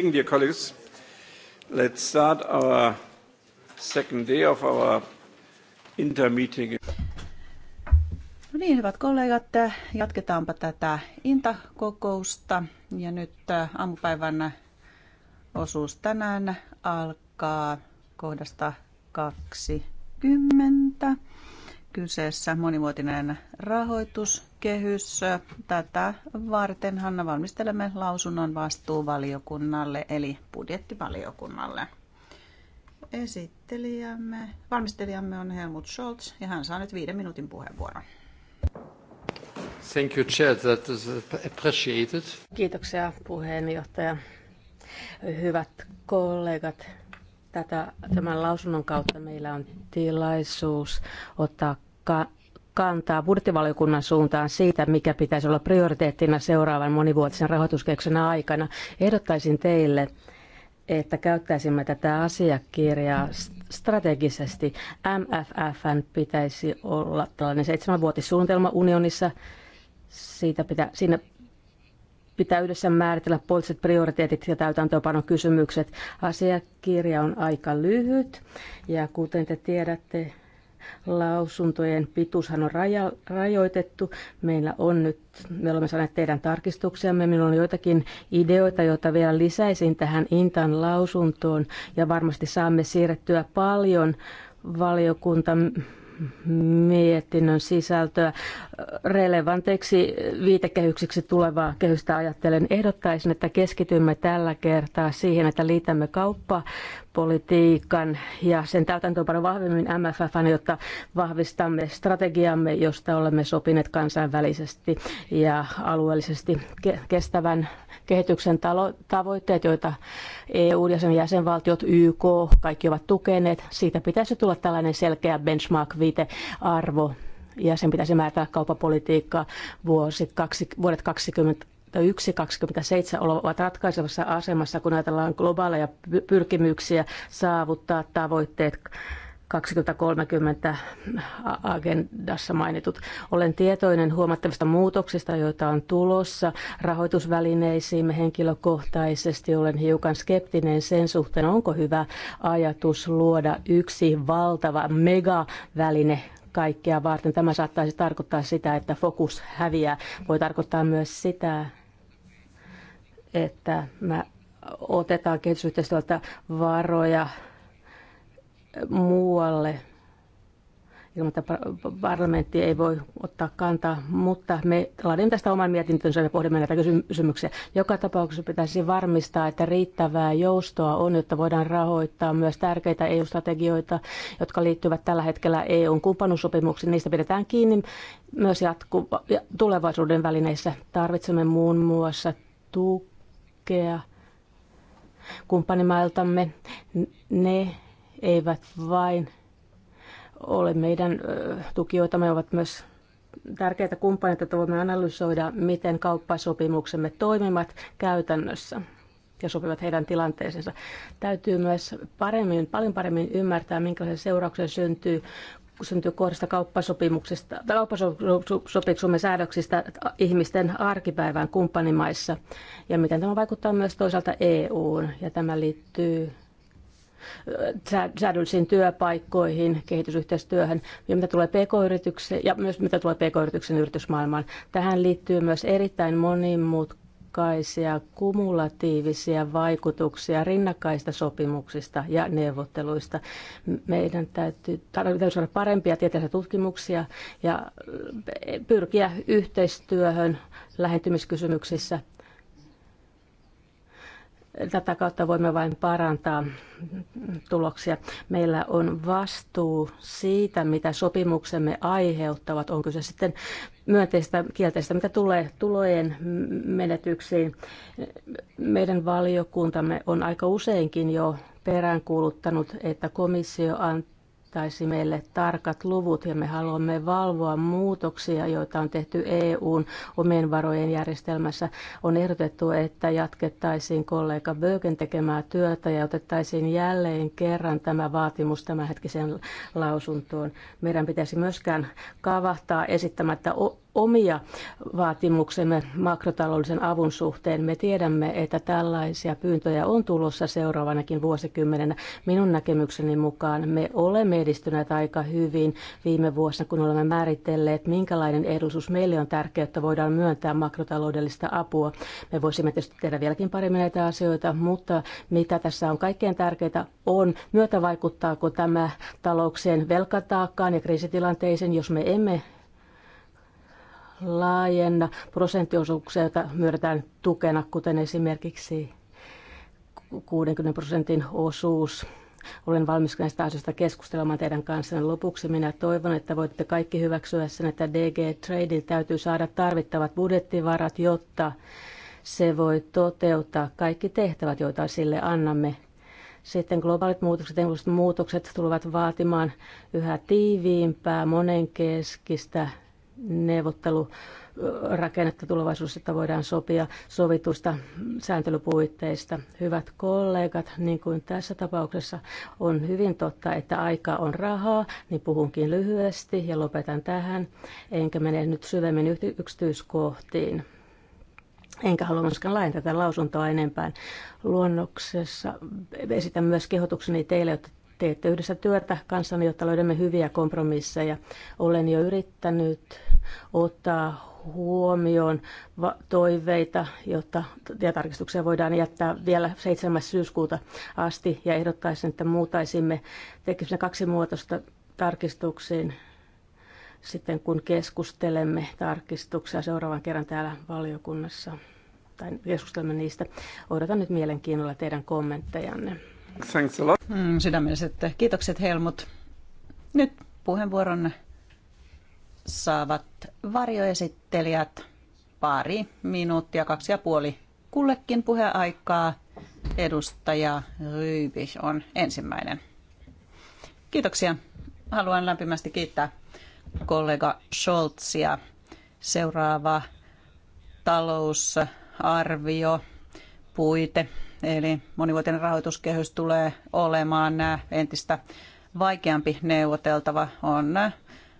Dear colleagues, let's start our second day of our inter-meeting. No niin, hyvät kollegat, jatketaanpa tätä intakokousta. Ja nyt äh, aamupäivän osuus tänään alkaa kohdasta 20. Kyseessä monivuotinen rahoitus kehys. Tätä vartenhan valmistelemme lausunnon vastuuvaliokunnalle eli budjettivaliokunnalle. Esittelijämme, valmistelijamme on Helmut Scholz ja hän saa nyt viiden minuutin puheenvuoron. Thank you, Chair. That is appreciated. Kiitoksia puheenjohtaja. Hyvät kollegat, tätä, tämän lausunnon kautta meillä on tilaisuus ottaa ka- kantaa budjettivaliokunnan suuntaan siitä, mikä pitäisi olla prioriteettina seuraavan monivuotisen rahoituskeksen aikana. Ehdottaisin teille, että käyttäisimme tätä asiakirjaa strategisesti. MFFn pitäisi olla tällainen seitsemänvuotissuunnitelma unionissa. Siitä pitä siinä pitää yhdessä määritellä poliittiset prioriteetit ja täytäntöönpanon kysymykset. Asiakirja on aika lyhyt ja kuten te tiedätte, Lausuntojen pituushan on raja, rajoitettu. Meillä on nyt, me olemme saaneet teidän tarkistuksiamme. Minulla on joitakin ideoita, joita vielä lisäisin tähän Intan lausuntoon. Ja varmasti saamme siirrettyä paljon valiokunta mietinnön sisältöä relevanteiksi viitekehyksiksi tulevaa kehystä ajattelen. Ehdottaisin, että keskitymme tällä kertaa siihen, että liitämme kauppa politiikan ja sen täytäntöönpano vahvemmin MFFn, jotta vahvistamme strategiamme, josta olemme sopineet kansainvälisesti ja alueellisesti kestävän kehityksen tavoitteet, joita EU ja sen jäsenvaltiot, YK, kaikki ovat tukeneet. Siitä pitäisi tulla tällainen selkeä benchmark-viitearvo ja sen pitäisi määrätä kauppapolitiikkaa vuosi, vuodet 20, 1.27 ovat ratkaisevassa asemassa, kun ajatellaan globaaleja pyrkimyksiä saavuttaa tavoitteet 2030 agendassa mainitut. Olen tietoinen huomattavista muutoksista, joita on tulossa rahoitusvälineisiin. Henkilökohtaisesti olen hiukan skeptinen sen suhteen, onko hyvä ajatus luoda yksi valtava megaväline kaikkea varten. Tämä saattaisi tarkoittaa sitä, että fokus häviää. Voi tarkoittaa myös sitä, että mä otetaan kehitysyhteistyöltä varoja muualle ilman, että parlamentti ei voi ottaa kantaa, mutta me laadimme tästä oman mietintönsä ja pohdimme näitä kysymyksiä. Joka tapauksessa pitäisi varmistaa, että riittävää joustoa on, jotta voidaan rahoittaa myös tärkeitä EU-strategioita, jotka liittyvät tällä hetkellä EUn kumppanuussopimuksiin. Niistä pidetään kiinni myös jatku- ja tulevaisuuden välineissä. Tarvitsemme muun muassa tukea tukea kumppanimailtamme. Ne eivät vain ole meidän me ovat myös tärkeitä kumppaneita, että voimme analysoida, miten kauppasopimuksemme toimivat käytännössä ja sopivat heidän tilanteeseensa. Täytyy myös paremmin, paljon paremmin ymmärtää, minkälaisia seurauksia syntyy syntyy kohdasta kauppasopimuksesta, kauppasopimuksemme säädöksistä ihmisten arkipäivään kumppanimaissa ja miten tämä vaikuttaa myös toisaalta EUun ja tämä liittyy säädöllisiin työpaikkoihin, kehitysyhteistyöhön ja mitä tulee pk ja myös mitä tulee pk-yrityksen yritysmaailmaan. Tähän liittyy myös erittäin monimutkainen rinnakkaisia kumulatiivisia vaikutuksia rinnakkaista sopimuksista ja neuvotteluista. Meidän täytyy, täytyy saada parempia tieteellisiä tutkimuksia ja pyrkiä yhteistyöhön lähentymiskysymyksissä. Tätä kautta voimme vain parantaa tuloksia. Meillä on vastuu siitä, mitä sopimuksemme aiheuttavat. On kyse sitten myönteistä kielteistä, mitä tulee tulojen menetyksiin. Meidän valiokuntamme on aika useinkin jo peräänkuuluttanut, että komissio antaa antaisi meille tarkat luvut ja me haluamme valvoa muutoksia, joita on tehty EUn omien varojen järjestelmässä. On ehdotettu, että jatkettaisiin kollega Böken tekemää työtä ja otettaisiin jälleen kerran tämä vaatimus tämänhetkiseen lausuntoon. Meidän pitäisi myöskään kavahtaa esittämättä omia vaatimuksemme makrotaloudellisen avun suhteen. Me tiedämme, että tällaisia pyyntöjä on tulossa seuraavanakin vuosikymmenenä. Minun näkemykseni mukaan me olemme edistyneet aika hyvin viime vuosina, kun olemme määritelleet, minkälainen edullisuus meille on tärkeää, että voidaan myöntää makrotaloudellista apua. Me voisimme tietysti tehdä vieläkin paremmin näitä asioita, mutta mitä tässä on kaikkein tärkeintä on, myötä vaikuttaako tämä talouksien velkataakkaan ja kriisitilanteisiin, jos me emme laajenna prosenttiosuuksia, joita myönnetään tukena, kuten esimerkiksi 60 prosentin osuus. Olen valmis näistä asioista keskustelemaan teidän kanssanne. Lopuksi minä toivon, että voitte kaikki hyväksyä sen, että DG Trading täytyy saada tarvittavat budjettivarat, jotta se voi toteuttaa kaikki tehtävät, joita sille annamme. Sitten globaalit muutokset ja muutokset tulevat vaatimaan yhä tiiviimpää, monenkeskistä neuvottelurakennetta tulevaisuudessa, että voidaan sopia sovitusta sääntelypuitteista. Hyvät kollegat, niin kuin tässä tapauksessa on hyvin totta, että aika on rahaa, niin puhunkin lyhyesti ja lopetan tähän, enkä mene nyt syvemmin yksityiskohtiin. Enkä halua myöskään laajentaa tätä lausuntoa enempään. Luonnoksessa esitän myös kehotukseni teille, että Teette yhdessä työtä kanssani, jotta löydämme hyviä kompromisseja. Olen jo yrittänyt ottaa huomioon toiveita, jotta ja tarkistuksia voidaan jättää vielä 7. syyskuuta asti ja ehdottaisin, että muutaisimme tekisimme kaksi muotoista tarkistuksiin sitten kun keskustelemme tarkistuksia seuraavan kerran täällä valiokunnassa tai keskustelemme niistä. Odotan nyt mielenkiinnolla teidän kommenttejanne. Thanks a lot. Mm, sydämelliset kiitokset Helmut. Nyt puheenvuoron saavat varjoesittelijät pari minuuttia, kaksi ja puoli kullekin puheaikaa. Edustaja Ryybich on ensimmäinen. Kiitoksia. Haluan lämpimästi kiittää kollega Scholzia. Seuraava talousarvio, puite, Eli monivuotinen rahoituskehys tulee olemaan entistä vaikeampi neuvoteltava on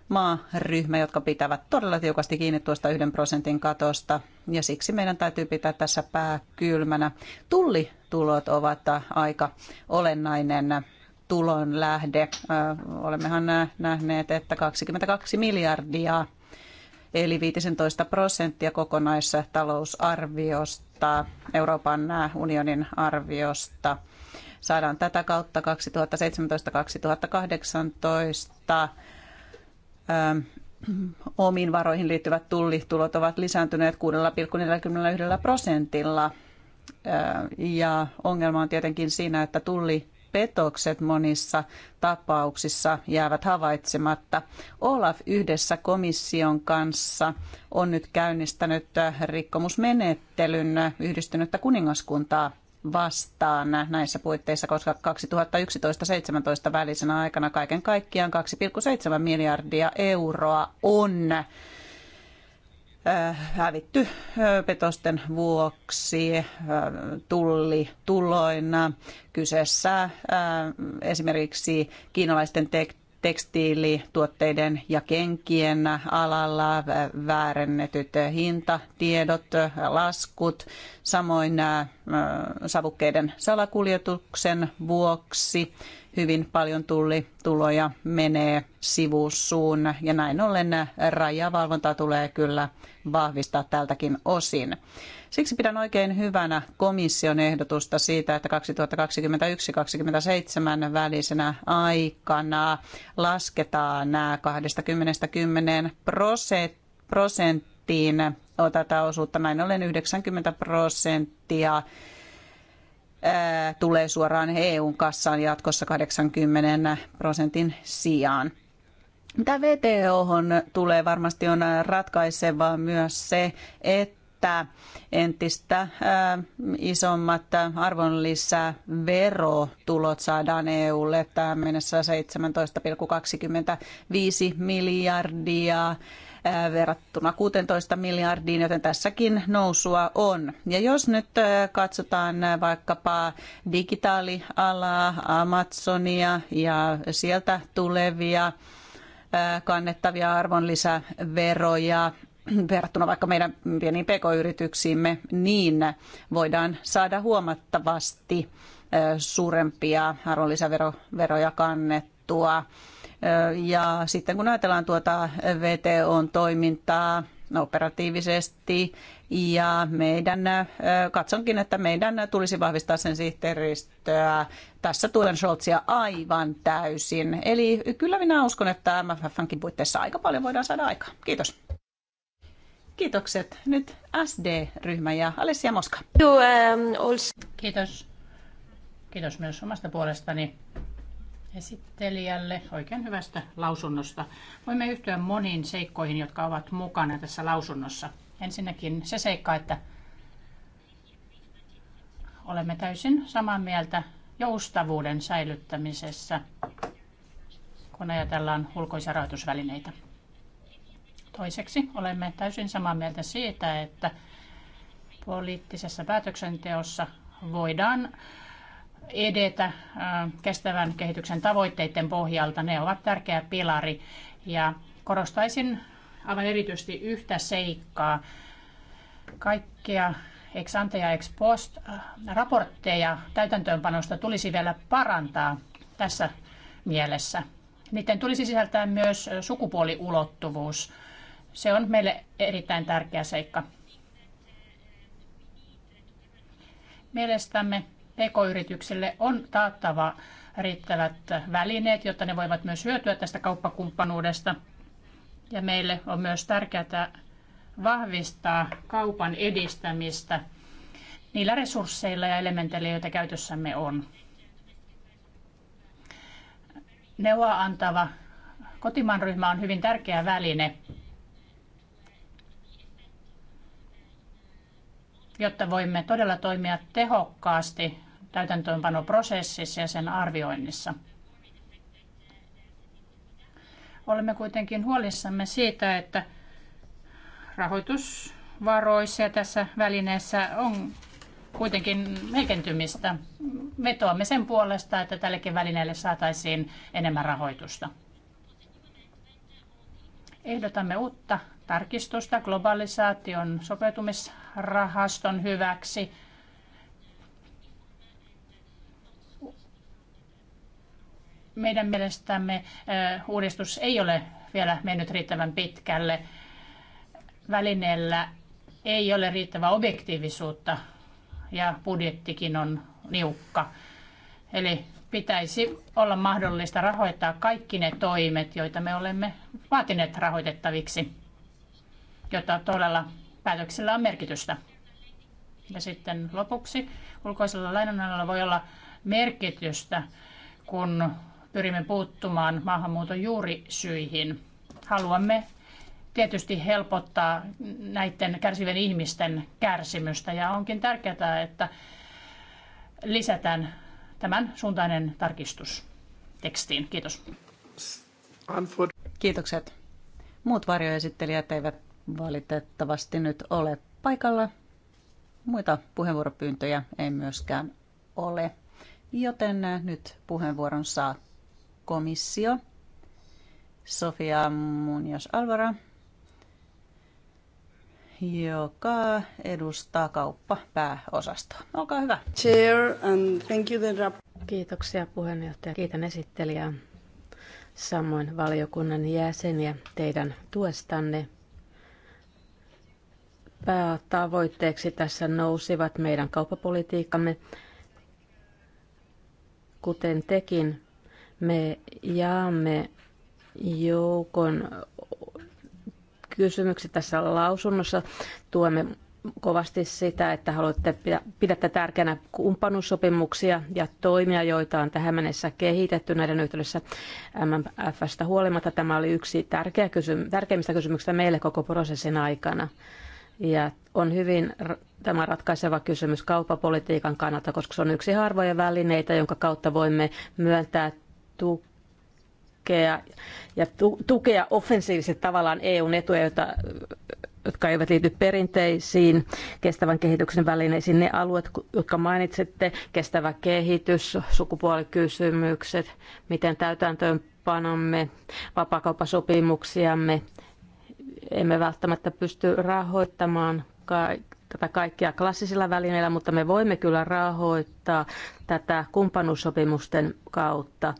maaryhmä, jotka pitävät todella tiukasti kiinni tuosta yhden prosentin katosta. Ja siksi meidän täytyy pitää tässä pää kylmänä. Tullitulot ovat aika olennainen tulon lähde. Olemmehan nähneet, että 22 miljardia eli 15 prosenttia kokonaistalousarviosta valtaa Euroopan äh, unionin arviosta. Saadaan tätä kautta 2017-2018 ähm, omiin varoihin liittyvät tullitulot ovat lisääntyneet 6,41 prosentilla. Äh, ja ongelma on tietenkin siinä, että tulli petokset monissa tapauksissa jäävät havaitsematta. Olaf yhdessä komission kanssa on nyt käynnistänyt rikkomusmenettelyn yhdistynyttä kuningaskuntaa vastaan näissä puitteissa, koska 2011-2017 välisenä aikana kaiken kaikkiaan 2,7 miljardia euroa on Äh, hävitty äh, petosten vuoksi äh, tuloina Kyseessä esimerkiksi kiinalaisten tek- tekstiilituotteiden ja kenkien alalla väärennetyt hintatiedot, laskut, samoin savukkeiden salakuljetuksen vuoksi hyvin paljon tuloja, menee sivussuun ja näin ollen rajavalvontaa tulee kyllä vahvistaa tältäkin osin. Siksi pidän oikein hyvänä komission ehdotusta siitä, että 2021-2027 välisenä aikana lasketaan nämä 20-10 prosenttiin tätä osuutta. Näin ollen 90 prosenttia tulee suoraan EUn kassaan jatkossa 80 prosentin sijaan. Mitä VTO tulee varmasti on ratkaisevaa myös se, että entistä isommat arvonlisäverotulot saadaan EUlle tähän mennessä 17,25 miljardia verrattuna 16 miljardiin, joten tässäkin nousua on. Ja jos nyt katsotaan vaikkapa digitaalialaa, Amazonia ja sieltä tulevia kannettavia arvonlisäveroja, verrattuna vaikka meidän pieniin pk-yrityksiimme, niin voidaan saada huomattavasti suurempia arvonlisäveroja kannettua ja sitten kun ajatellaan tuota VTOn toimintaa, operatiivisesti ja meidän, katsonkin, että meidän tulisi vahvistaa sen sihteeristöä. Tässä tuen Scholzia aivan täysin. Eli kyllä minä uskon, että MFFnkin puitteissa aika paljon voidaan saada aikaa. Kiitos. Kiitokset. Nyt SD-ryhmä ja Alessia Moska. Um, Kiitos. Kiitos myös omasta puolestani esittelijälle oikein hyvästä lausunnosta. Voimme yhtyä moniin seikkoihin, jotka ovat mukana tässä lausunnossa. Ensinnäkin se seikka, että olemme täysin samaa mieltä joustavuuden säilyttämisessä, kun ajatellaan ulkoisia rahoitusvälineitä. Toiseksi olemme täysin samaa mieltä siitä, että poliittisessa päätöksenteossa voidaan edetä kestävän kehityksen tavoitteiden pohjalta. Ne ovat tärkeä pilari ja korostaisin aivan erityisesti yhtä seikkaa. Kaikkia ex ante ja ex post raportteja täytäntöönpanosta tulisi vielä parantaa tässä mielessä. Niiden tulisi sisältää myös sukupuoliulottuvuus. Se on meille erittäin tärkeä seikka. Mielestämme PK-yrityksille on taattava riittävät välineet, jotta ne voivat myös hyötyä tästä kauppakumppanuudesta. Ja meille on myös tärkeää vahvistaa kaupan edistämistä niillä resursseilla ja elementeillä, joita käytössämme on. Neuvoa antava kotimaanryhmä on hyvin tärkeä väline jotta voimme todella toimia tehokkaasti täytäntöönpanoprosessissa ja sen arvioinnissa. Olemme kuitenkin huolissamme siitä, että rahoitusvaroissa ja tässä välineessä on kuitenkin heikentymistä. Vetoamme sen puolesta, että tällekin välineelle saataisiin enemmän rahoitusta. Ehdotamme uutta tarkistusta globalisaation sopeutumis rahaston hyväksi. Meidän mielestämme uudistus ei ole vielä mennyt riittävän pitkälle. Välineellä ei ole riittävää objektiivisuutta ja budjettikin on niukka. Eli pitäisi olla mahdollista rahoittaa kaikki ne toimet, joita me olemme vaatineet rahoitettaviksi, jotta todella päätöksillä on merkitystä. Ja sitten lopuksi ulkoisella lainanannolla voi olla merkitystä, kun pyrimme puuttumaan maahanmuuton juurisyihin. Haluamme tietysti helpottaa näiden kärsivien ihmisten kärsimystä ja onkin tärkeää, että lisätään tämän suuntainen tarkistus tekstiin. Kiitos. Kiitokset. Muut varjoesittelijät eivät valitettavasti nyt ole paikalla. Muita puheenvuoropyyntöjä ei myöskään ole, joten nyt puheenvuoron saa komissio. Sofia Munjas Alvara, joka edustaa kauppapääosastoa. Olkaa hyvä. Chair and thank you the Kiitoksia puheenjohtaja. Kiitän esittelijää. Samoin valiokunnan jäseniä teidän tuestanne Päätavoitteeksi tässä nousivat meidän kauppapolitiikkamme. Kuten tekin, me jaamme joukon kysymyksiä tässä lausunnossa. Tuemme kovasti sitä, että haluatte pidätte tärkeänä kumppanuussopimuksia ja toimia, joita on tähän mennessä kehitetty näiden yhteydessä MFFstä huolimatta. Tämä oli yksi tärkeä kysym- tärkeimmistä kysymyksistä meille koko prosessin aikana. Ja on hyvin tämä ratkaiseva kysymys kauppapolitiikan kannalta, koska se on yksi harvoja välineitä, jonka kautta voimme myöntää tukea ja tu- tukea offensiivisesti tavallaan EUn etuja, joita jotka eivät liity perinteisiin kestävän kehityksen välineisiin, ne alueet, jotka mainitsette, kestävä kehitys, sukupuolikysymykset, miten täytäntöönpanomme vapaakauppasopimuksiamme, emme välttämättä pysty rahoittamaan tätä kaikkea klassisilla välineillä, mutta me voimme kyllä rahoittaa tätä kumppanuussopimusten kautta.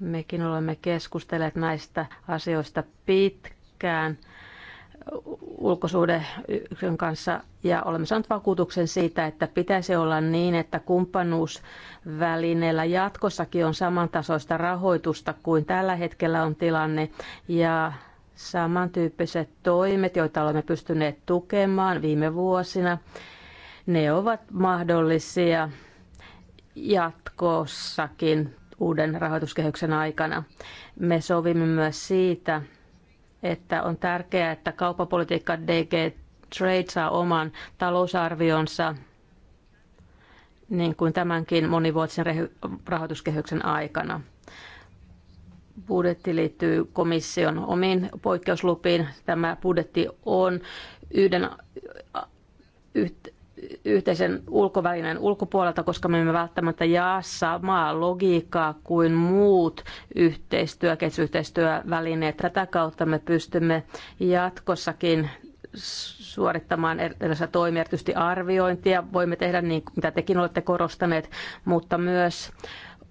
Mekin olemme keskustelleet näistä asioista pitkään ulkosuhdeyksikön kanssa ja olemme saaneet vakuutuksen siitä, että pitäisi olla niin, että kumppanuusvälineellä jatkossakin on samantasoista rahoitusta kuin tällä hetkellä on tilanne ja samantyyppiset toimet, joita olemme pystyneet tukemaan viime vuosina, ne ovat mahdollisia jatkossakin uuden rahoituskehyksen aikana. Me sovimme myös siitä, että on tärkeää, että kauppapolitiikka DG Trade saa oman talousarvionsa niin kuin tämänkin monivuotisen rahoituskehyksen aikana. Budjetti liittyy komission omiin poikkeuslupiin. Tämä budjetti on yhden yht, yhteisen ulkovälineen ulkopuolelta, koska me emme välttämättä jaa samaa logiikkaa kuin muut yhteistyö- kehitysyhteistyövälineet. Tätä kautta me pystymme jatkossakin suorittamaan er- erilaisia toimia, erityisesti arviointia. Voimme tehdä niin, mitä tekin olette korostaneet, mutta myös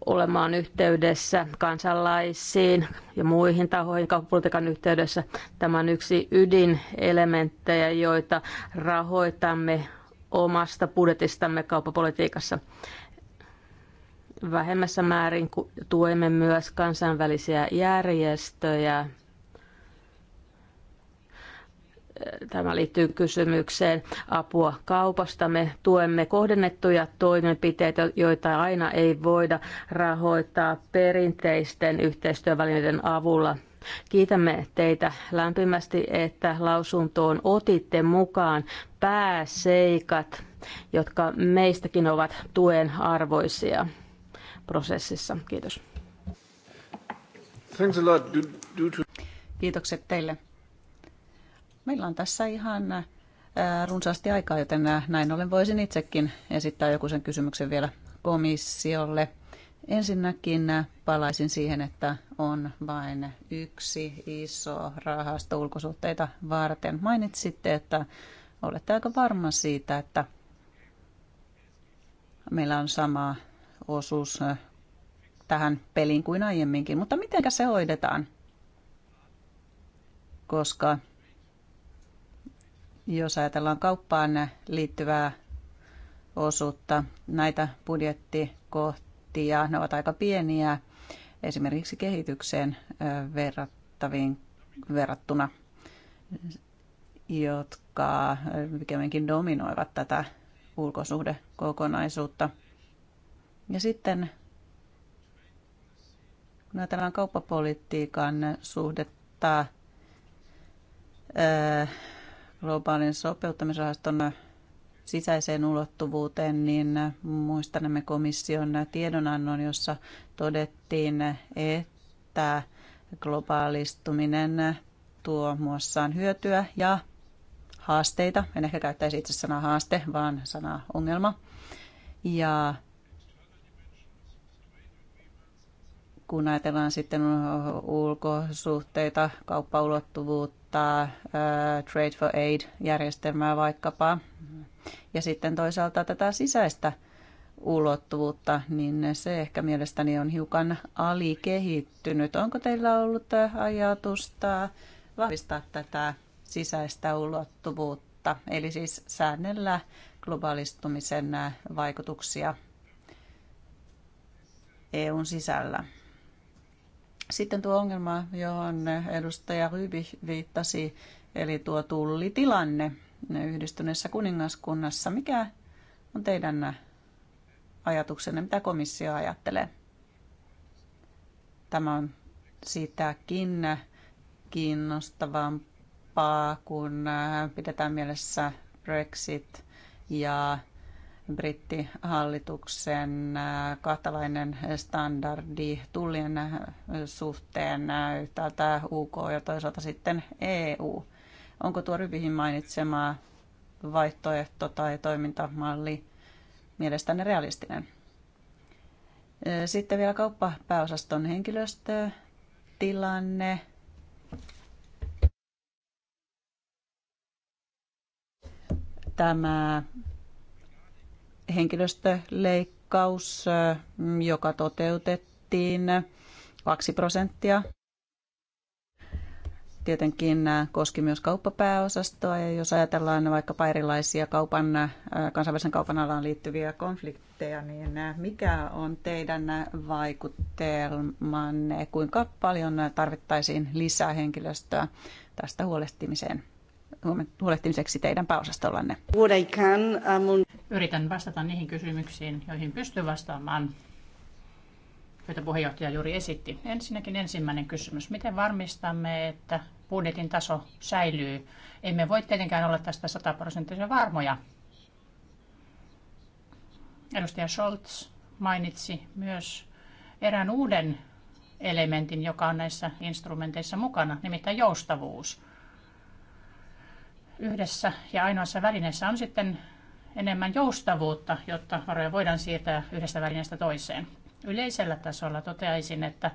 olemaan yhteydessä kansalaisiin ja muihin tahoihin kauppapolitiikan yhteydessä. Tämä on yksi ydinelementtejä, joita rahoitamme omasta budjetistamme kauppapolitiikassa. Vähemmässä määrin tuemme myös kansainvälisiä järjestöjä. Tämä liittyy kysymykseen apua kaupasta. Me tuemme kohdennettuja toimenpiteitä, joita aina ei voida rahoittaa perinteisten yhteistyövälineiden avulla – Kiitämme teitä lämpimästi, että lausuntoon otitte mukaan pääseikat, jotka meistäkin ovat tuen arvoisia prosessissa. Kiitos. Kiitokset teille. Meillä on tässä ihan äh, runsaasti aikaa, joten äh, näin ollen voisin itsekin esittää joku sen kysymyksen vielä komissiolle. Ensinnäkin palaisin siihen, että on vain yksi iso rahasto ulkosuhteita varten. Mainitsitte, että olette aika varma siitä, että meillä on sama osuus tähän peliin kuin aiemminkin. Mutta miten se hoidetaan? Koska jos ajatellaan kauppaan liittyvää osuutta, näitä budjettikohtia, budjetti ja ne ovat aika pieniä esimerkiksi kehitykseen verrattaviin, verrattuna, jotka pikemminkin dominoivat tätä ulkosuhdekokonaisuutta. Ja sitten kun ajatellaan kauppapolitiikan suhdetta globaalin sopeuttamisrahaston sisäiseen ulottuvuuteen, niin muistanemme komission tiedonannon, jossa todettiin, että globaalistuminen tuo muassaan hyötyä ja haasteita. En ehkä käyttäisi itse sanaa haaste, vaan sanaa ongelma. Ja kun ajatellaan sitten ulkosuhteita, kauppaulottuvuutta, soveltaa Trade for Aid-järjestelmää vaikkapa, ja sitten toisaalta tätä sisäistä ulottuvuutta, niin se ehkä mielestäni on hiukan alikehittynyt. Onko teillä ollut ajatusta vahvistaa tätä sisäistä ulottuvuutta, eli siis säännellä globaalistumisen vaikutuksia EUn sisällä? Sitten tuo ongelma, johon edustaja Ryby viittasi, eli tuo tullitilanne yhdistyneessä kuningaskunnassa. Mikä on teidän ajatuksenne, mitä komissio ajattelee? Tämä on sitäkin kiinnostavampaa, kun pidetään mielessä Brexit ja brittihallituksen äh, kahtalainen standardi tullien äh, suhteen äh, yhtäältä UK ja toisaalta sitten EU. Onko tuo Rybihin mainitsema vaihtoehto tai toimintamalli mielestäni realistinen? Sitten vielä kauppapääosaston henkilöstötilanne. Tämä henkilöstöleikkaus, joka toteutettiin 2 prosenttia. Tietenkin koski myös kauppapääosastoa ja jos ajatellaan vaikka erilaisia kaupan, kansainvälisen kaupan alaan liittyviä konflikteja, niin mikä on teidän vaikutelmanne, kuinka paljon tarvittaisiin lisää henkilöstöä tästä huolehtimiseen? huolehtimiseksi teidän pääosastollanne? Um, Yritän vastata niihin kysymyksiin, joihin pystyn vastaamaan joita puheenjohtaja juuri esitti. Ensinnäkin ensimmäinen kysymys. Miten varmistamme, että budjetin taso säilyy? Emme voi tietenkään olla tästä sataprosenttisen varmoja. Edustaja Scholz mainitsi myös erään uuden elementin, joka on näissä instrumenteissa mukana, nimittäin joustavuus yhdessä ja ainoassa välineessä on sitten enemmän joustavuutta, jotta varoja voidaan siirtää yhdestä välineestä toiseen. Yleisellä tasolla toteaisin, että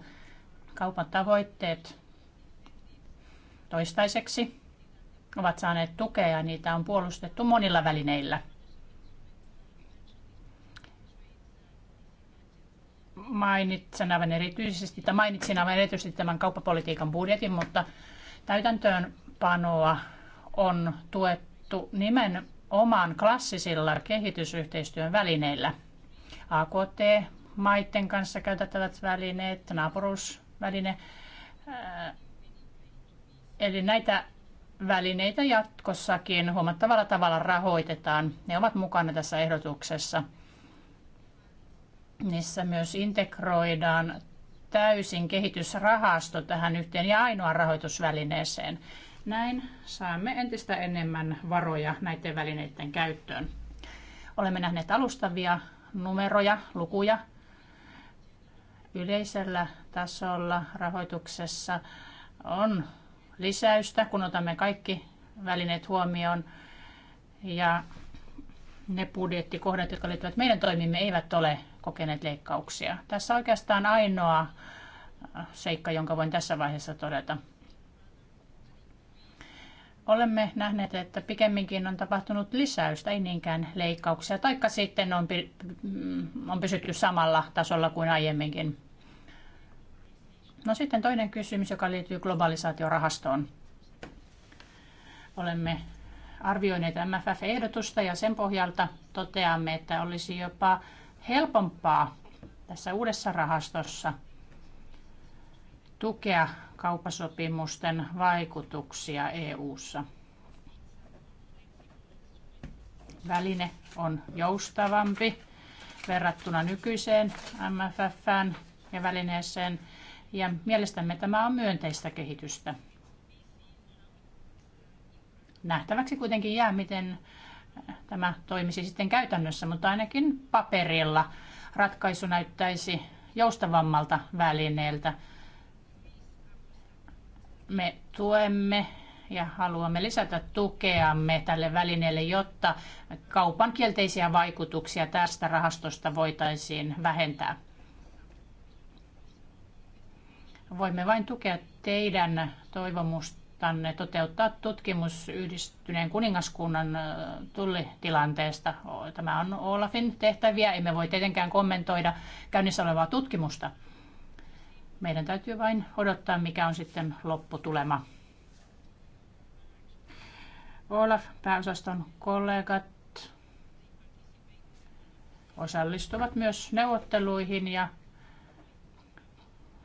kaupan tavoitteet toistaiseksi ovat saaneet tukea ja niitä on puolustettu monilla välineillä. Mainitsen aivan erityisesti, tai mainitsin aivan erityisesti tämän kauppapolitiikan budjetin, mutta täytäntöönpanoa on tuettu nimenomaan klassisilla kehitysyhteistyön välineillä. AKT, maiden kanssa käytettävät välineet, naapuruusväline. Eli näitä välineitä jatkossakin huomattavalla tavalla rahoitetaan. Ne ovat mukana tässä ehdotuksessa. Niissä myös integroidaan täysin kehitysrahasto tähän yhteen ja ainoaan rahoitusvälineeseen. Näin saamme entistä enemmän varoja näiden välineiden käyttöön. Olemme nähneet alustavia numeroja, lukuja yleisellä tasolla rahoituksessa on lisäystä, kun otamme kaikki välineet huomioon. Ja ne budjettikohdat, jotka liittyvät meidän toimimme, eivät ole kokeneet leikkauksia. Tässä oikeastaan ainoa seikka, jonka voin tässä vaiheessa todeta olemme nähneet, että pikemminkin on tapahtunut lisäystä, ei niinkään leikkauksia, taikka sitten on, mm, on pysytty samalla tasolla kuin aiemminkin. No sitten toinen kysymys, joka liittyy globalisaatiorahastoon. Olemme arvioineet MFF-ehdotusta ja sen pohjalta toteamme, että olisi jopa helpompaa tässä uudessa rahastossa – tukea kauppasopimusten vaikutuksia EU:ssa. Väline on joustavampi verrattuna nykyiseen MFFään ja välineeseen ja mielestämme tämä on myönteistä kehitystä. Nähtäväksi kuitenkin jää, miten äh, tämä toimisi sitten käytännössä, mutta ainakin paperilla ratkaisu näyttäisi joustavammalta välineeltä me tuemme ja haluamme lisätä tukeamme tälle välineelle, jotta kaupan kielteisiä vaikutuksia tästä rahastosta voitaisiin vähentää. Voimme vain tukea teidän toivomustanne toteuttaa tutkimus yhdistyneen kuningaskunnan tullitilanteesta. Tämä on Olafin tehtäviä, emme voi tietenkään kommentoida käynnissä olevaa tutkimusta. Meidän täytyy vain odottaa, mikä on sitten lopputulema. Olaf, pääosaston kollegat, osallistuvat myös neuvotteluihin ja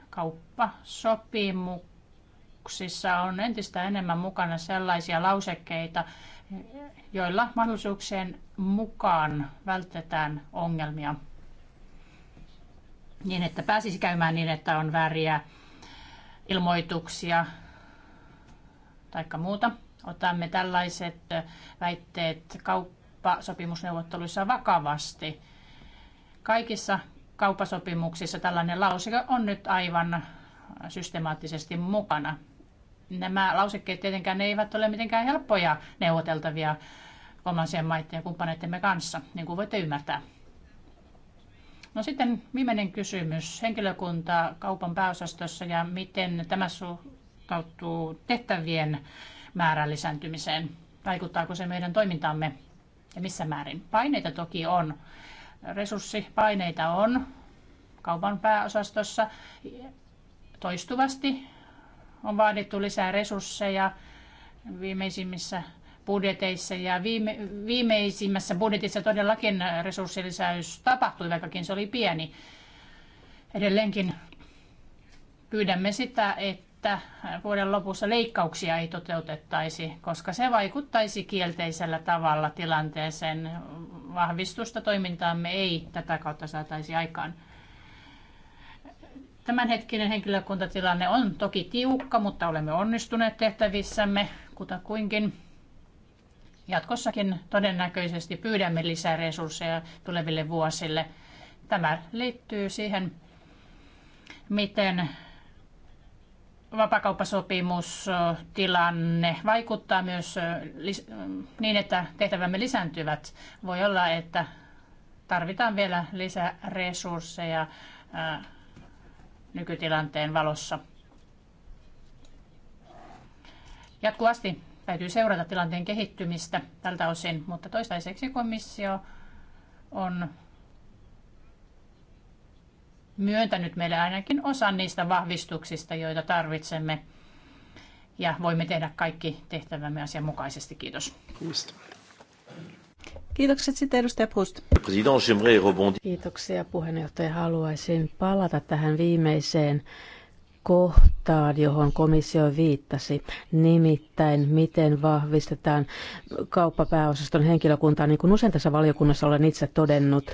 kauppasopimuksissa on entistä enemmän mukana sellaisia lausekkeita, joilla mahdollisuuksien mukaan vältetään ongelmia niin, että pääsisi käymään niin, että on vääriä ilmoituksia tai muuta. Otamme tällaiset väitteet kauppasopimusneuvotteluissa vakavasti. Kaikissa kauppasopimuksissa tällainen lauseke on nyt aivan systemaattisesti mukana. Nämä lausekkeet tietenkään eivät ole mitenkään helppoja neuvoteltavia kolmansien maiden ja kumppaneidemme kanssa, niin kuin voitte ymmärtää. No sitten viimeinen kysymys. Henkilökunta kaupan pääosastossa ja miten tämä suhtautuu tehtävien määrän lisääntymiseen? Vaikuttaako se meidän toimintaamme ja missä määrin? Paineita toki on. Resurssipaineita on kaupan pääosastossa toistuvasti on vaadittu lisää resursseja viimeisimmissä budjeteissa ja viime, viimeisimmässä budjetissa todellakin resurssilisäys tapahtui, vaikkakin se oli pieni. Edelleenkin pyydämme sitä, että vuoden lopussa leikkauksia ei toteutettaisi, koska se vaikuttaisi kielteisellä tavalla tilanteeseen. Vahvistusta toimintaamme ei tätä kautta saataisi aikaan tämänhetkinen henkilökuntatilanne on toki tiukka, mutta olemme onnistuneet tehtävissämme kutakuinkin jatkossakin todennäköisesti pyydämme lisää resursseja tuleville vuosille. Tämä liittyy siihen, miten vapakauppasopimustilanne vaikuttaa myös niin, että tehtävämme lisääntyvät. Voi olla, että tarvitaan vielä lisää resursseja nykytilanteen valossa. Jatkuvasti Täytyy seurata tilanteen kehittymistä tältä osin, mutta toistaiseksi komissio on myöntänyt meille ainakin osan niistä vahvistuksista, joita tarvitsemme. Ja voimme tehdä kaikki tehtävämme asianmukaisesti. Kiitos. Kiitos. Kiitokset sitten edustaja Pust. Kiitoksia puheenjohtaja. Haluaisin palata tähän viimeiseen kohtaan, johon komissio viittasi, nimittäin miten vahvistetaan kauppapääosaston henkilökuntaa. Niin kuin usein tässä valiokunnassa olen itse todennut,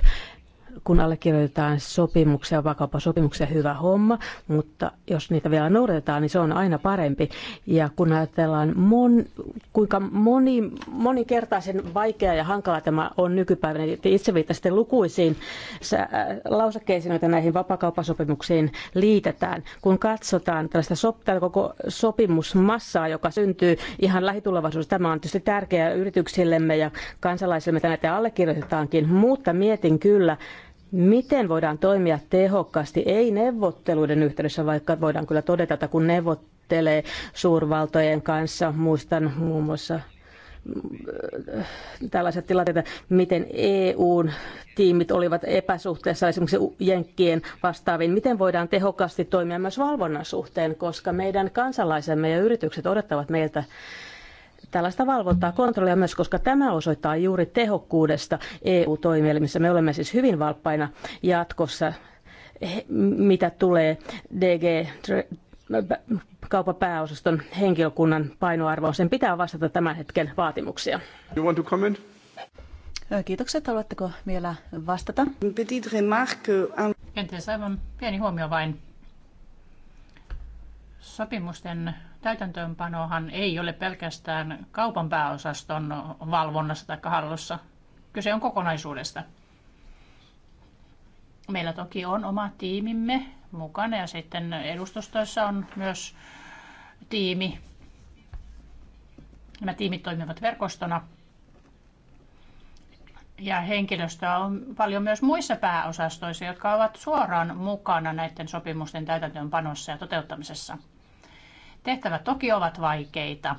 kun allekirjoitetaan sopimuksia, sopimuksia, hyvä homma, mutta jos niitä vielä noudatetaan, niin se on aina parempi. Ja kun ajatellaan, mon, kuinka moni, monikertaisen vaikea ja hankala tämä on nykypäivänä, niin itse viittasitte lukuisiin äh, lausakkeisiin, joita näihin vapakauppasopimuksiin liitetään. Kun katsotaan tällaista sop, koko sopimusmassaa, joka syntyy ihan lähitulevaisuudessa, tämä on tietysti tärkeää yrityksillemme ja kansalaisillemme, että näitä allekirjoitetaankin, mutta mietin kyllä, Miten voidaan toimia tehokkaasti? Ei neuvotteluiden yhteydessä, vaikka voidaan kyllä todeta, että kun neuvottelee suurvaltojen kanssa, muistan muun muassa äh, tällaiset tilanteet, miten EUn tiimit olivat epäsuhteessa esimerkiksi jenkkien vastaaviin. Miten voidaan tehokkaasti toimia myös valvonnan suhteen, koska meidän kansalaisemme ja yritykset odottavat meiltä tällaista valvontaa, kontrollia myös, koska tämä osoittaa juuri tehokkuudesta EU-toimielimissä. Me olemme siis hyvin valppaina jatkossa, mitä tulee DG kaupan pääosaston henkilökunnan painoarvoon. Sen pitää vastata tämän hetken vaatimuksia. You want to comment? Kiitokset. Haluatteko vielä vastata? Kenties aivan pieni huomio vain. Sopimusten täytäntöönpanohan ei ole pelkästään kaupan pääosaston valvonnassa tai hallussa. Kyse on kokonaisuudesta. Meillä toki on oma tiimimme mukana ja sitten edustustoissa on myös tiimi. Nämä tiimit toimivat verkostona. Ja henkilöstöä on paljon myös muissa pääosastoissa, jotka ovat suoraan mukana näiden sopimusten täytäntöönpanossa ja toteuttamisessa. Tehtävät toki ovat vaikeita.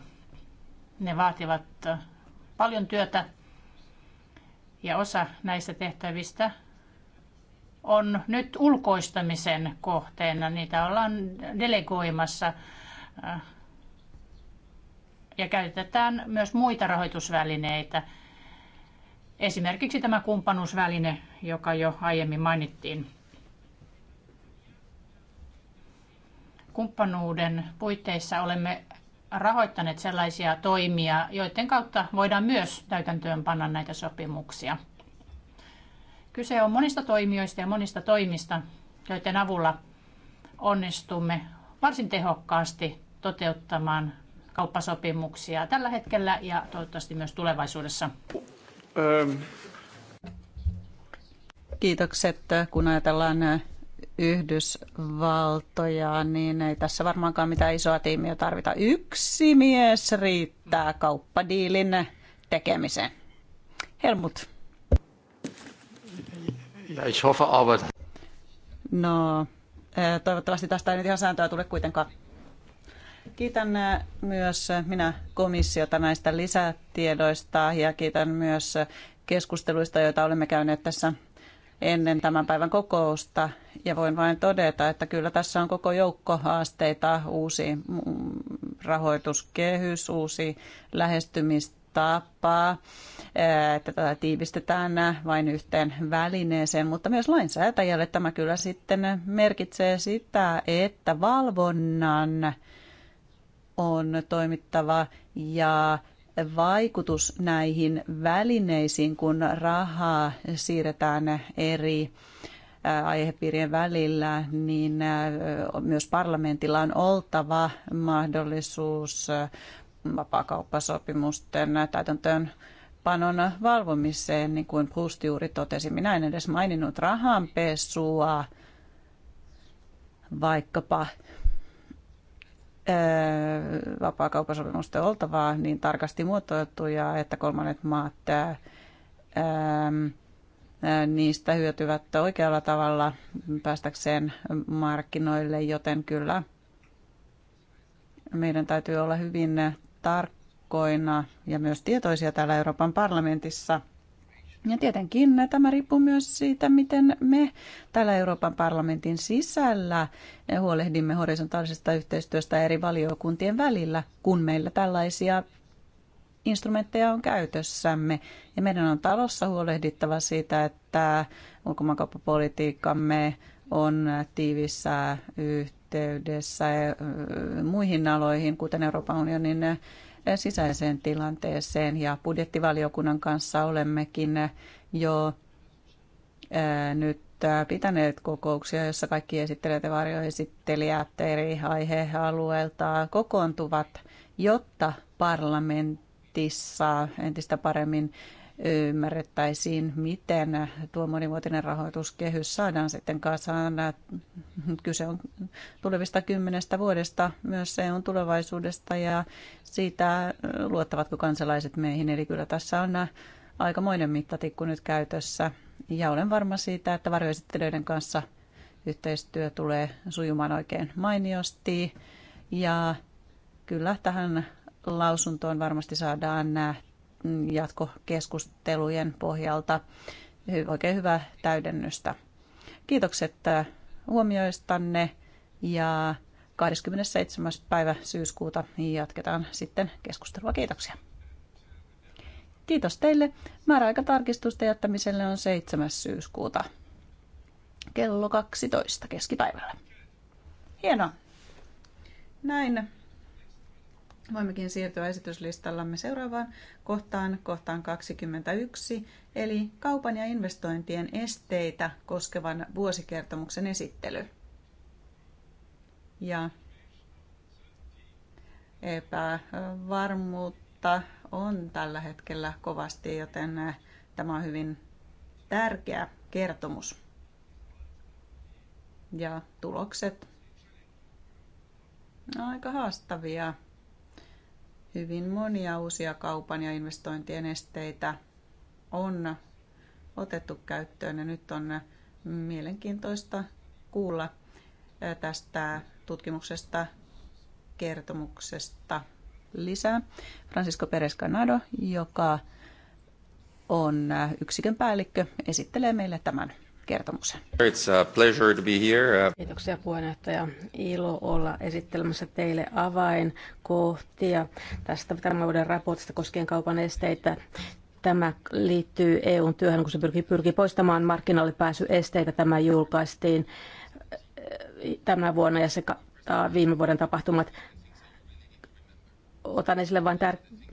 Ne vaativat paljon työtä ja osa näistä tehtävistä on nyt ulkoistamisen kohteena. Niitä ollaan delegoimassa äh, ja käytetään myös muita rahoitusvälineitä. Esimerkiksi tämä kumppanuusväline, joka jo aiemmin mainittiin. kumppanuuden puitteissa olemme rahoittaneet sellaisia toimia, joiden kautta voidaan myös täytäntöön panna näitä sopimuksia. Kyse on monista toimijoista ja monista toimista, joiden avulla onnistumme varsin tehokkaasti toteuttamaan kauppasopimuksia tällä hetkellä ja toivottavasti myös tulevaisuudessa. Kiitokset, kun ajatellaan Yhdysvaltoja, niin ei tässä varmaankaan mitään isoa tiimiä tarvita. Yksi mies riittää kauppadiilin tekemiseen. Helmut. Ja, ich hoffe aber. No, eh, toivottavasti tästä ei nyt ihan sääntöä tule kuitenkaan. Kiitän eh, myös minä komissiota näistä lisätiedoista ja kiitän myös keskusteluista, joita olemme käyneet tässä ennen tämän päivän kokousta ja voin vain todeta, että kyllä tässä on koko joukko haasteita, uusi mm, rahoituskehys, uusi lähestymistapa, että tätä tiivistetään vain yhteen välineeseen, mutta myös lainsäätäjälle tämä kyllä sitten merkitsee sitä, että valvonnan on toimittava ja vaikutus näihin välineisiin, kun rahaa siirretään eri äh, aihepiirien välillä, niin äh, myös parlamentilla on oltava mahdollisuus äh, vapaakauppasopimusten täytäntöön panon valvomiseen, niin kuin Proust juuri totesi. Minä en edes maininnut rahanpesua, vaikkapa vapaakauppasopimusten oltavaa niin tarkasti muotoiltuja, että kolmannet maat niistä hyötyvät oikealla tavalla päästäkseen markkinoille, joten kyllä meidän täytyy olla hyvin tarkkoina ja myös tietoisia täällä Euroopan parlamentissa – ja tietenkin tämä riippuu myös siitä, miten me täällä Euroopan parlamentin sisällä huolehdimme horisontaalisesta yhteistyöstä eri valiokuntien välillä, kun meillä tällaisia instrumentteja on käytössämme. Ja meidän on talossa huolehdittava siitä, että ulkomaankauppapolitiikkamme on tiivissä yhteydessä eh, muihin aloihin, kuten Euroopan unionin sisäiseen tilanteeseen ja budjettivaliokunnan kanssa olemmekin jo nyt pitäneet kokouksia, jossa kaikki esittelijät ja varjoesittelijät eri aihealueilta kokoontuvat, jotta parlamentissa entistä paremmin ymmärrettäisiin, miten tuo monivuotinen rahoituskehys saadaan sitten kasaan. Kyse on tulevista kymmenestä vuodesta, myös se on tulevaisuudesta ja siitä luottavatko kansalaiset meihin. Eli kyllä tässä on aikamoinen mittatikku nyt käytössä ja olen varma siitä, että varjoesittelyiden kanssa yhteistyö tulee sujumaan oikein mainiosti ja kyllä tähän lausuntoon varmasti saadaan nähdä jatkokeskustelujen pohjalta. Oikein hyvää täydennystä. Kiitokset äh, huomioistanne ja 27. päivä syyskuuta jatketaan sitten keskustelua. Kiitoksia. Kiitos teille. Määräaikatarkistusten jättämiselle on 7. syyskuuta kello 12 keskipäivällä. Hienoa. Näin. Voimmekin siirtyä esityslistallamme seuraavaan kohtaan, kohtaan 21, eli kaupan ja investointien esteitä koskevan vuosikertomuksen esittely. Ja epävarmuutta on tällä hetkellä kovasti, joten äh, tämä on hyvin tärkeä kertomus. Ja tulokset aika haastavia hyvin monia uusia kaupan ja investointien esteitä on otettu käyttöön ja nyt on mielenkiintoista kuulla tästä tutkimuksesta kertomuksesta lisää. Francisco Perez Canado, joka on yksikön päällikkö, esittelee meille tämän kertomuksen. It's a pleasure to be here. Kiitoksia puheenjohtaja. Ilo olla esittelemässä teille avainkohtia tästä tämän vuoden raportista koskien kaupan esteitä. Tämä liittyy EUn työhön, kun se pyrkii, pyrkii poistamaan markkinoille pääsyesteitä. Tämä julkaistiin eh, tänä vuonna ja se ah, viime vuoden tapahtumat. Otan esille vain tär-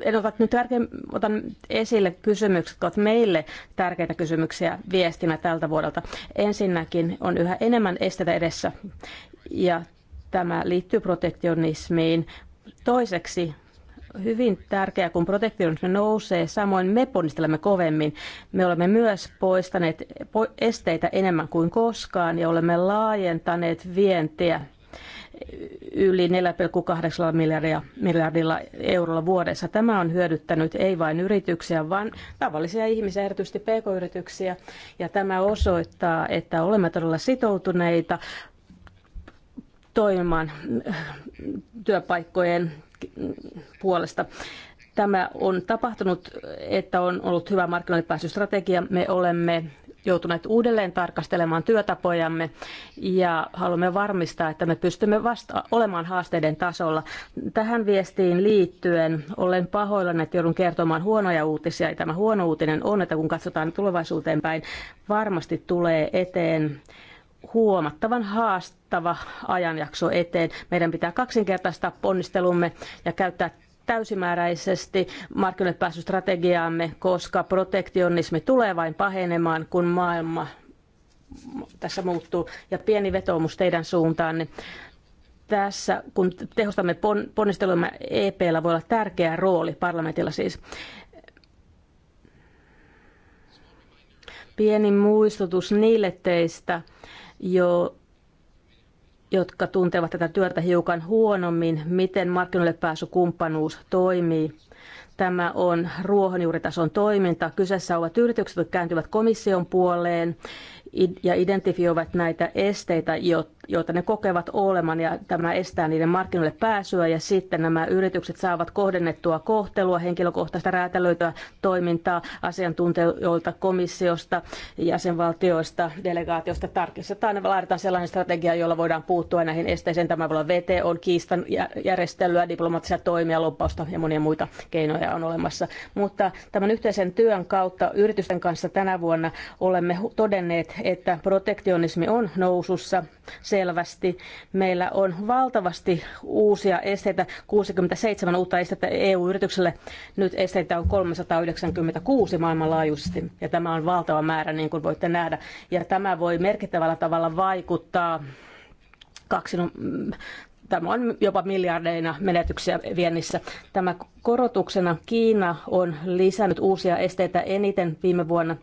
edotat nyt tärkein, otan esille kysymykset, jotka ovat meille tärkeitä kysymyksiä viestinä tältä vuodelta. Ensinnäkin on yhä enemmän estetä edessä ja tämä liittyy protektionismiin. Toiseksi hyvin tärkeää, kun protektionismi nousee, samoin me ponnistelemme kovemmin. Me olemme myös poistaneet esteitä enemmän kuin koskaan ja olemme laajentaneet vientiä yli 4,8 miljardia, miljardilla eurolla vuodessa. Tämä on hyödyttänyt ei vain yrityksiä, vaan tavallisia ihmisiä, erityisesti pk-yrityksiä. Ja tämä osoittaa, että olemme todella sitoutuneita toimimaan äh, työpaikkojen puolesta. Tämä on tapahtunut, että on ollut hyvä markkinoille strategia. Me olemme joutuneet uudelleen tarkastelemaan työtapojamme ja haluamme varmistaa, että me pystymme vasta- olemaan haasteiden tasolla. Tähän viestiin liittyen olen pahoillani, että joudun kertomaan huonoja uutisia. Ja tämä huono uutinen on, että kun katsotaan tulevaisuuteen päin, varmasti tulee eteen huomattavan haastava ajanjakso eteen. Meidän pitää kaksinkertaistaa ponnistelumme ja käyttää täysimääräisesti markkinoillepääsystrategiaamme, koska protektionismi tulee vain pahenemaan, kun maailma tässä muuttuu. Ja pieni vetoomus teidän suuntaanne. Tässä, kun tehostamme pon, ponnistelumme, EPllä voi olla tärkeä rooli, parlamentilla siis. Pieni muistutus niille teistä, jo, jotka tuntevat tätä työtä hiukan huonommin, miten markkinoille pääsykumppanuus toimii. Tämä on ruohonjuuritason toiminta. Kyseessä ovat yritykset, jotka kääntyvät komission puoleen ja identifioivat näitä esteitä, jotta joita ne kokevat oleman ja tämä estää niiden markkinoille pääsyä ja sitten nämä yritykset saavat kohdennettua kohtelua, henkilökohtaista räätälöityä toimintaa asiantuntijoilta, komissiosta, jäsenvaltioista, delegaatiosta tarkistetaan ja laaditaan sellainen strategia, jolla voidaan puuttua näihin esteisiin. Tämä voi olla VTO, kiistan järjestelyä, diplomaattisia toimia, loppausta ja monia muita keinoja on olemassa. Mutta tämän yhteisen työn kautta yritysten kanssa tänä vuonna olemme todenneet, että protektionismi on nousussa. Se selvästi. Meillä on valtavasti uusia esteitä, 67 uutta estettä EU-yritykselle. Nyt esteitä on 396 maailmanlaajuisesti ja tämä on valtava määrä, niin kuin voitte nähdä. Ja tämä voi merkittävällä tavalla vaikuttaa kaksi, no, mm, tämä on jopa miljardeina menetyksiä viennissä. Tämä korotuksena Kiina on lisännyt uusia esteitä eniten viime vuonna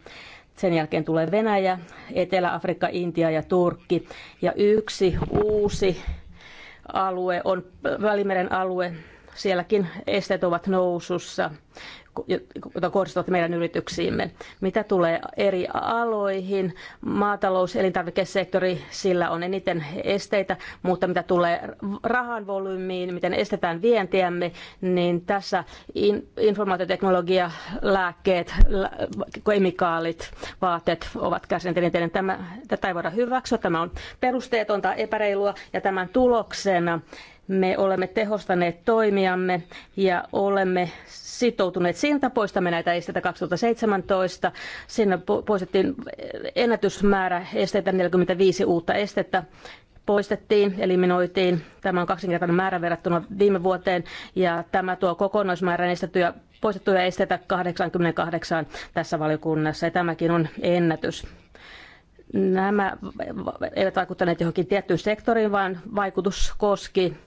sen jälkeen tulee Venäjä, Etelä-Afrikka, Intia ja Turkki. Ja yksi uusi alue on Välimeren alue. Sielläkin esteet ovat nousussa jotka kohdistuvat meidän yrityksiimme. Mitä tulee eri aloihin, maatalous, elintarvikesektori, sillä on eniten esteitä, mutta mitä tulee rahan volyymiin, miten estetään vientiämme, niin tässä informaatioteknologia, lääkkeet, kemikaalit, vaatteet ovat käsitelleet. Tämä, tätä ei voida hyväksyä, tämä on perusteetonta, epäreilua ja tämän tuloksena me olemme tehostaneet toimiamme ja olemme sitoutuneet siihen, että poistamme näitä esteitä 2017. Siinä poistettiin ennätysmäärä esteitä, 45 uutta estettä poistettiin, eliminoitiin. Tämä on kaksinkertainen määrä verrattuna viime vuoteen ja tämä tuo kokonaismäärän estettyjä, poistettuja esteitä 88 tässä valiokunnassa ja tämäkin on ennätys nämä eivät vaikuttaneet johonkin tiettyyn sektoriin, vaan vaikutus koski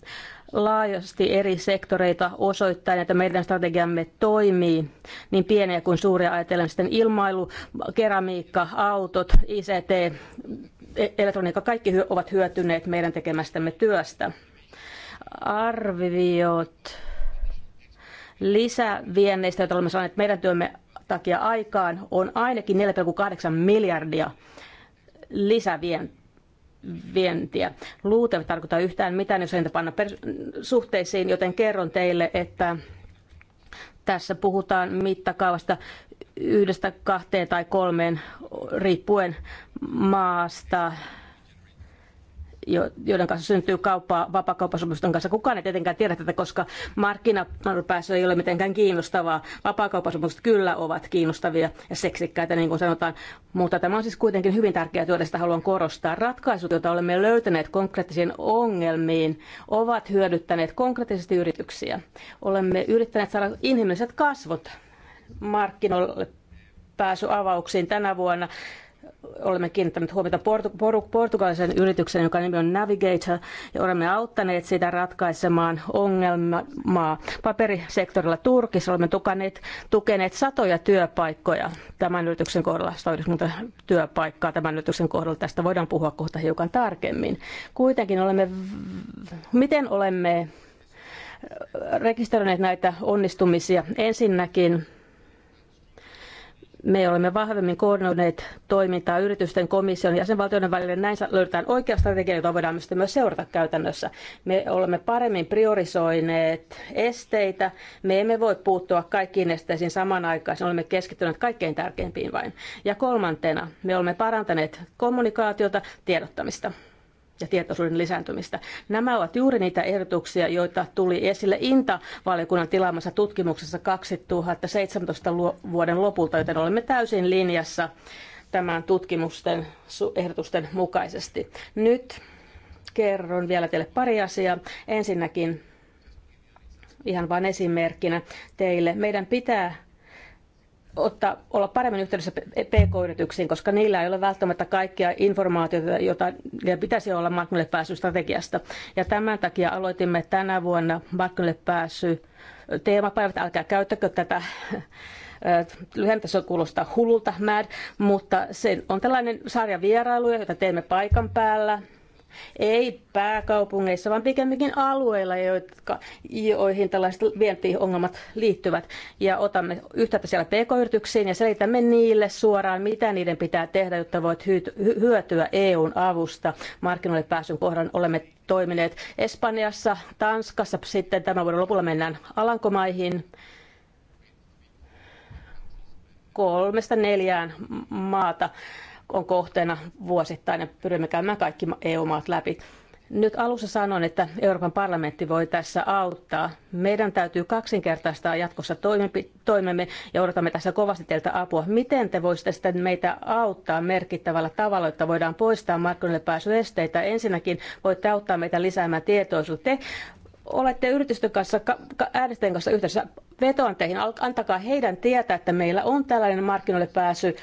laajasti eri sektoreita osoittain, että meidän strategiamme toimii niin pieniä kuin suuria ajatellen sitten ilmailu, keramiikka, autot, ICT, elektroniikka, kaikki ovat hyötyneet meidän tekemästämme työstä. Arviot lisävienneistä, joita olemme saaneet meidän työmme takia aikaan, on ainakin 4,8 miljardia lisävientiä. Luute tarkoittaa yhtään mitään, jos ei niitä panna suhteisiin, joten kerron teille, että tässä puhutaan mittakaavasta yhdestä kahteen tai kolmeen riippuen maasta joiden kanssa syntyy kauppaa vapaakauppasopimusten kanssa. Kukaan ei tietenkään tiedä tätä, koska markkinapäässä ei ole mitenkään kiinnostavaa. Vapaakauppasopimukset kyllä ovat kiinnostavia ja seksikkäitä, niin kuin sanotaan. Mutta tämä on siis kuitenkin hyvin tärkeää työtä, sitä haluan korostaa. Ratkaisut, joita olemme löytäneet konkreettisiin ongelmiin, ovat hyödyttäneet konkreettisesti yrityksiä. Olemme yrittäneet saada inhimilliset kasvot markkinoille pääsy avauksiin tänä vuonna olemme kiinnittäneet huomiota portu- portugalisen yrityksen, joka nimi on Navigator, ja olemme auttaneet sitä ratkaisemaan ongelmaa paperisektorilla Turkissa. Olemme tukaneet, tukeneet satoja työpaikkoja tämän yrityksen kohdalla, 190 työpaikkaa tämän yrityksen kohdalla. Tästä voidaan puhua kohta hiukan tarkemmin. Kuitenkin olemme, miten olemme rekisteröineet näitä onnistumisia? Ensinnäkin me olemme vahvemmin koordinoineet toimintaa yritysten komission ja jäsenvaltioiden välillä. Näin löydetään oikea strategia, jota voidaan myös seurata käytännössä. Me olemme paremmin priorisoineet esteitä. Me emme voi puuttua kaikkiin esteisiin samanaikaisesti. Olemme keskittyneet kaikkein tärkeimpiin vain. Ja kolmantena, me olemme parantaneet kommunikaatiota, tiedottamista ja tietoisuuden lisääntymistä. Nämä ovat juuri niitä ehdotuksia, joita tuli esille INTA-valiokunnan tilaamassa tutkimuksessa 2017 vuoden lopulta, joten olemme täysin linjassa tämän tutkimusten ehdotusten mukaisesti. Nyt kerron vielä teille pari asiaa. Ensinnäkin ihan vain esimerkkinä teille. Meidän pitää ottaa, olla paremmin yhteydessä PK-yrityksiin, koska niillä ei ole välttämättä kaikkia informaatiota, jota pitäisi olla markkinoille pääsystrategiasta. Ja tämän takia aloitimme tänä vuonna markkinoille pääsy teemapäivät. Älkää käyttäkö tätä äh, lyhentä se kuulostaa hululta, mad, mutta se on tällainen sarja vierailuja, joita teemme paikan päällä ei pääkaupungeissa, vaan pikemminkin alueilla, jotka, joihin tällaiset vientiongelmat liittyvät. Ja otamme yhteyttä siellä pk-yrityksiin ja selitämme niille suoraan, mitä niiden pitää tehdä, jotta voit hyötyä EUn avusta. Markkinoille pääsyn kohdan olemme toimineet Espanjassa, Tanskassa, sitten tämän vuoden lopulla mennään Alankomaihin kolmesta neljään maata on kohteena vuosittain ja pyrimme käymään kaikki EU-maat läpi. Nyt alussa sanoin, että Euroopan parlamentti voi tässä auttaa. Meidän täytyy kaksinkertaistaa jatkossa toimemme ja odotamme tässä kovasti teiltä apua. Miten te voisitte sitten meitä auttaa merkittävällä tavalla, että voidaan poistaa markkinoille pääsyesteitä? Ensinnäkin voitte auttaa meitä lisäämään tietoisuutta. Te olette yritysten kanssa, äänestäjien kanssa yhteydessä, vetoan teihin, antakaa heidän tietää, että meillä on tällainen markkinoille pääsy,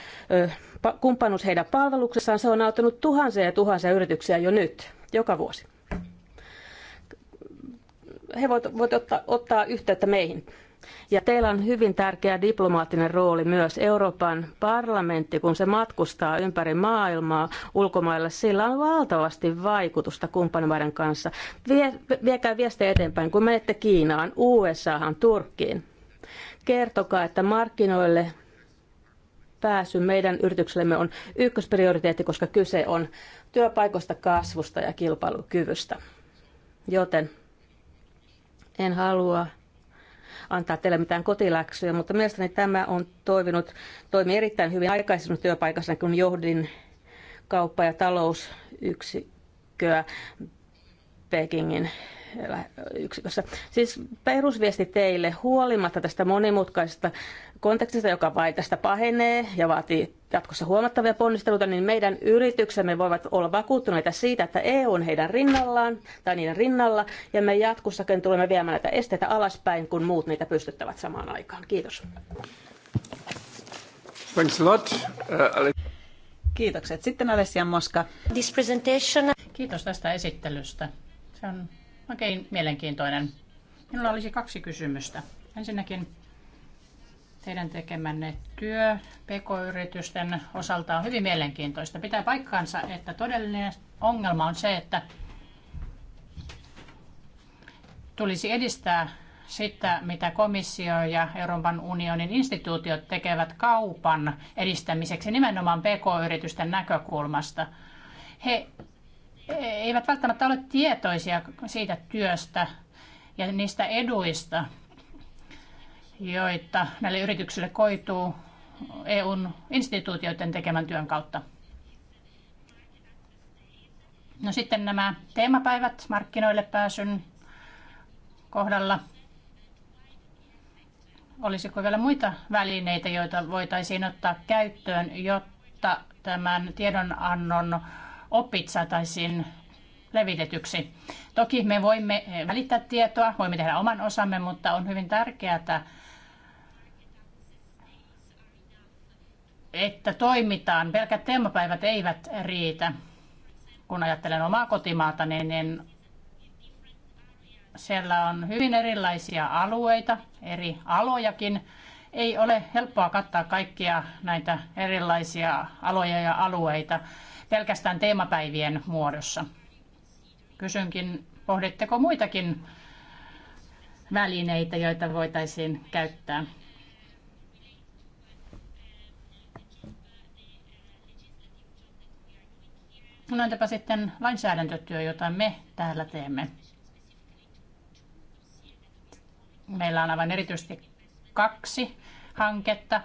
kumppanuus heidän palveluksessaan. Se on auttanut tuhansia ja tuhansia yrityksiä jo nyt, joka vuosi. He voivat ottaa, ottaa yhteyttä meihin. Ja teillä on hyvin tärkeä diplomaattinen rooli myös Euroopan parlamentti, kun se matkustaa ympäri maailmaa ulkomailla. Sillä on valtavasti vaikutusta kumppanimaiden kanssa. Vie, viekää viestejä eteenpäin, kun menette Kiinaan, USAhan, Turkkiin. Kertokaa, että markkinoille pääsy meidän yrityksellemme on ykkösprioriteetti, koska kyse on työpaikoista, kasvusta ja kilpailukyvystä. Joten en halua antaa teille mitään kotiläksyjä, mutta mielestäni tämä on toiminut, toimi erittäin hyvin aikaisemmin työpaikassa, kun johdin kauppa- ja talousyksikköä Pekingin yksikössä. Siis perusviesti teille, huolimatta tästä monimutkaisesta kontekstista, joka vain tästä pahenee ja vaatii jatkossa huomattavia ponnisteluita, niin meidän yrityksemme voivat olla vakuuttuneita siitä, että EU on heidän rinnallaan tai niiden rinnalla, ja me jatkossakin tulemme viemään näitä esteitä alaspäin, kun muut niitä pystyttävät samaan aikaan. Kiitos. Thanks a lot. Uh, Kiitokset. Sitten Alessia Moska. This presentation... Kiitos tästä esittelystä. Se on oikein mielenkiintoinen. Minulla olisi kaksi kysymystä. Ensinnäkin Teidän tekemänne työ pk-yritysten osalta on hyvin mielenkiintoista. Pitää paikkansa, että todellinen ongelma on se, että tulisi edistää sitä, mitä komissio ja Euroopan unionin instituutiot tekevät kaupan edistämiseksi nimenomaan pk-yritysten näkökulmasta. He eivät välttämättä ole tietoisia siitä työstä ja niistä eduista, joita näille yrityksille koituu EUn instituutioiden tekemän työn kautta. No sitten nämä teemapäivät markkinoille pääsyn kohdalla. Olisiko vielä muita välineitä, joita voitaisiin ottaa käyttöön, jotta tämän tiedonannon opit saataisiin levitetyksi? Toki me voimme välittää tietoa, voimme tehdä oman osamme, mutta on hyvin tärkeää, että toimitaan. Pelkät teemapäivät eivät riitä. Kun ajattelen omaa kotimaata, niin, niin siellä on hyvin erilaisia alueita, eri alojakin. Ei ole helppoa kattaa kaikkia näitä erilaisia aloja ja alueita pelkästään teemapäivien muodossa. Kysynkin, pohditteko muitakin välineitä, joita voitaisiin käyttää? No entäpä sitten lainsäädäntötyö, jota me täällä teemme? Meillä on aivan erityisesti kaksi hanketta.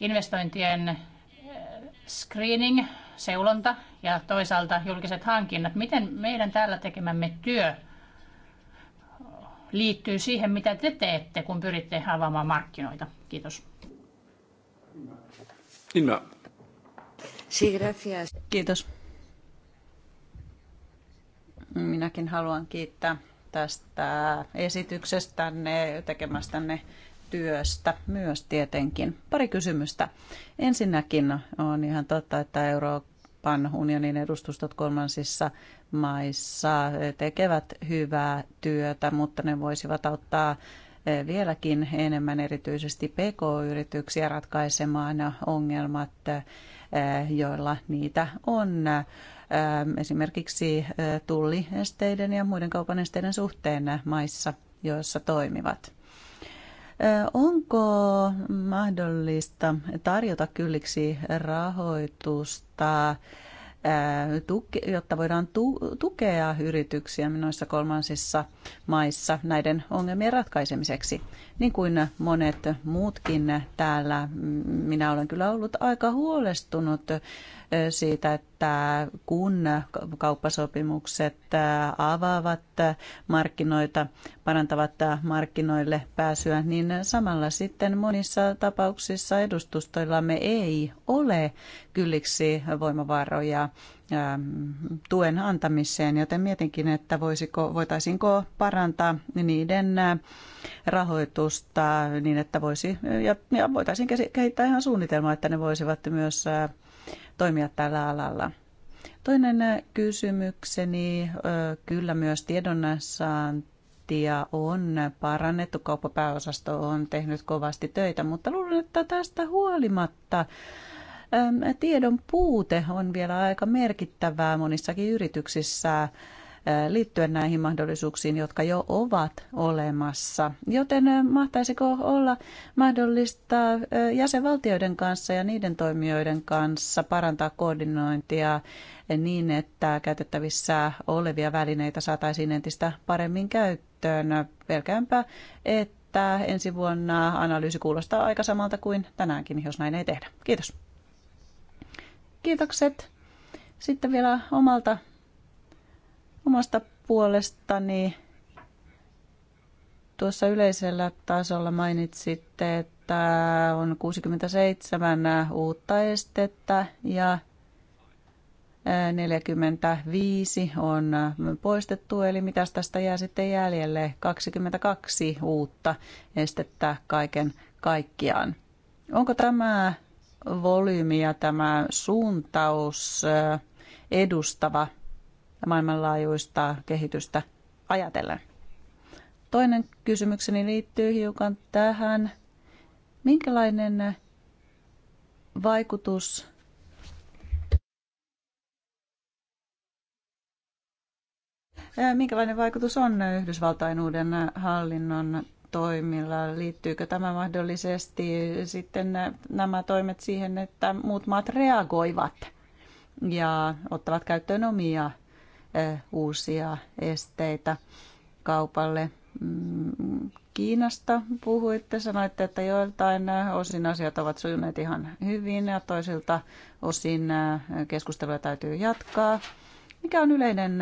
Investointien eh, screening, seulonta ja toisaalta julkiset hankinnat. Miten meidän täällä tekemämme työ liittyy siihen, mitä te teette, kun pyritte avaamaan markkinoita? Kiitos. Inna. Sí, gracias. Kiitos. Minäkin haluan kiittää tästä esityksestänne, tekemästänne työstä myös tietenkin. Pari kysymystä. Ensinnäkin on ihan totta, että Euroopan unionin edustustot kolmansissa maissa tekevät hyvää työtä, mutta ne voisivat auttaa vieläkin enemmän erityisesti PK-yrityksiä ratkaisemaan ongelmat, eh, joilla niitä on eh, esimerkiksi eh, tulliesteiden ja muiden kaupan esteiden suhteen maissa, joissa toimivat. Onko mahdollista tarjota kylliksi rahoitusta jotta voidaan tukea yrityksiä noissa kolmansissa maissa näiden ongelmien ratkaisemiseksi. Niin kuin monet muutkin täällä, minä olen kyllä ollut aika huolestunut siitä, että kun kauppasopimukset avaavat markkinoita, parantavat markkinoille pääsyä, niin samalla sitten monissa tapauksissa edustustoillamme ei ole kylliksi voimavaroja ähm, tuen antamiseen, joten mietinkin, että voisiko, voitaisiinko parantaa niiden äh, rahoitusta niin, että voisi, ja, ja voitaisiin kehittää ihan suunnitelma, että ne voisivat myös äh, toimia tällä alalla. Toinen kysymykseni, kyllä myös tiedonsaantia on parannettu, kauppapääosasto on tehnyt kovasti töitä, mutta luulen, että tästä huolimatta tiedon puute on vielä aika merkittävää monissakin yrityksissä liittyen näihin mahdollisuuksiin, jotka jo ovat olemassa. Joten mahtaisiko olla mahdollista jäsenvaltioiden kanssa ja niiden toimijoiden kanssa parantaa koordinointia niin, että käytettävissä olevia välineitä saataisiin entistä paremmin käyttöön. Pelkäänpä, että ensi vuonna analyysi kuulostaa aika samalta kuin tänäänkin, jos näin ei tehdä. Kiitos. Kiitokset. Sitten vielä omalta omasta puolestani tuossa yleisellä tasolla mainitsitte, että on 67 uutta estettä ja 45 on poistettu, eli mitä tästä jää sitten jäljelle? 22 uutta estettä kaiken kaikkiaan. Onko tämä volyymi ja tämä suuntaus edustava maailmanlaajuista kehitystä ajatellen. Toinen kysymykseni liittyy hiukan tähän. Minkälainen vaikutus Minkälainen vaikutus on Yhdysvaltain uuden hallinnon toimilla? Liittyykö tämä mahdollisesti sitten nämä toimet siihen, että muut maat reagoivat ja ottavat käyttöön omia uusia esteitä kaupalle. Mm, Kiinasta puhuitte, sanoitte, että joiltain osin asiat ovat sujuneet ihan hyvin ja toisilta osin keskustelua täytyy jatkaa. Mikä on yleinen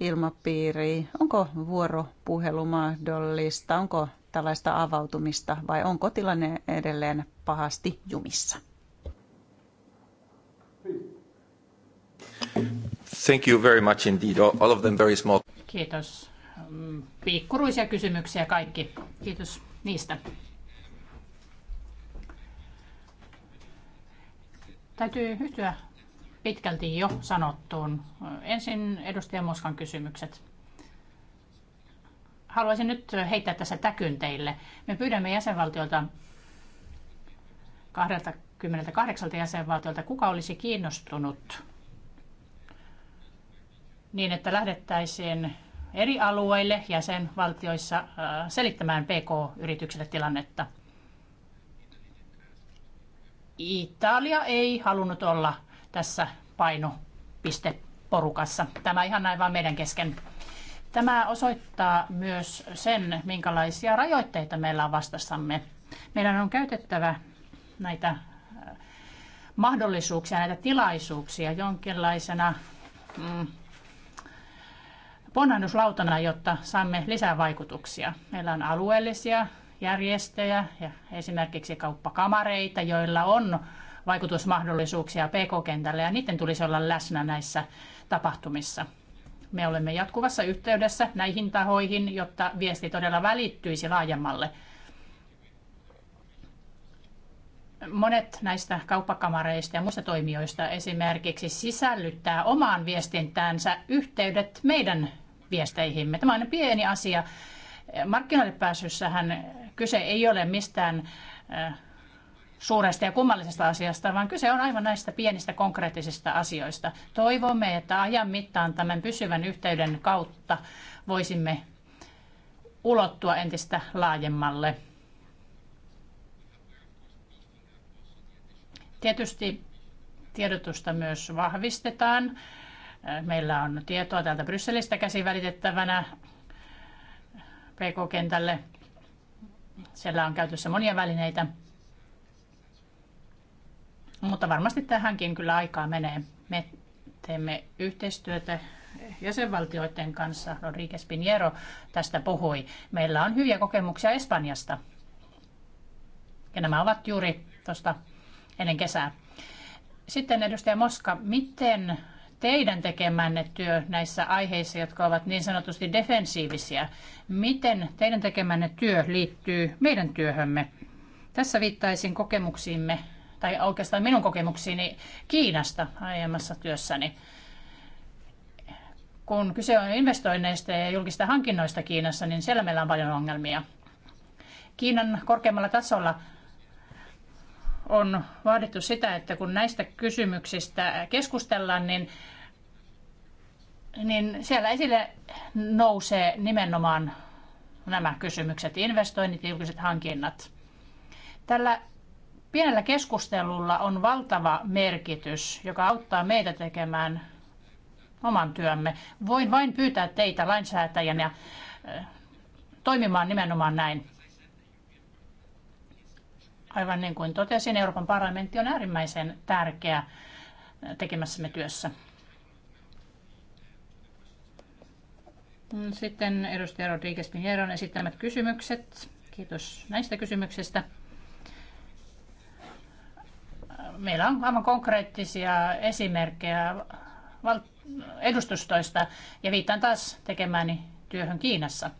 ilmapiiri? Onko vuoropuhelu mahdollista? Onko tällaista avautumista vai onko tilanne edelleen pahasti jumissa? Thank you very much indeed. All of them very small. Kiitos. Mm, Pikkuruisia kysymyksiä kaikki. Kiitos niistä. Täytyy yhtyä pitkälti jo sanottuun. Ensin edustaja Moskan kysymykset. Haluaisin nyt heittää tässä täkyn teille. Me pyydämme jäsenvaltiolta 28 jäsenvaltiolta, kuka olisi kiinnostunut niin, että lähdettäisiin eri alueille jäsenvaltioissa äh, selittämään PK-yrityksille tilannetta. Italia ei halunnut olla tässä painopisteporukassa. Tämä ihan näin vaan meidän kesken. Tämä osoittaa myös sen, minkälaisia rajoitteita meillä on vastassamme. Meidän on käytettävä näitä äh, mahdollisuuksia, näitä tilaisuuksia jonkinlaisena mm, ponnahduslautana, jotta saamme lisää vaikutuksia. Meillä on alueellisia järjestöjä ja esimerkiksi kauppakamareita, joilla on vaikutusmahdollisuuksia PK-kentällä ja niiden tulisi olla läsnä näissä tapahtumissa. Me olemme jatkuvassa yhteydessä näihin tahoihin, jotta viesti todella välittyisi laajemmalle monet näistä kauppakamareista ja muista toimijoista esimerkiksi sisällyttää omaan viestintäänsä yhteydet meidän viesteihimme. Tämä on pieni asia. Markkinoille pääsyssähän kyse ei ole mistään äh, suuresta ja kummallisesta asiasta, vaan kyse on aivan näistä pienistä konkreettisista asioista. Toivomme, että ajan mittaan tämän pysyvän yhteyden kautta voisimme ulottua entistä laajemmalle Tietysti tiedotusta myös vahvistetaan. Meillä on tietoa täältä Brysselistä käsin välitettävänä PK-kentälle. Siellä on käytössä monia välineitä. Mutta varmasti tähänkin kyllä aikaa menee. Me teemme yhteistyötä jäsenvaltioiden kanssa. Rodriguez Pinheiro tästä puhui. Meillä on hyviä kokemuksia Espanjasta. Ja nämä ovat juuri tuosta ennen kesää. Sitten edustaja Moska, miten teidän tekemänne työ näissä aiheissa, jotka ovat niin sanotusti defensiivisiä, miten teidän tekemänne työ liittyy meidän työhömme? Tässä viittaisin kokemuksiimme, tai oikeastaan minun kokemuksiini Kiinasta aiemmassa työssäni. Kun kyse on investoinneista ja julkista hankinnoista Kiinassa, niin siellä meillä on paljon ongelmia. Kiinan korkeammalla tasolla on vaadittu sitä, että kun näistä kysymyksistä keskustellaan, niin, niin siellä esille nousee nimenomaan nämä kysymykset, investoinnit, julkiset hankinnat. Tällä pienellä keskustelulla on valtava merkitys, joka auttaa meitä tekemään oman työmme. Voin vain pyytää teitä lainsäätäjänä eh, toimimaan nimenomaan näin. Aivan niin kuin totesin, Euroopan parlamentti on äärimmäisen tärkeä tekemässämme työssä. Sitten edustaja Rodriguez Pinheiron esittämät kysymykset. Kiitos näistä kysymyksistä. Meillä on aivan konkreettisia esimerkkejä edustustoista ja viittaan taas tekemääni työhön Kiinassa –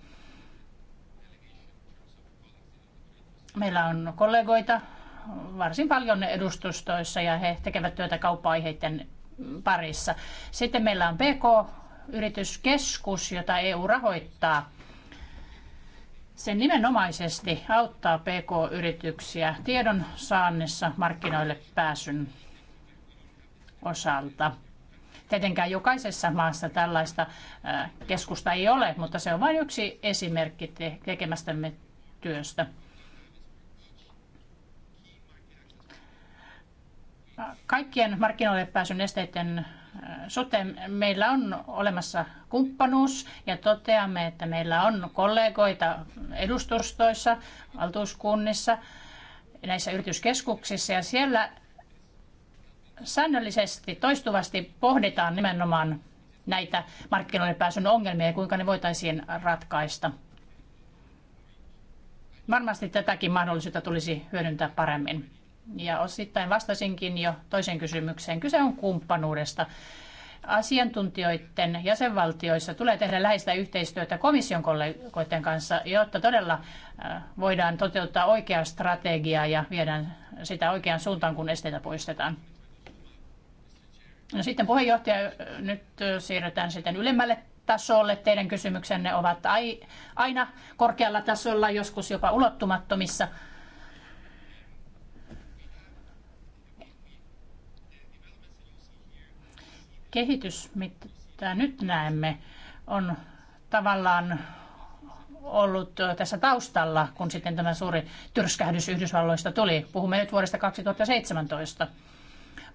Meillä on kollegoita varsin paljon edustustoissa ja he tekevät työtä kauppa-aiheiden parissa. Sitten meillä on PK-yrityskeskus, jota EU rahoittaa. Se nimenomaisesti auttaa PK-yrityksiä tiedon saannissa markkinoille pääsyn osalta. Tietenkään jokaisessa maassa tällaista äh, keskusta ei ole, mutta se on vain yksi esimerkki tekemästämme työstä. kaikkien markkinoille pääsyn esteiden suhteen meillä on olemassa kumppanuus ja toteamme, että meillä on kollegoita edustustoissa, valtuuskunnissa, näissä yrityskeskuksissa ja siellä säännöllisesti, toistuvasti pohditaan nimenomaan näitä markkinoille pääsyn ongelmia ja kuinka ne voitaisiin ratkaista. Varmasti tätäkin mahdollisuutta tulisi hyödyntää paremmin ja osittain vastasinkin jo toisen kysymykseen. Kyse on kumppanuudesta. Asiantuntijoiden jäsenvaltioissa tulee tehdä läheistä yhteistyötä komission kollegoiden kanssa, jotta todella voidaan toteuttaa oikea strategia ja viedä sitä oikeaan suuntaan, kun esteitä poistetaan. No sitten puheenjohtaja, nyt siirrytään sitten ylemmälle tasolle. Teidän kysymyksenne ovat aina korkealla tasolla, joskus jopa ulottumattomissa – Kehitys, mitä nyt näemme, on tavallaan ollut tässä taustalla, kun sitten tämä suuri tyrskähdys Yhdysvalloista tuli. Puhumme nyt vuodesta 2017.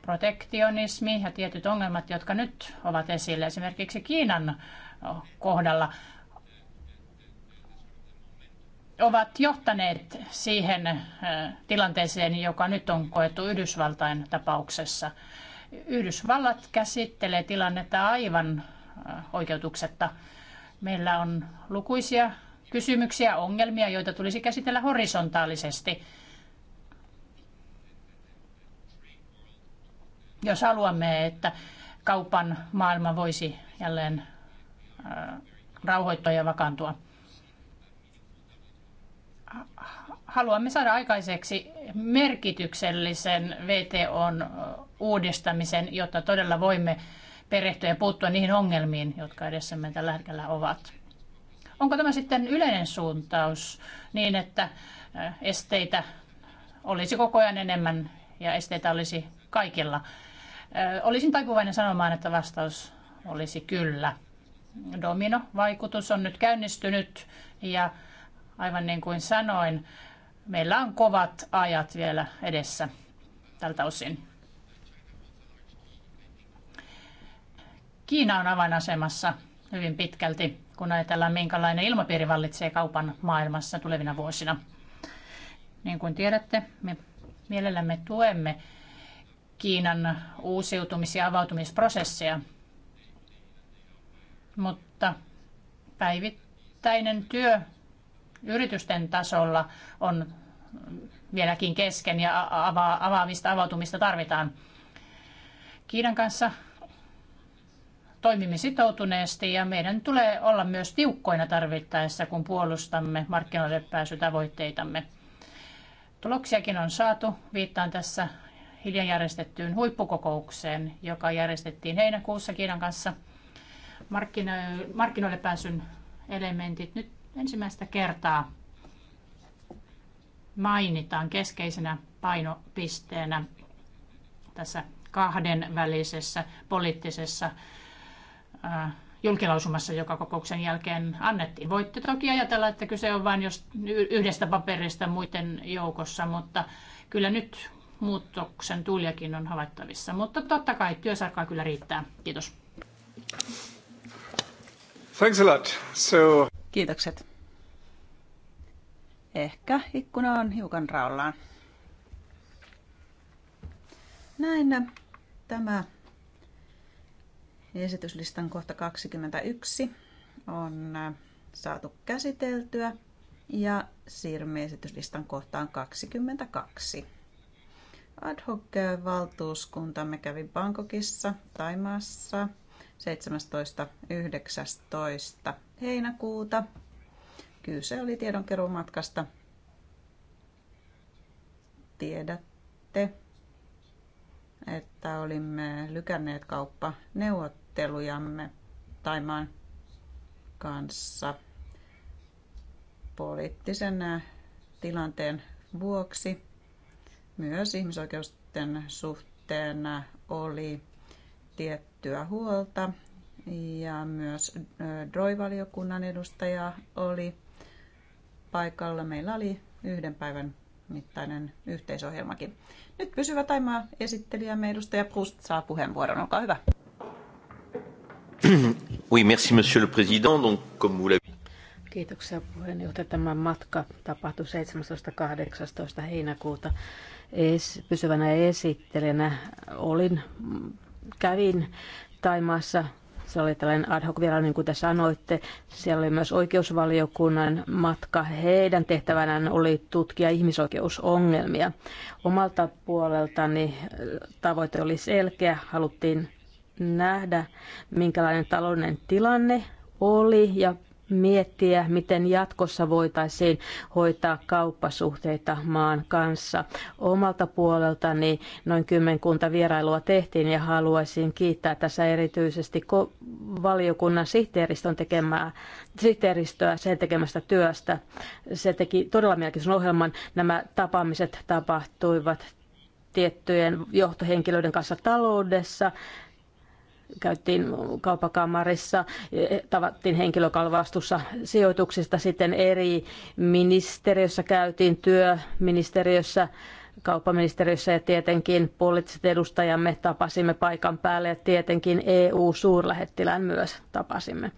Protektionismi ja tietyt ongelmat, jotka nyt ovat esillä esimerkiksi Kiinan kohdalla, ovat johtaneet siihen eh, tilanteeseen, joka nyt on koettu Yhdysvaltain tapauksessa. Yhdysvallat käsittelee tilannetta aivan äh, oikeutuksetta. Meillä on lukuisia kysymyksiä, ongelmia, joita tulisi käsitellä horisontaalisesti. Jos haluamme, että kaupan maailma voisi jälleen äh, rauhoittua ja vakaantua. Haluamme saada aikaiseksi merkityksellisen VTOn äh, uudistamisen, jotta todella voimme perehtyä ja puuttua niihin ongelmiin, jotka edessämme tällä hetkellä ovat. Onko tämä sitten yleinen suuntaus niin, että äh, esteitä olisi koko ajan enemmän ja esteitä olisi kaikilla? Äh, olisin taipuvainen sanomaan, että vastaus olisi kyllä. Domino-vaikutus on nyt käynnistynyt ja aivan niin kuin sanoin, meillä on kovat ajat vielä edessä tältä osin. Kiina on avainasemassa hyvin pitkälti, kun ajatellaan minkälainen ilmapiiri vallitsee kaupan maailmassa tulevina vuosina. Niin kuin tiedätte, me mielellämme tuemme Kiinan uusiutumis- ja avautumisprosesseja, mutta päivittäinen työ yritysten tasolla on vieläkin kesken ja avaamista, avautumista tarvitaan. Kiinan kanssa toimimme sitoutuneesti ja meidän tulee olla myös tiukkoina tarvittaessa, kun puolustamme markkinoille pääsytavoitteitamme. Tuloksiakin on saatu. Viittaan tässä hiljan järjestettyyn huippukokoukseen, joka järjestettiin heinäkuussa Kiinan kanssa. Markkino- markkinoille pääsyn elementit nyt ensimmäistä kertaa mainitaan keskeisenä painopisteenä tässä kahden välisessä poliittisessa Äh, julkilausumassa, joka kokouksen jälkeen annettiin. Voitte toki ajatella, että kyse on vain yhdestä paperista muiden joukossa, mutta kyllä nyt muutoksen tuliakin on havaittavissa. Mutta totta kai työsarkaa kyllä riittää. Kiitos. Thanks a lot. So... Kiitokset. Ehkä ikkuna on hiukan raollaan. Näin tämä Esityslistan kohta 21 on äh, saatu käsiteltyä ja siirrymme esityslistan kohtaan 22. Ad hoc valtuuskuntamme kävi Bangkokissa, Taimaassa 17.19. heinäkuuta. Kyse oli tiedonkeruumatkasta. Tiedätte, että olimme lykänneet neuvottelua ponnistelujamme Taimaan kanssa poliittisen äh, tilanteen vuoksi. Myös ihmisoikeusten suhteen äh, oli tiettyä huolta ja myös äh, DROI-valiokunnan edustaja oli paikalla. Meillä oli yhden päivän mittainen yhteisohjelmakin. Nyt pysyvä Taimaa esittelijämme edustaja Pust saa puheenvuoron. Olkaa hyvä. Oui, merci, monsieur le président. Donc, comme vous l'avez... Kiitoksia puheenjohtaja. Tämä matka tapahtui 17.18. heinäkuuta. Es, pysyvänä esittelijänä olin, kävin Taimaassa se oli tällainen ad hoc vielä, niin kuin te sanoitte. Siellä oli myös oikeusvaliokunnan matka. Heidän tehtävänään oli tutkia ihmisoikeusongelmia. Omalta puoleltani tavoite oli selkeä. Haluttiin nähdä, minkälainen taloudellinen tilanne oli ja miettiä, miten jatkossa voitaisiin hoitaa kauppasuhteita maan kanssa. Omalta puoleltani noin kymmenkunta vierailua tehtiin ja haluaisin kiittää tässä erityisesti valiokunnan sihteeristön tekemää, sihteeristöä sen tekemästä työstä. Se teki todella mielenkiintoisen ohjelman. Nämä tapaamiset tapahtuivat tiettyjen johtohenkilöiden kanssa taloudessa, käyttiin kaupakamarissa, tavattiin henkilökalvastussa sijoituksista, sitten eri ministeriössä käytiin työministeriössä, kauppaministeriössä ja tietenkin poliittiset edustajamme tapasimme paikan päälle ja tietenkin EU-suurlähettilään myös tapasimme.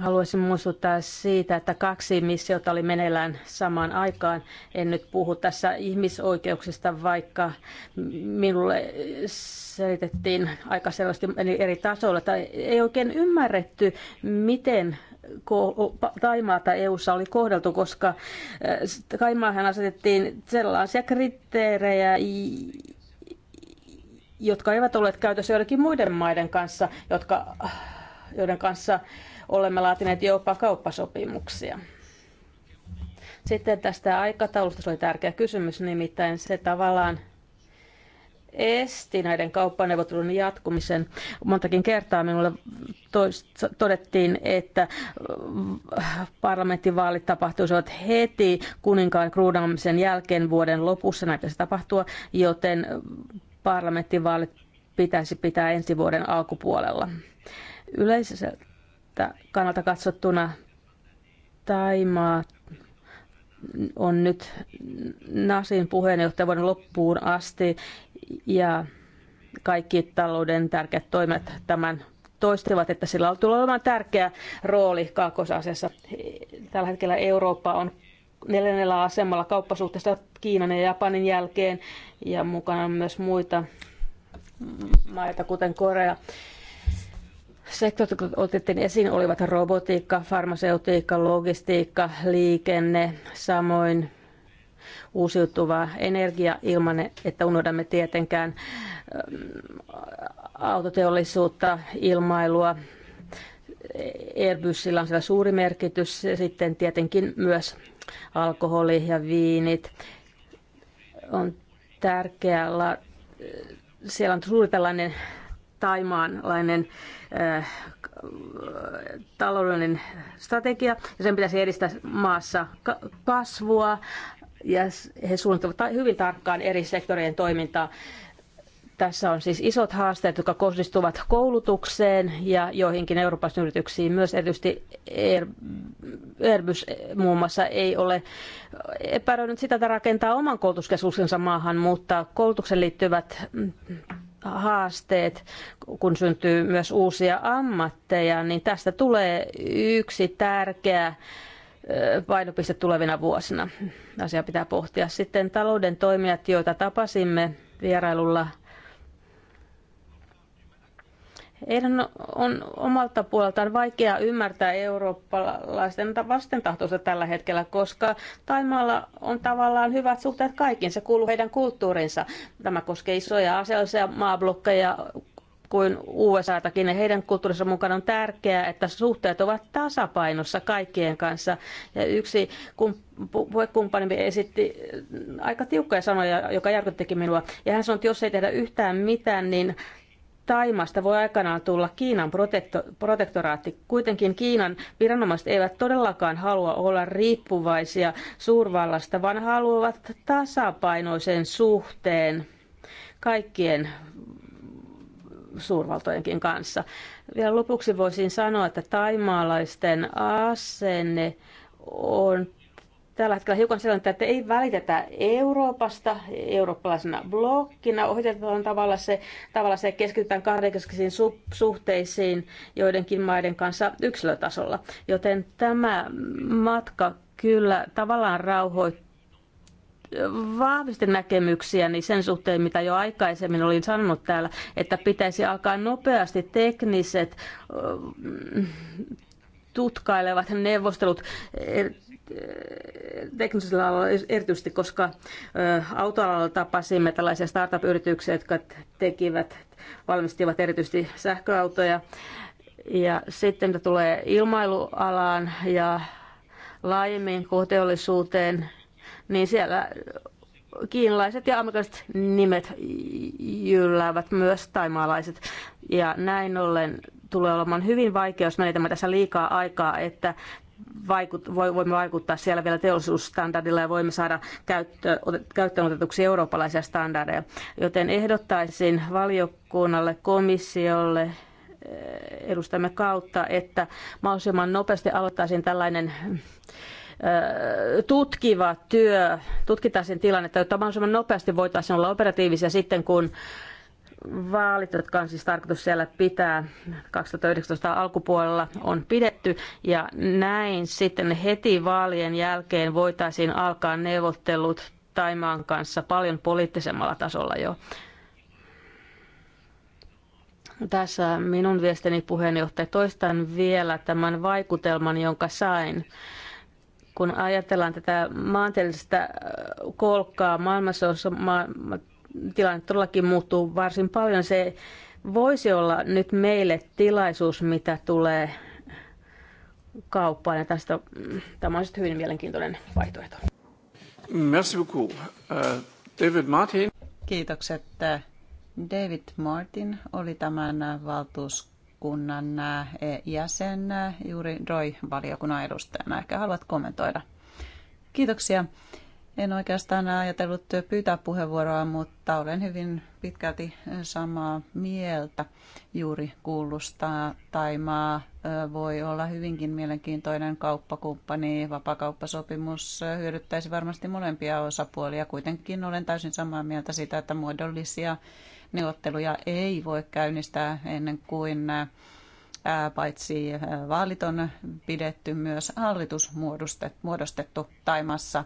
Haluaisin muistuttaa siitä, että kaksi missiota oli meneillään samaan aikaan. En nyt puhu tässä ihmisoikeuksista, vaikka minulle selitettiin aika selvästi eri tasoilla, tai ei oikein ymmärretty, miten Taimaata EU-ssa oli kohdeltu, koska äh, Taimaahan asetettiin sellaisia kriteerejä, jotka eivät olleet käytössä joidenkin muiden maiden kanssa, jotka, joiden kanssa olemme laatineet jopa kauppasopimuksia. Sitten tästä aikataulusta, se oli tärkeä kysymys, nimittäin se tavallaan esti näiden kauppaneuvottelun jatkumisen. Montakin kertaa minulle todettiin, että parlamenttivaalit tapahtuisivat heti kuninkaan kruunaamisen jälkeen vuoden lopussa. Näitä se tapahtua, joten parlamenttivaalit pitäisi pitää ensi vuoden alkupuolella. Yleisessä kannalta katsottuna Taimaa on nyt Nasin puheenjohtaja vuoden loppuun asti ja kaikki talouden tärkeät toimet tämän toistivat, että sillä on tullut olemaan tärkeä rooli kaakkoisasiassa. Tällä hetkellä Eurooppa on neljännellä asemalla kauppasuhteessa Kiinan ja Japanin jälkeen ja mukana on myös muita maita, kuten Korea. Sektorit, jotka otettiin esiin, olivat robotiikka, farmaseutiikka, logistiikka, liikenne, samoin uusiutuva energia ilman, että unohdamme tietenkään ähm, autoteollisuutta, ilmailua. Airbusilla on siellä suuri merkitys ja sitten tietenkin myös alkoholi ja viinit. On tärkeää, äh, siellä on suuri tällainen taimaanlainen äh, taloudellinen strategia ja sen pitäisi edistää maassa kasvua ja he suunnittelevat hyvin tarkkaan eri sektorien toimintaa. Tässä on siis isot haasteet, jotka kohdistuvat koulutukseen ja joihinkin Euroopan yrityksiin. Myös erityisesti Airbus muun muassa ei ole epäröinyt sitä, että rakentaa oman koulutuskeskuksensa maahan, mutta koulutuksen liittyvät haasteet, kun syntyy myös uusia ammatteja, niin tästä tulee yksi tärkeä painopiste tulevina vuosina. Asia pitää pohtia. Sitten talouden toimijat, joita tapasimme vierailulla heidän on omalta puoleltaan vaikea ymmärtää eurooppalaisten vastentahtoista tällä hetkellä, koska Taimaalla on tavallaan hyvät suhteet kaikkiin. Se kuuluu heidän kulttuurinsa. Tämä koskee isoja aseellisia maablokkeja kuin USAtakin. Heidän kulttuurinsa mukana on tärkeää, että suhteet ovat tasapainossa kaikkien kanssa. Ja yksi puhekumppani esitti aika tiukkoja sanoja, joka järkyttikin minua. Ja hän sanoi, että jos ei tehdä yhtään mitään, niin Taimasta voi aikanaan tulla Kiinan protekto- protektoraatti. Kuitenkin Kiinan viranomaiset eivät todellakaan halua olla riippuvaisia suurvallasta, vaan haluavat tasapainoisen suhteen kaikkien suurvaltojenkin kanssa. Vielä lopuksi voisin sanoa, että taimaalaisten asenne on tällä hetkellä hiukan sellainen, että ei välitetä Euroopasta eurooppalaisena blokkina, ohitetaan tavalla se, tavalla se keskitytään kahdenkeskeisiin su- suhteisiin joidenkin maiden kanssa yksilötasolla. Joten tämä matka kyllä tavallaan rauhoittaa vahvisti näkemyksiä niin sen suhteen, mitä jo aikaisemmin olin sanonut täällä, että pitäisi alkaa nopeasti tekniset tutkailevat neuvostelut er, teknisellä alalla erityisesti, koska autoalalla tapasimme tällaisia startup-yrityksiä, jotka tekivät, valmistivat erityisesti sähköautoja. Ja sitten mitä tulee ilmailualaan ja laajemmin kohteollisuuteen, niin siellä kiinalaiset ja amerikkalaiset nimet jylläävät myös taimaalaiset. Ja näin ollen tulee olemaan hyvin vaikea, jos menetämme tässä liikaa aikaa, että vaikut, voimme vaikuttaa siellä vielä teollisuusstandardilla ja voimme saada käyttö, käyttöön otetuksi eurooppalaisia standardeja. Joten ehdottaisin valiokunnalle, komissiolle, eh, edustamme kautta, että mahdollisimman nopeasti aloittaisin tällainen eh, tutkiva työ, tutkitaan sen tilannetta, jotta mahdollisimman nopeasti voitaisiin olla operatiivisia sitten, kun vaalit, jotka on siis tarkoitus siellä pitää 2019 alkupuolella, on pidetty. Ja näin sitten heti vaalien jälkeen voitaisiin alkaa neuvottelut Taimaan kanssa paljon poliittisemmalla tasolla jo. Tässä minun viestini puheenjohtaja. Toistan vielä tämän vaikutelman, jonka sain kun ajatellaan tätä maantieteellistä kolkkaa maailmassa, jossa tilanne todellakin muuttuu varsin paljon. Se voisi olla nyt meille tilaisuus, mitä tulee kauppaan. Ja tästä, tämä on hyvin mielenkiintoinen vaihtoehto. Merci beaucoup. Uh, David Martin. Kiitokset. David Martin oli tämän valtuuskunnan jäsen juuri Roy valiokunnan edustajana. Ehkä haluat kommentoida. Kiitoksia. En oikeastaan ajatellut pyytää puheenvuoroa, mutta olen hyvin pitkälti samaa mieltä juuri kuulusta. Taimaa voi olla hyvinkin mielenkiintoinen kauppakumppani. Vapakauppasopimus hyödyttäisi varmasti molempia osapuolia. Kuitenkin olen täysin samaa mieltä siitä, että muodollisia neuvotteluja ei voi käynnistää ennen kuin paitsi vaalit on pidetty, myös hallitus muodostettu Taimassa.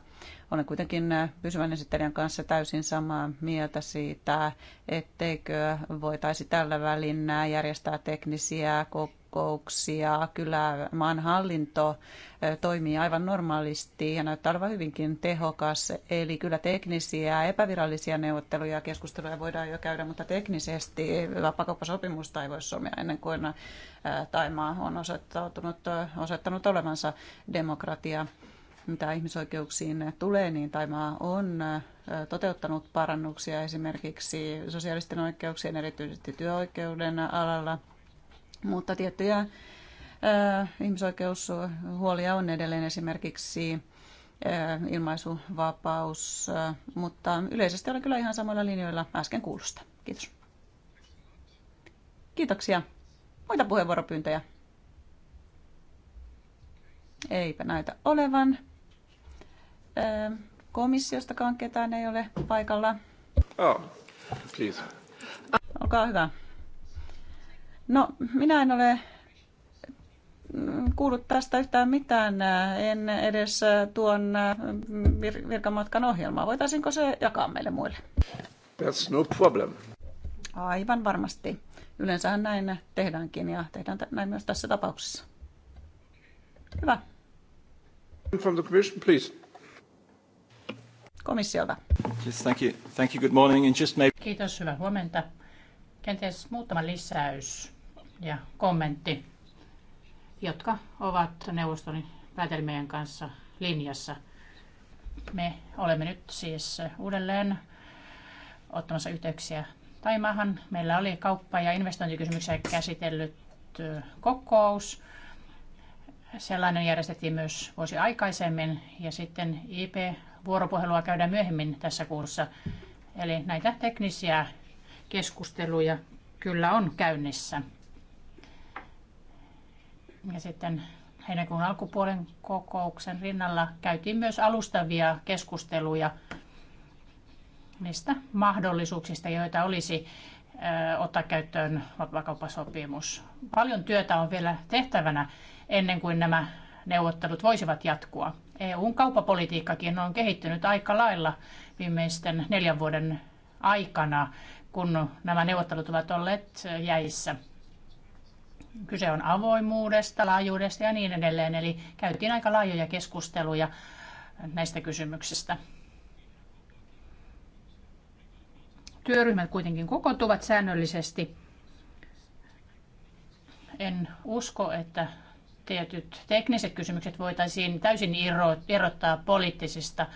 Olen kuitenkin äh, pysyvän esittelijän kanssa täysin samaa mieltä siitä, etteikö voitaisi tällä välin äh, järjestää teknisiä kokouksia. Kyllä maan hallinto äh, toimii aivan normaalisti ja näyttää olevan hyvinkin tehokas. Eli kyllä teknisiä, epävirallisia neuvotteluja ja keskusteluja voidaan jo käydä, mutta teknisesti vapakauppasopimusta ei voi somia ennen kuin Taimaa on osoittanut, olevansa demokratia mitä ihmisoikeuksiin tulee, niin Taimaa on toteuttanut parannuksia esimerkiksi sosiaalisten oikeuksien, erityisesti työoikeuden alalla, mutta tiettyjä ihmisoikeushuolia on edelleen esimerkiksi ilmaisuvapaus, mutta yleisesti olen kyllä ihan samoilla linjoilla äsken kuulusta. Kiitos. Kiitoksia. Muita puheenvuoropyyntöjä? Eipä näitä olevan komissiostakaan ketään ei ole paikalla. Oh, please. Olkaa hyvä. No, minä en ole mm, kuullut tästä yhtään mitään, en edes tuon virkamatkan ohjelmaa. Voitaisinko se jakaa meille muille? That's no problem. Aivan varmasti. Yleensähän näin tehdäänkin ja tehdään näin myös tässä tapauksessa. Hyvä. From the commission, please komissiolta. Yes, thank you. Thank you. Good morning. And just maybe... Kiitos, hyvää huomenta. Kenties muutama lisäys ja kommentti, jotka ovat neuvoston päätelmien kanssa linjassa. Me olemme nyt siis uudelleen ottamassa yhteyksiä Taimaahan. Meillä oli kauppa- ja investointikysymyksiä käsitellyt kokous. Sellainen järjestettiin myös vuosi aikaisemmin ja sitten IP vuoropuhelua käydään myöhemmin tässä kuussa. Eli näitä teknisiä keskusteluja kyllä on käynnissä. Ja sitten heinäkuun alkupuolen kokouksen rinnalla käytiin myös alustavia keskusteluja niistä mahdollisuuksista, joita olisi ottaa käyttöön vapaakauppasopimus. Paljon työtä on vielä tehtävänä ennen kuin nämä neuvottelut voisivat jatkua. EUn kauppapolitiikkakin on kehittynyt aika lailla viimeisten neljän vuoden aikana, kun nämä neuvottelut ovat olleet jäissä. Kyse on avoimuudesta, laajuudesta ja niin edelleen. Eli käytiin aika laajoja keskusteluja näistä kysymyksistä. Työryhmät kuitenkin kokoontuvat säännöllisesti. En usko, että tietyt tekniset kysymykset voitaisiin täysin irrottaa poliittisista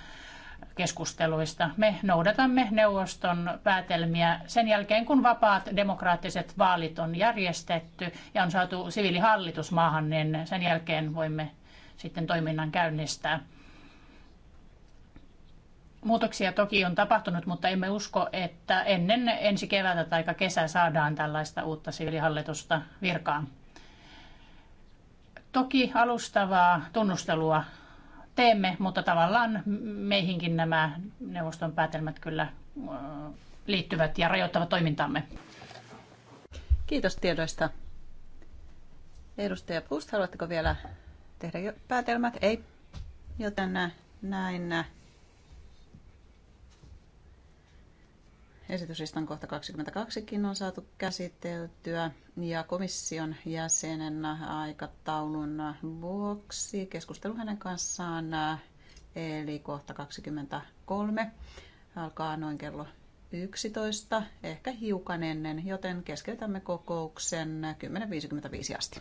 keskusteluista. Me noudatamme neuvoston päätelmiä sen jälkeen, kun vapaat demokraattiset vaalit on järjestetty ja on saatu siviilihallitus maahan, niin sen jälkeen voimme sitten toiminnan käynnistää. Muutoksia toki on tapahtunut, mutta emme usko, että ennen ensi kevätä tai kesää saadaan tällaista uutta siviilihallitusta virkaan. Toki alustavaa tunnustelua teemme, mutta tavallaan meihinkin nämä neuvoston päätelmät kyllä liittyvät ja rajoittavat toimintaamme. Kiitos tiedoista. Edustaja Pust, haluatteko vielä tehdä päätelmät? Ei. Joten äh, näin äh, Esityslistan kohta 22kin on saatu käsiteltyä ja komission jäsenen aikataulun vuoksi keskustelu hänen kanssaan eli kohta 23 alkaa noin kello 11, ehkä hiukan ennen, joten keskeytämme kokouksen 10.55 asti.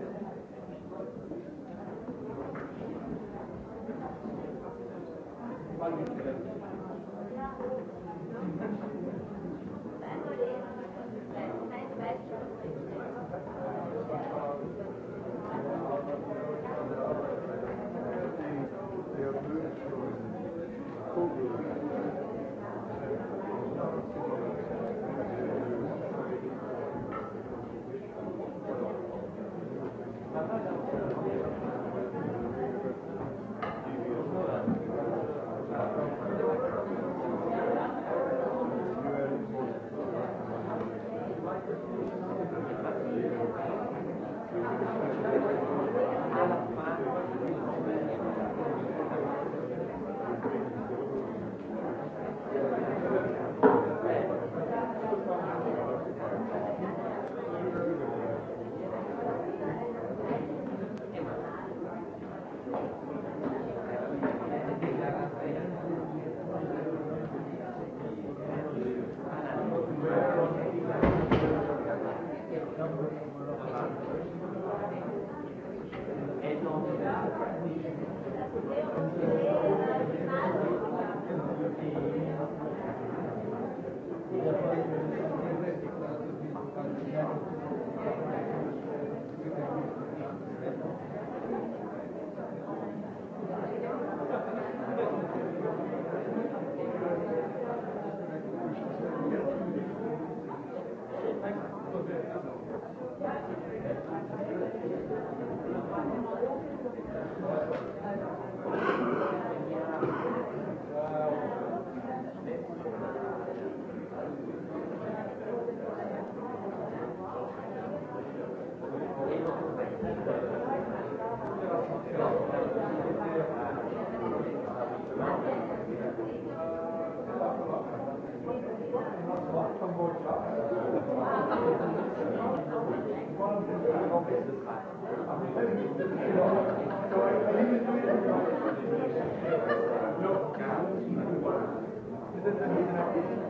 Thank you.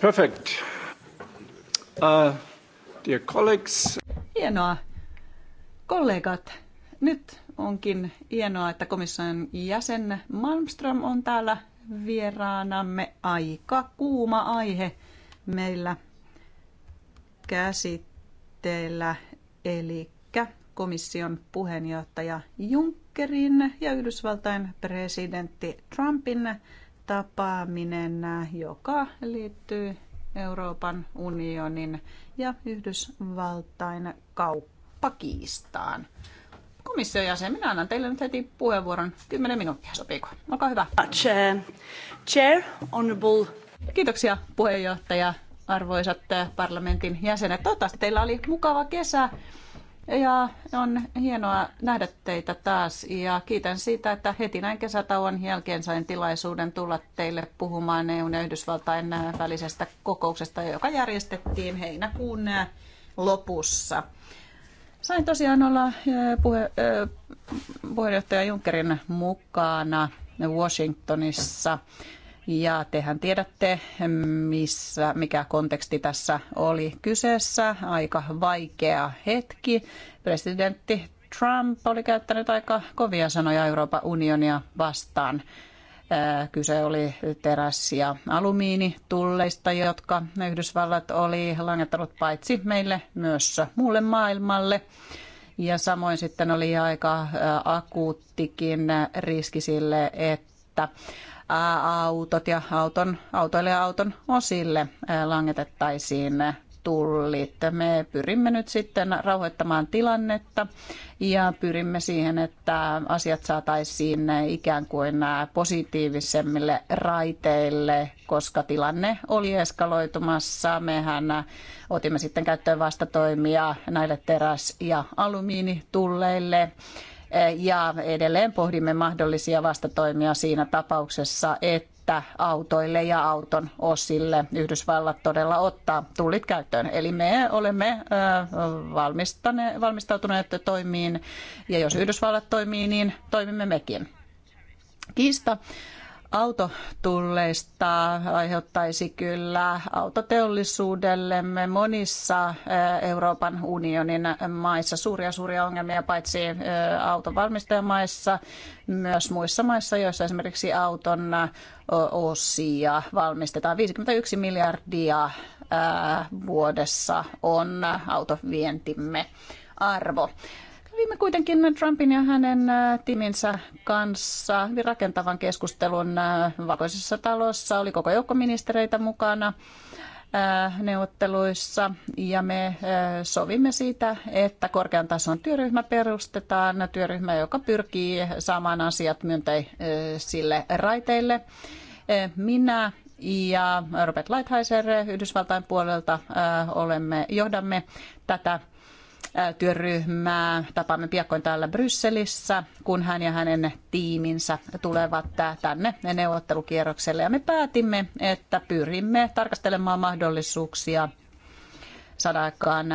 Perfect. Uh, dear colleagues. Hienoa. Kollegat, nyt onkin hienoa, että komission jäsen Malmström on täällä vieraanamme. Aika kuuma aihe meillä käsitteellä, eli komission puheenjohtaja Junckerin ja Yhdysvaltain presidentti Trumpin tapaaminen, joka liittyy Euroopan unionin ja Yhdysvaltain kauppakiistaan. Komission jäsen, minä annan teille nyt heti puheenvuoron. 10 minuuttia, sopiiko? Olkaa hyvä. Chair, honorable. Kiitoksia puheenjohtaja, arvoisat parlamentin jäsenet. Toivottavasti teillä oli mukava kesä. Ja on hienoa nähdä teitä taas ja kiitän siitä, että heti näin kesätauon jälkeen sain tilaisuuden tulla teille puhumaan EUn ja Yhdysvaltain välisestä kokouksesta, joka järjestettiin heinäkuun lopussa. Sain tosiaan olla puhe, puheenjohtaja Junckerin mukana Washingtonissa ja tehän tiedätte, missä, mikä konteksti tässä oli kyseessä. Aika vaikea hetki. Presidentti Trump oli käyttänyt aika kovia sanoja Euroopan unionia vastaan. Kyse oli teräs- ja alumiinitulleista, jotka Yhdysvallat oli langettanut paitsi meille myös muulle maailmalle. Ja samoin sitten oli aika akuuttikin riski sille, että että autot ja auton, autoille ja auton osille langetettaisiin tullit. Me pyrimme nyt sitten rauhoittamaan tilannetta ja pyrimme siihen, että asiat saataisiin ikään kuin positiivisemmille raiteille, koska tilanne oli eskaloitumassa. Mehän otimme sitten käyttöön vastatoimia näille teräs- ja alumiinitulleille ja edelleen pohdimme mahdollisia vastatoimia siinä tapauksessa, että autoille ja auton osille Yhdysvallat todella ottaa tullit käyttöön. Eli me olemme valmistautuneet toimiin ja jos Yhdysvallat toimii, niin toimimme mekin. Kiista autotulleista aiheuttaisi kyllä autoteollisuudellemme monissa eh, Euroopan unionin maissa suuria suuria ongelmia paitsi eh, autovalmistajamaissa myös muissa maissa, joissa esimerkiksi auton eh, osia valmistetaan. 51 miljardia vuodessa on autovientimme arvo kävimme kuitenkin Trumpin ja hänen äh, timinsä kanssa rakentavan keskustelun äh, valkoisessa talossa. Oli koko joukko ministereitä mukana äh, neuvotteluissa ja me sovimme siitä, että korkean tason työryhmä perustetaan, työryhmä, joka pyrkii saamaan asiat myönteisille raiteille. Minä ja Robert Lighthizer Yhdysvaltain puolelta olemme, johdamme tätä työryhmää. Tapaamme piakkoin täällä Brysselissä, kun hän ja hänen tiiminsä tulevat tänne neuvottelukierrokselle. Ja me päätimme, että pyrimme tarkastelemaan mahdollisuuksia saada aikaan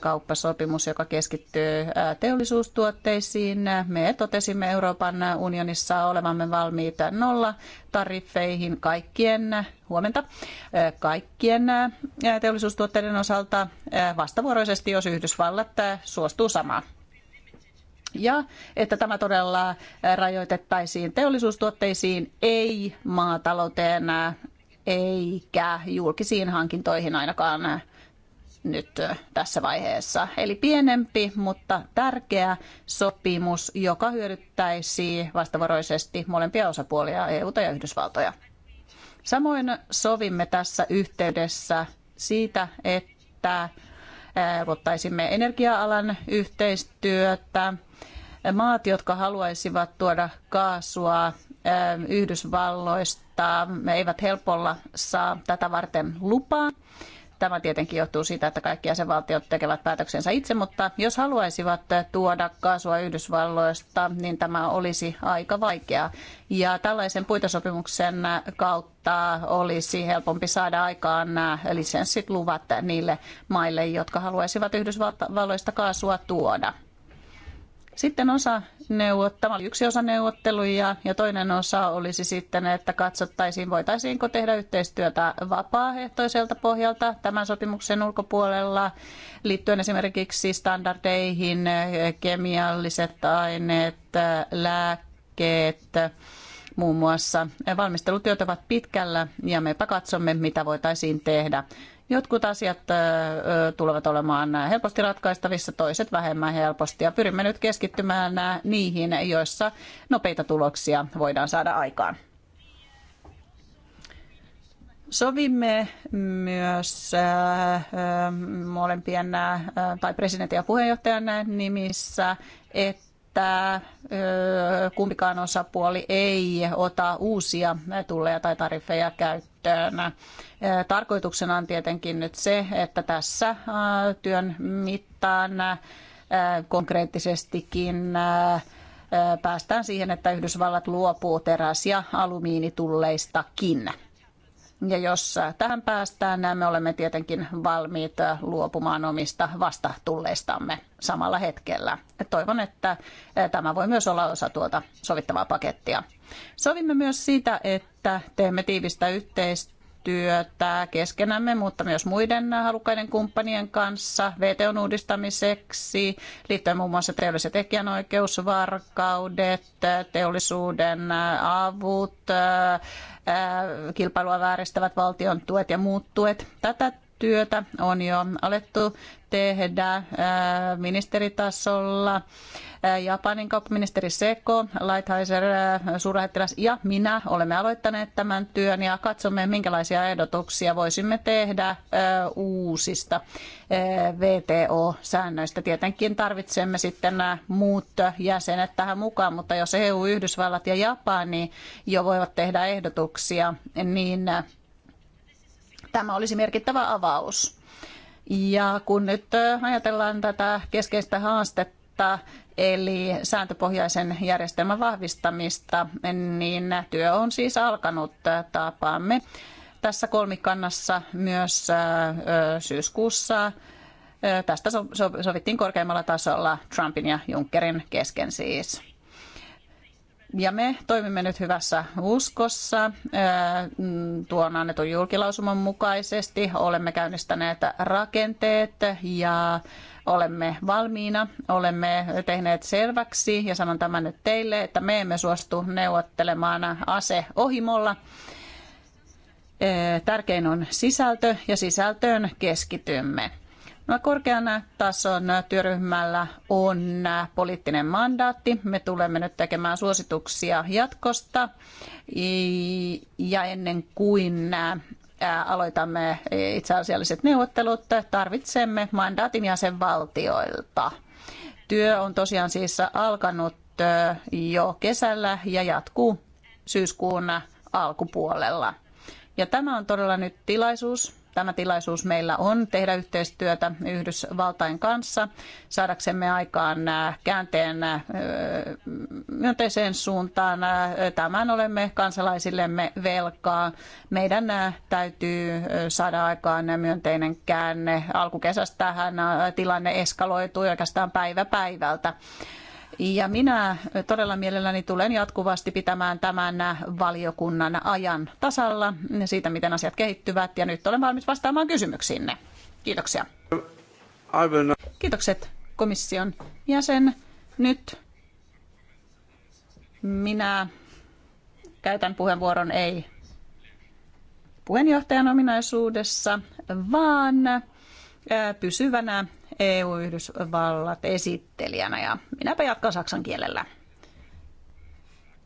kauppasopimus, joka keskittyy teollisuustuotteisiin. Me totesimme Euroopan unionissa olevamme valmiita nolla tariffeihin kaikkien, huomenta, kaikkien teollisuustuotteiden osalta vastavuoroisesti, jos Yhdysvallat suostuu samaan ja että tämä todella rajoitettaisiin teollisuustuotteisiin, ei maatalouteen eikä julkisiin hankintoihin ainakaan nyt tässä vaiheessa. Eli pienempi, mutta tärkeä sopimus, joka hyödyttäisi vastavaroisesti molempia osapuolia, EUta ja Yhdysvaltoja. Samoin sovimme tässä yhteydessä siitä, että helpottaisimme energia-alan yhteistyötä. Maat, jotka haluaisivat tuoda kaasua Yhdysvalloista, eivät helpolla saa tätä varten lupaa. Tämä tietenkin johtuu siitä, että kaikki jäsenvaltiot tekevät päätöksensä itse, mutta jos haluaisivat tuoda kaasua Yhdysvalloista, niin tämä olisi aika vaikeaa. Ja tällaisen puitosopimuksen kautta olisi helpompi saada aikaan nämä lisenssit, luvat niille maille, jotka haluaisivat Yhdysvalloista kaasua tuoda. Sitten osa neuvottava yksi osa neuvotteluja ja toinen osa olisi sitten, että katsottaisiin, voitaisiinko tehdä yhteistyötä vapaaehtoiselta pohjalta tämän sopimuksen ulkopuolella liittyen esimerkiksi standardeihin, kemialliset aineet, lääkkeet, muun muassa. Valmistelutyöt ovat pitkällä ja mepä katsomme, mitä voitaisiin tehdä. Jotkut asiat tulevat olemaan helposti ratkaistavissa, toiset vähemmän helposti. Ja pyrimme nyt keskittymään niihin, joissa nopeita tuloksia voidaan saada aikaan. Sovimme myös molempien tai presidentin ja puheenjohtajan nimissä, että että kumpikaan osapuoli ei ota uusia tulleja tai tariffeja käyttöön. Tarkoituksena on tietenkin nyt se, että tässä työn mittaan konkreettisestikin päästään siihen, että Yhdysvallat luopuu teräs- ja alumiinitulleistakin. Ja jos tähän päästään, niin me olemme tietenkin valmiit luopumaan omista vastatulleistamme samalla hetkellä. Toivon, että tämä voi myös olla osa tuota sovittavaa pakettia. Sovimme myös siitä, että teemme tiivistä yhteistyötä työtä keskenämme, mutta myös muiden halukkaiden kumppanien kanssa VTOn uudistamiseksi, liittyen muun muassa teolliset tekijänoikeusvarkaudet, teollisuuden avut, kilpailua vääristävät valtion tuet ja muut tuet. Tätä työtä on jo alettu tehdä ministeritasolla. Japanin kauppaministeri Seko, Lighthizer, suurlähettiläs ja minä olemme aloittaneet tämän työn ja katsomme, minkälaisia ehdotuksia voisimme tehdä uusista VTO-säännöistä. Tietenkin tarvitsemme sitten nämä muut jäsenet tähän mukaan, mutta jos EU, Yhdysvallat ja Japani jo voivat tehdä ehdotuksia, niin tämä olisi merkittävä avaus. Ja kun nyt ajatellaan tätä keskeistä haastetta, eli sääntöpohjaisen järjestelmän vahvistamista, niin työ on siis alkanut tapaamme. Tässä kolmikannassa myös syyskuussa tästä sovittiin korkeammalla tasolla Trumpin ja Junckerin kesken siis. Ja me toimimme nyt hyvässä uskossa tuon annetun julkilausuman mukaisesti. Olemme käynnistäneet rakenteet ja olemme valmiina. Olemme tehneet selväksi ja sanon tämän nyt teille, että me emme suostu neuvottelemaan ase ohimolla. Tärkein on sisältö ja sisältöön keskitymme korkean tason työryhmällä on poliittinen mandaatti. Me tulemme nyt tekemään suosituksia jatkosta ja ennen kuin aloitamme itseasialliset neuvottelut, tarvitsemme mandaatin jäsenvaltioilta. Työ on tosiaan siis alkanut jo kesällä ja jatkuu syyskuun alkupuolella. Ja tämä on todella nyt tilaisuus tämä tilaisuus meillä on tehdä yhteistyötä Yhdysvaltain kanssa saadaksemme aikaan äh, käänteen äh, myönteiseen suuntaan. Äh, tämän olemme kansalaisillemme velkaa. Meidän täytyy saada aikaan myönteinen käänne. tähän tilanne eskaloitui oikeastaan päivä päivältä. Ja minä todella mielelläni tulen jatkuvasti pitämään tämän valiokunnan ajan tasalla siitä, miten asiat kehittyvät. Ja nyt olen valmis vastaamaan kysymyksiinne. Kiitoksia. Kiitokset komission jäsen. Nyt minä käytän puheenvuoron ei puheenjohtajan ominaisuudessa, vaan pysyvänä EU-Yhdysvallat esittelijänä ja minäpä jatkan saksan kielellä.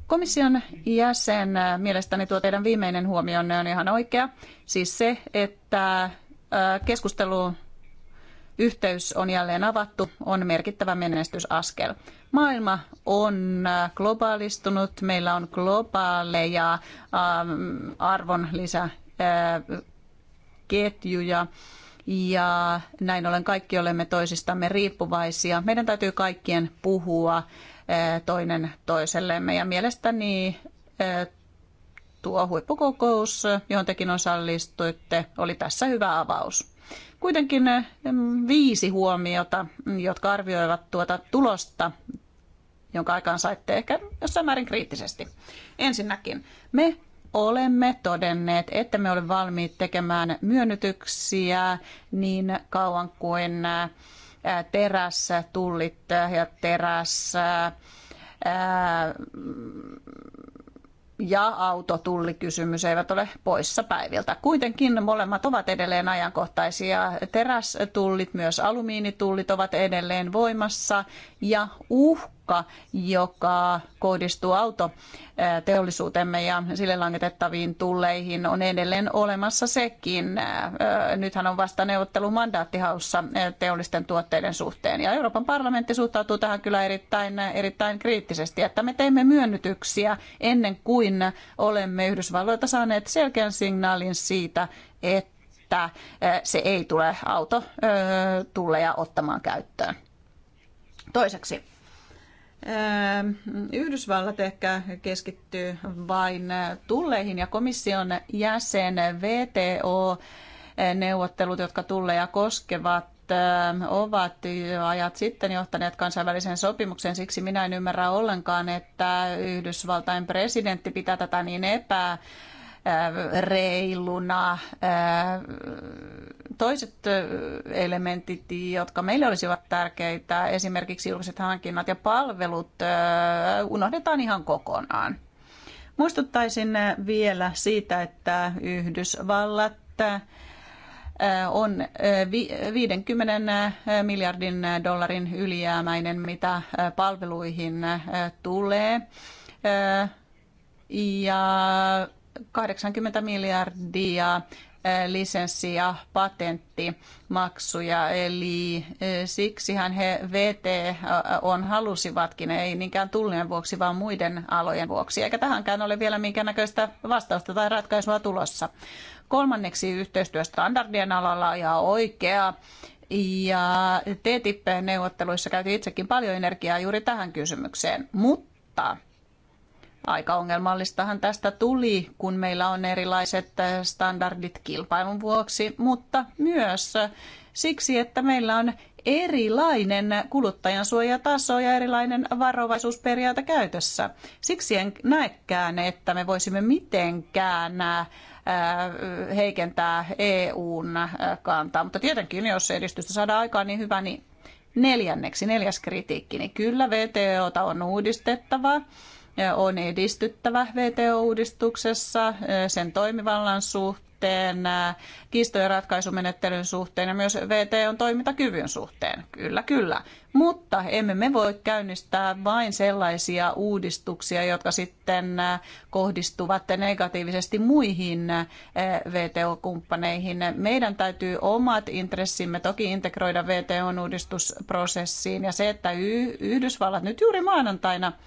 Komission jäsen, mielestäni tuo teidän viimeinen huomionne on ihan oikea. Siis se, että keskustelu yhteys on jälleen avattu, on merkittävä menestysaskel. Maailma on globaalistunut, meillä on globaaleja arvonlisäketjuja ja näin ollen kaikki olemme toisistamme riippuvaisia. Meidän täytyy kaikkien puhua eh, toinen toisellemme ja mielestäni eh, tuo huippukokous, johon tekin osallistuitte, oli tässä hyvä avaus. Kuitenkin eh, viisi huomiota, jotka arvioivat tuota tulosta, jonka aikaan saitte ehkä jossain määrin kriittisesti. Ensinnäkin, me olemme todenneet, että me olemme valmiit tekemään myönnytyksiä niin kauan kuin terässä tullit ja terässä ja autotullikysymys eivät ole poissa päiviltä. Kuitenkin molemmat ovat edelleen ajankohtaisia. Terästullit, myös alumiinitullit ovat edelleen voimassa ja uhka, joka kohdistuu autoteollisuutemme ja sille langetettaviin tulleihin, on edelleen olemassa sekin. Nythän on vasta neuvottelu mandaattihaussa teollisten tuotteiden suhteen. Ja Euroopan parlamentti suhtautuu tähän kyllä erittäin, erittäin kriittisesti, että me teimme myönnytyksiä ennen kuin olemme Yhdysvalloilta saaneet selkeän signaalin siitä, että se ei tule auto tulleja ottamaan käyttöön. Toiseksi, Yhdysvallat ehkä keskittyy vain tulleihin ja komission jäsen VTO neuvottelut, jotka tulleja koskevat, ovat ajat sitten johtaneet kansainväliseen sopimukseen. Siksi minä en ymmärrä ollenkaan, että Yhdysvaltain presidentti pitää tätä niin epä reiluna. Toiset elementit, jotka meille olisivat tärkeitä, esimerkiksi julkiset hankinnat ja palvelut, unohdetaan ihan kokonaan. Muistuttaisin vielä siitä, että Yhdysvallat on 50 miljardin dollarin ylijäämäinen, mitä palveluihin tulee. Ja 80 miljardia lisenssi- ja patenttimaksuja, eli siksihän he VT on halusivatkin, ei niinkään tullien vuoksi, vaan muiden alojen vuoksi, eikä tähänkään ole vielä minkäännäköistä vastausta tai ratkaisua tulossa. Kolmanneksi yhteistyö standardien alalla ja oikea, ja TTIP-neuvotteluissa käytiin itsekin paljon energiaa juuri tähän kysymykseen, mutta Aika ongelmallistahan tästä tuli, kun meillä on erilaiset eh, standardit kilpailun vuoksi, mutta myös siksi, että meillä on erilainen kuluttajan suojataso ja erilainen varovaisuusperiaate käytössä. Siksi en näekään, että me voisimme mitenkään eh, heikentää EUn eh, kantaa, mutta tietenkin jos edistystä saadaan aikaan, niin hyvä, niin neljänneksi, neljäs kritiikki, niin kyllä VTOta on uudistettava on edistyttävä VTO-uudistuksessa sen toimivallan suhteen, kiistojen ratkaisumenettelyn suhteen ja myös VTOn toimintakyvyn suhteen. Kyllä, kyllä. Mutta emme me voi käynnistää vain sellaisia uudistuksia, jotka sitten kohdistuvat negatiivisesti muihin VTO-kumppaneihin. Meidän täytyy omat intressimme toki integroida vto uudistusprosessiin ja se, että Yhdysvallat nyt juuri maanantaina –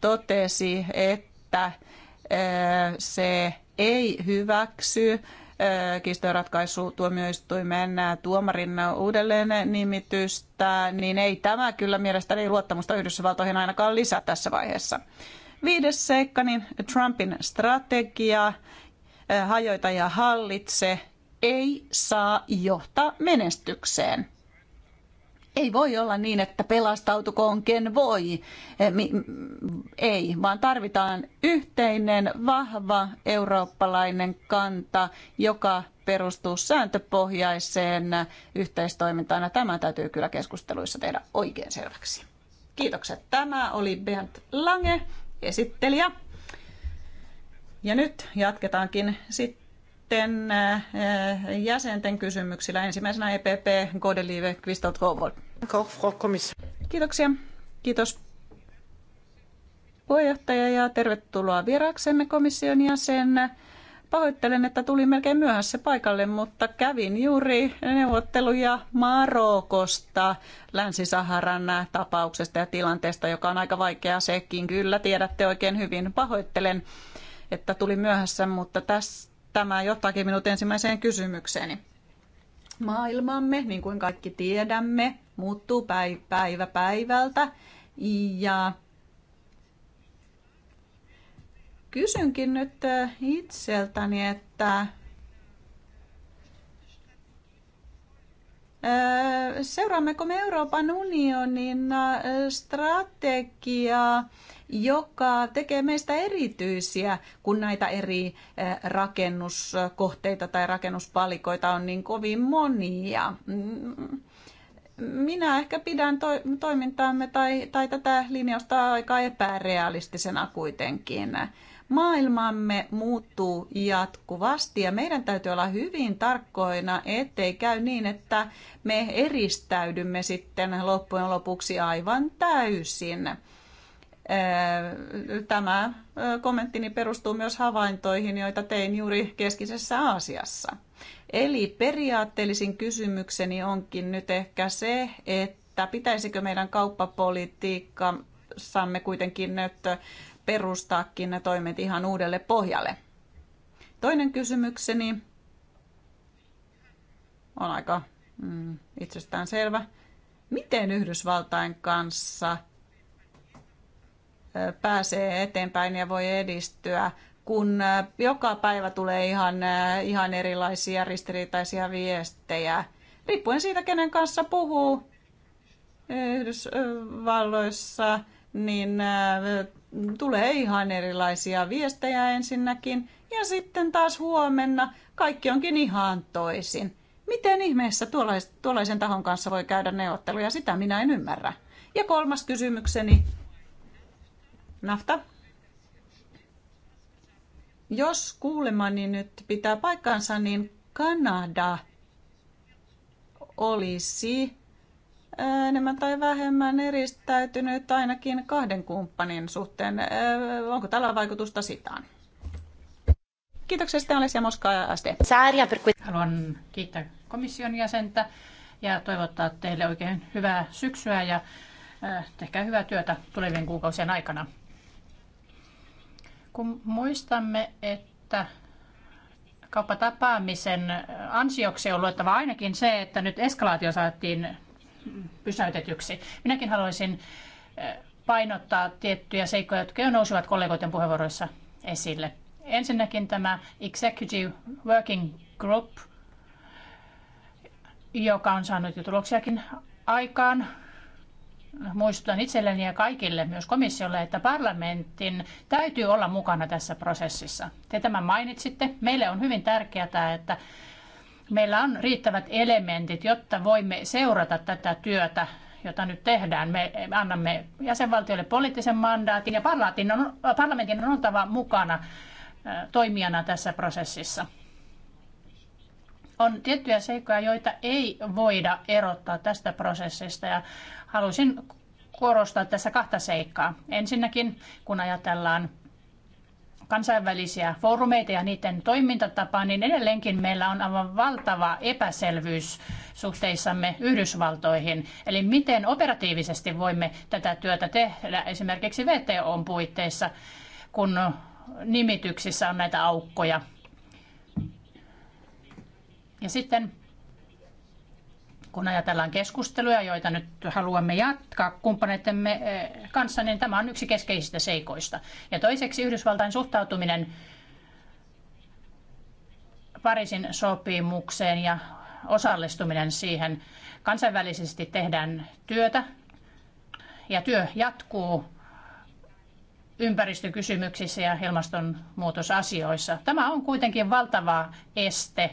totesi, että se ei hyväksy kiistojenratkaisutuomioistuimen tuomarin uudelleen nimitystä, niin ei tämä kyllä mielestäni luottamusta Yhdysvaltoihin ainakaan lisää tässä vaiheessa. Viides seikka, niin Trumpin strategia hajoita ja hallitse ei saa johtaa menestykseen. Ei voi olla niin, että pelastautukoon ken voi. Eh, ei, vaan tarvitaan yhteinen, vahva eurooppalainen kanta, joka perustuu sääntöpohjaiseen yhteistoimintaan. Tämä täytyy kyllä keskusteluissa tehdä oikein selväksi. Kiitokset. Tämä oli Bernd Lange, esittelijä. Ja nyt jatketaankin sitten sitten eh, jäsenten kysymyksillä. Ensimmäisenä EPP, Godelive, Kristal Trovold. Kiitoksia. Kiitos puheenjohtaja ja tervetuloa vieraaksemme komission jäsen. Pahoittelen, että tulin melkein myöhässä paikalle, mutta kävin juuri neuvotteluja Marokosta, Länsi-Saharan tapauksesta ja tilanteesta, joka on aika vaikea sekin. Kyllä tiedätte oikein hyvin. Pahoittelen, että tulin myöhässä, mutta tässä tämä johtaakin minut ensimmäiseen kysymykseeni. Maailmamme, niin kuin kaikki tiedämme, muuttuu päivä päivältä ja kysynkin nyt itseltäni, että seuraammeko me Euroopan unionin strategiaa, joka tekee meistä erityisiä, kun näitä eri rakennuskohteita tai rakennuspalikoita on niin kovin monia. Mm, minä ehkä pidän toimintaamme tai, tai tätä linjausta aika epärealistisena kuitenkin. Maailmamme muuttuu jatkuvasti ja meidän täytyy olla hyvin tarkkoina, ettei käy niin, että me eristäydymme sitten loppujen lopuksi aivan täysin. Äh, tämä äh, kommenttini perustuu myös havaintoihin, joita tein juuri keskisessä Aasiassa. Eli periaatteellisin kysymykseni onkin nyt ehkä se, että pitäisikö meidän kauppapolitiikka saamme kuitenkin nyt perustaakin ne toimet ihan uudelle pohjalle. Toinen kysymykseni on aika mm, selvä: Miten Yhdysvaltain kanssa pääsee eteenpäin ja voi edistyä, kun joka päivä tulee ihan, ihan erilaisia ristiriitaisia viestejä, riippuen siitä, kenen kanssa puhuu Yhdysvalloissa, niin tulee ihan erilaisia viestejä ensinnäkin, ja sitten taas huomenna kaikki onkin ihan toisin. Miten ihmeessä tuollaisen tahon kanssa voi käydä neuvotteluja, sitä minä en ymmärrä. Ja kolmas kysymykseni, Nafta? Jos kuulemani nyt pitää paikkansa, niin Kanada olisi enemmän tai vähemmän eristäytynyt ainakin kahden kumppanin suhteen. Onko tällä vaikutusta sitaan? Kiitoksia sitten Alessia Moska ja SD. Haluan kiittää komission jäsentä ja toivottaa teille oikein hyvää syksyä ja tehkää hyvää työtä tulevien kuukausien aikana. Kun muistamme, että kauppatapaamisen ansioksi on luettava ainakin se, että nyt eskalaatio saatiin pysäytetyksi. Minäkin haluaisin eh, painottaa tiettyjä seikkoja, jotka jo nousivat kollegoiden puheenvuoroissa esille. Ensinnäkin tämä Executive Working Group, joka on saanut jo tuloksiakin aikaan. Muistutan itselleni ja kaikille, myös komissiolle, että parlamentin täytyy olla mukana tässä prosessissa. Te tämän mainitsitte. Meille on hyvin tärkeää, että meillä on riittävät elementit, jotta voimme seurata tätä työtä, jota nyt tehdään. Me annamme jäsenvaltioille poliittisen mandaatin ja parlamentin on, parlamentin on oltava mukana toimijana tässä prosessissa. On tiettyjä seikkoja, joita ei voida erottaa tästä prosessista ja halusin korostaa tässä kahta seikkaa. Ensinnäkin, kun ajatellaan kansainvälisiä foorumeita ja niiden toimintatapaa, niin edelleenkin meillä on aivan valtava epäselvyys suhteissamme Yhdysvaltoihin. Eli miten operatiivisesti voimme tätä työtä tehdä esimerkiksi VTOn puitteissa, kun nimityksissä on näitä aukkoja. Ja sitten kun ajatellaan keskusteluja, joita nyt haluamme jatkaa kumppaneidemme eh, kanssa, niin tämä on yksi keskeisistä seikoista. Ja toiseksi Yhdysvaltain suhtautuminen Pariisin sopimukseen ja osallistuminen siihen. Kansainvälisesti tehdään työtä ja työ jatkuu ympäristökysymyksissä ja ilmastonmuutosasioissa. Tämä on kuitenkin valtava este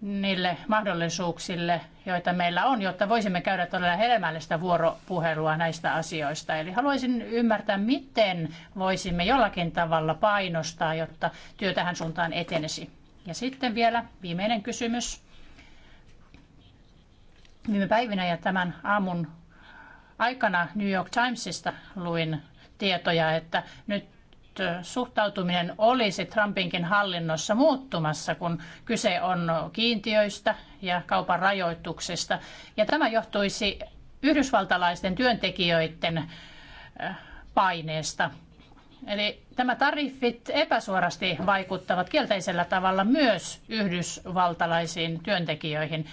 niille mahdollisuuksille, joita meillä on, jotta voisimme käydä todella hedelmällistä vuoropuhelua näistä asioista. Eli haluaisin ymmärtää, miten voisimme jollakin tavalla painostaa, jotta työ tähän suuntaan etenisi. Ja sitten vielä viimeinen kysymys. Viime päivinä ja tämän aamun aikana New York Timesista luin tietoja, että nyt suhtautuminen olisi Trumpinkin hallinnossa muuttumassa, kun kyse on kiintiöistä ja kaupan rajoituksista. Ja tämä johtuisi yhdysvaltalaisten työntekijöiden paineesta. Eli tämä tariffit epäsuorasti vaikuttavat kielteisellä tavalla myös yhdysvaltalaisiin työntekijöihin.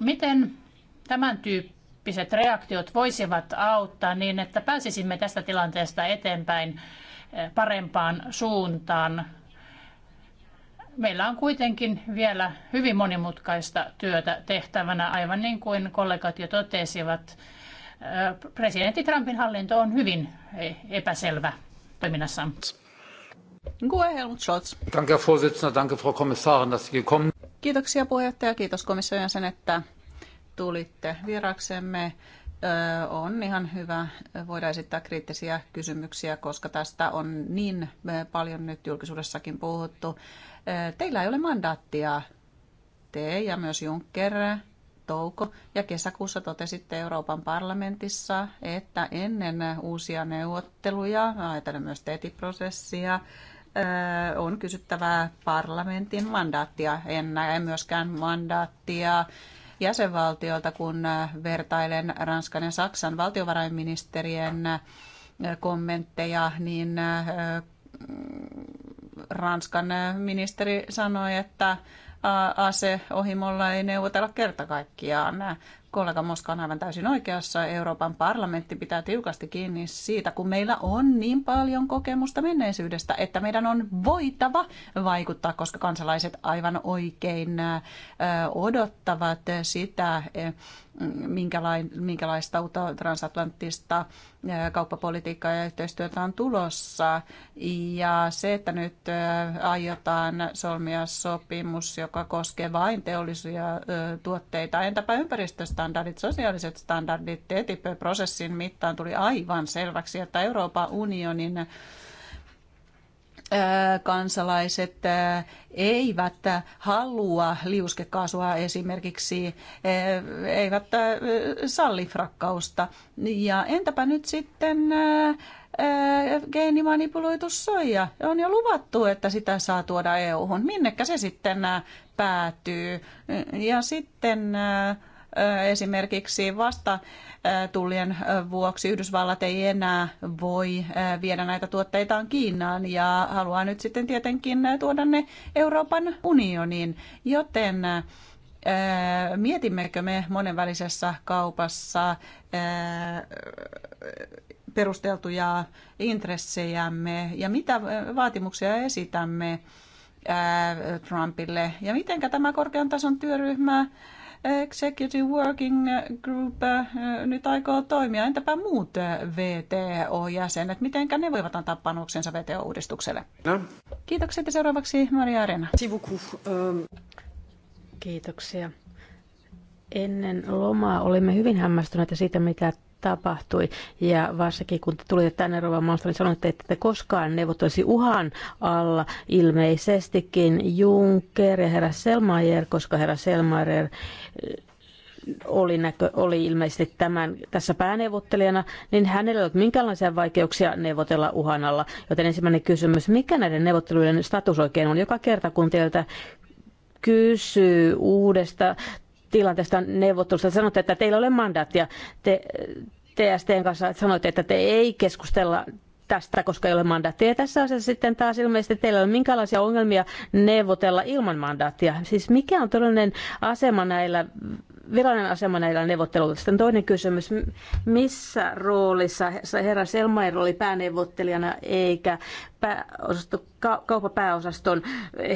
Miten tämän tyyppi tyyppiset reaktiot voisivat auttaa niin, että pääsisimme tästä tilanteesta eteenpäin eh, parempaan suuntaan. Meillä on kuitenkin vielä hyvin monimutkaista työtä tehtävänä, aivan niin kuin kollegat jo totesivat. Eh, presidentti Trumpin hallinto on hyvin eh, epäselvä toiminnassaan. Kiitoksia puheenjohtaja, kiitos komission sen, että tulitte vieraksemme. On ihan hyvä voida esittää kriittisiä kysymyksiä, koska tästä on niin paljon nyt julkisuudessakin puhuttu. Teillä ei ole mandaattia. Te ja myös Juncker touko- ja kesäkuussa totesitte Euroopan parlamentissa, että ennen uusia neuvotteluja, ajatellen myös TETI-prosessia, on kysyttävää parlamentin mandaattia. En näe myöskään mandaattia jäsenvaltiolta, kun äh, vertailen Ranskan ja Saksan valtiovarainministerien äh, kommentteja, niin äh, Ranskan ministeri sanoi, että aseohimolla ei neuvotella kertakaikkiaan kollega Moska on aivan täysin oikeassa. Euroopan parlamentti pitää tiukasti kiinni siitä, kun meillä on niin paljon kokemusta menneisyydestä, että meidän on voitava vaikuttaa, koska kansalaiset aivan oikein odottavat sitä, e, minkälaista uutta transatlanttista kauppapolitiikkaa ja yhteistyötä on tulossa. Ja se, että nyt aiotaan solmia sopimus, joka koskee vain teollisia tuotteita, entäpä ympäristöstä standardit, sosiaaliset standardit, TTIP-prosessin mittaan tuli aivan selväksi, että Euroopan unionin äh, kansalaiset äh, eivät halua liuskekaasua esimerkiksi, äh, eivät salli frakkausta. Ja entäpä nyt sitten geenimanipuloitu soija. On jo luvattu, että sitä saa tuoda EU-hun. Minnekä se sitten päätyy? Ja sitten esimerkiksi vasta tullien vuoksi Yhdysvallat ei enää voi viedä näitä tuotteitaan Kiinaan ja haluaa nyt sitten tietenkin tuoda ne Euroopan unioniin, joten mietimmekö me monenvälisessä kaupassa perusteltuja intressejämme ja mitä vaatimuksia esitämme Trumpille ja miten tämä korkean tason työryhmä Executive Working Group äh, nyt aikoo toimia. Entäpä muut äh, VTO-jäsenet? Miten ne voivat antaa panoksensa VTO-uudistukselle? No. Kiitokset ja seuraavaksi Maria Arena. Ähm. Kiitoksia. Ennen lomaa olimme hyvin hämmästyneitä siitä, mitä tapahtui. Ja varsinkin kun te tulitte tänne Rova Malmström, niin sanoitte, että te koskaan neuvottelisi uhan alla ilmeisestikin Juncker ja herra Selmayer, koska herra Selmayer eh, oli, näkö, oli ilmeisesti tämän, tässä pääneuvottelijana, niin hänellä ei ollut minkäänlaisia vaikeuksia neuvotella uhanalla. Joten ensimmäinen kysymys, mikä näiden neuvottelujen status oikein on? Joka kerta kun teiltä kysyy uudesta tilanteesta neuvottelusta. Sanotte, että teillä ei ole mandaattia. Te, TSTn kanssa, että sanoitte, että te ei keskustella tästä, koska ei ole mandaattia. Ja tässä asiassa sitten taas ilmeisesti teillä on minkälaisia ongelmia neuvotella ilman mandaattia. Siis mikä on todellinen asema näillä virallinen asema näillä neuvotteluilla. Sitten toinen kysymys, missä roolissa herra Selmaer oli pääneuvottelijana eikä pääosasto, kauppapääosaston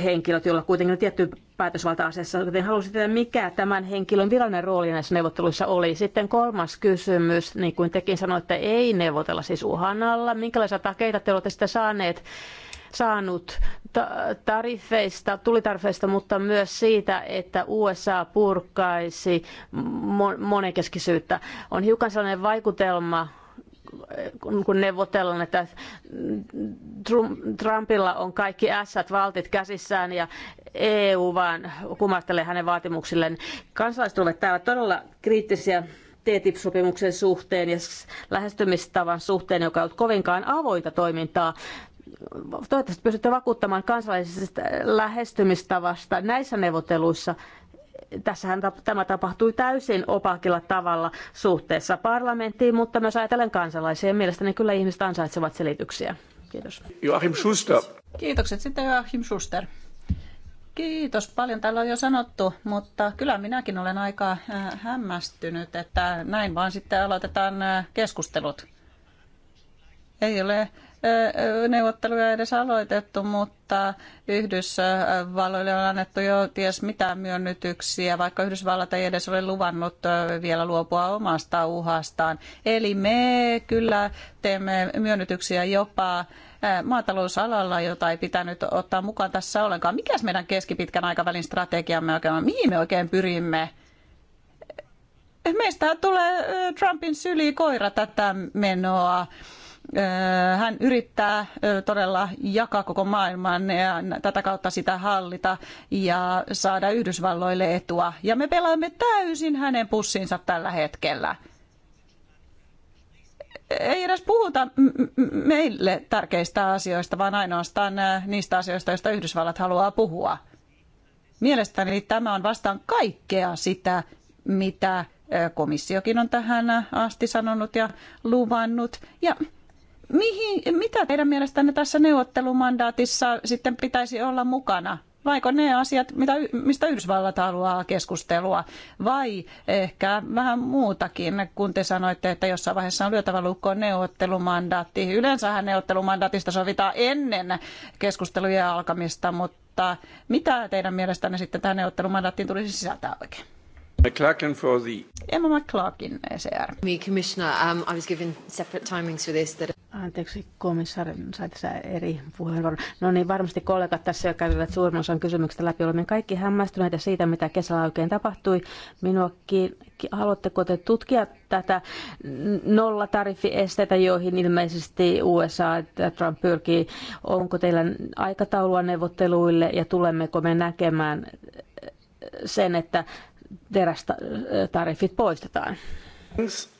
henkilöt, joilla kuitenkin on tietty päätösvalta asiassa, joten haluaisin tietää, mikä tämän henkilön virallinen rooli näissä neuvotteluissa oli. Sitten kolmas kysymys, niin kuin tekin sanoitte, ei neuvotella siis uhan alla. Minkälaisia takeita te olette sitä saaneet? saanut tarifeista, tulitarifeista, mutta myös siitä, että USA purkaisi monenkeskisyyttä. On hiukan sellainen vaikutelma, kun neuvotellaan, että Trumpilla on kaikki ässät valtit käsissään ja EU vaan kumartelee hänen vaatimuksilleen. Kansalaiset ovat täällä todella kriittisiä TTIP-sopimuksen suhteen ja lähestymistavan suhteen, joka on kovinkaan avointa toimintaa toivottavasti pystytte vakuuttamaan kansallisesta lähestymistavasta näissä neuvotteluissa. Tässähän tämä tapahtui täysin opakilla tavalla suhteessa parlamenttiin, mutta myös ajatellen kansalaisia. Mielestäni kyllä ihmiset ansaitsevat selityksiä. Kiitos. Joachim Schuster. Kiitokset sitten Joachim Schuster. Kiitos paljon. Täällä on jo sanottu, mutta kyllä minäkin olen aika äh, hämmästynyt, että näin vaan sitten aloitetaan äh, keskustelut. Ei ole neuvotteluja edes aloitettu, mutta Yhdysvalloille on annettu jo ties mitään myönnytyksiä, vaikka Yhdysvallat ei edes ole luvannut vielä luopua omasta uhastaan. Eli me kyllä teemme myönnytyksiä jopa maatalousalalla, jota ei pitänyt ottaa mukaan tässä ollenkaan. Mikäs meidän keskipitkän aikavälin strategiamme oikein on? Mihin me oikein pyrimme? Meistä tulee Trumpin syli koira tätä menoa. Äh, hän yrittää äh, todella jakaa koko maailman ja tätä kautta sitä hallita ja saada Yhdysvalloille etua. Ja me pelaamme täysin hänen pussinsa tällä hetkellä. Ei edes puhuta meille tärkeistä asioista, vaan ainoastaan äh, niistä asioista, joista Yhdysvallat haluaa puhua. Mielestäni tämä on vastaan kaikkea sitä, mitä komissiokin on tähän asti sanonut ja luvannut. Ja Mihin, mitä teidän mielestänne tässä neuvottelumandaatissa sitten pitäisi olla mukana? Vaiko ne asiat, mitä, mistä Yhdysvallat haluaa keskustelua, vai ehkä vähän muutakin, kun te sanoitte, että jossain vaiheessa on lyötävä lukkoon neuvottelumandaatti. Yleensähän neuvottelumandaatista sovitaan ennen keskustelujen alkamista, mutta mitä teidän mielestänne sitten tähän neuvottelumandaattiin tulisi sisältää oikein? McClarkin for the... Emma McClarkin, ECR. Me, Commissioner, um, I was given separate timings for this. That... Anteeksi, komissaari, sai tässä eri puheenvuoron. No niin, varmasti kollegat tässä jo kävivät suurin osan kysymyksistä läpi. Olemme kaikki hämmästyneitä siitä, mitä kesällä oikein tapahtui. Minua haluatteko te tutkia tätä nollatariffiesteitä, joihin ilmeisesti USA ja Trump pyrkii? Onko teillä aikataulua neuvotteluille ja tulemmeko me näkemään sen, että terästariffit poistetaan.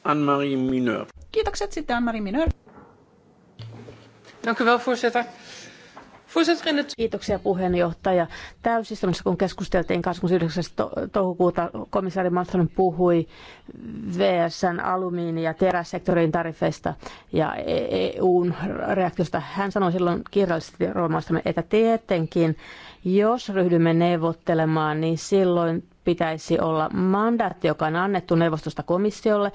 Anne-Marie Mineur. Kiitokset sitten Anne-Marie Mineur. Dank u wel, voorzitter. Kiitoksia puheenjohtaja. Täysistunnossa kun keskusteltiin 29. toukokuuta, komissaari Malmström puhui VSN alumiini- ja teräsektorin tarifeista ja EUn e reaktiosta. Hän sanoi silloin kirjallisesti Romastamme, että tietenkin jos ryhdymme neuvottelemaan, niin silloin pitäisi olla mandaatti, joka on annettu neuvostosta komissiolle.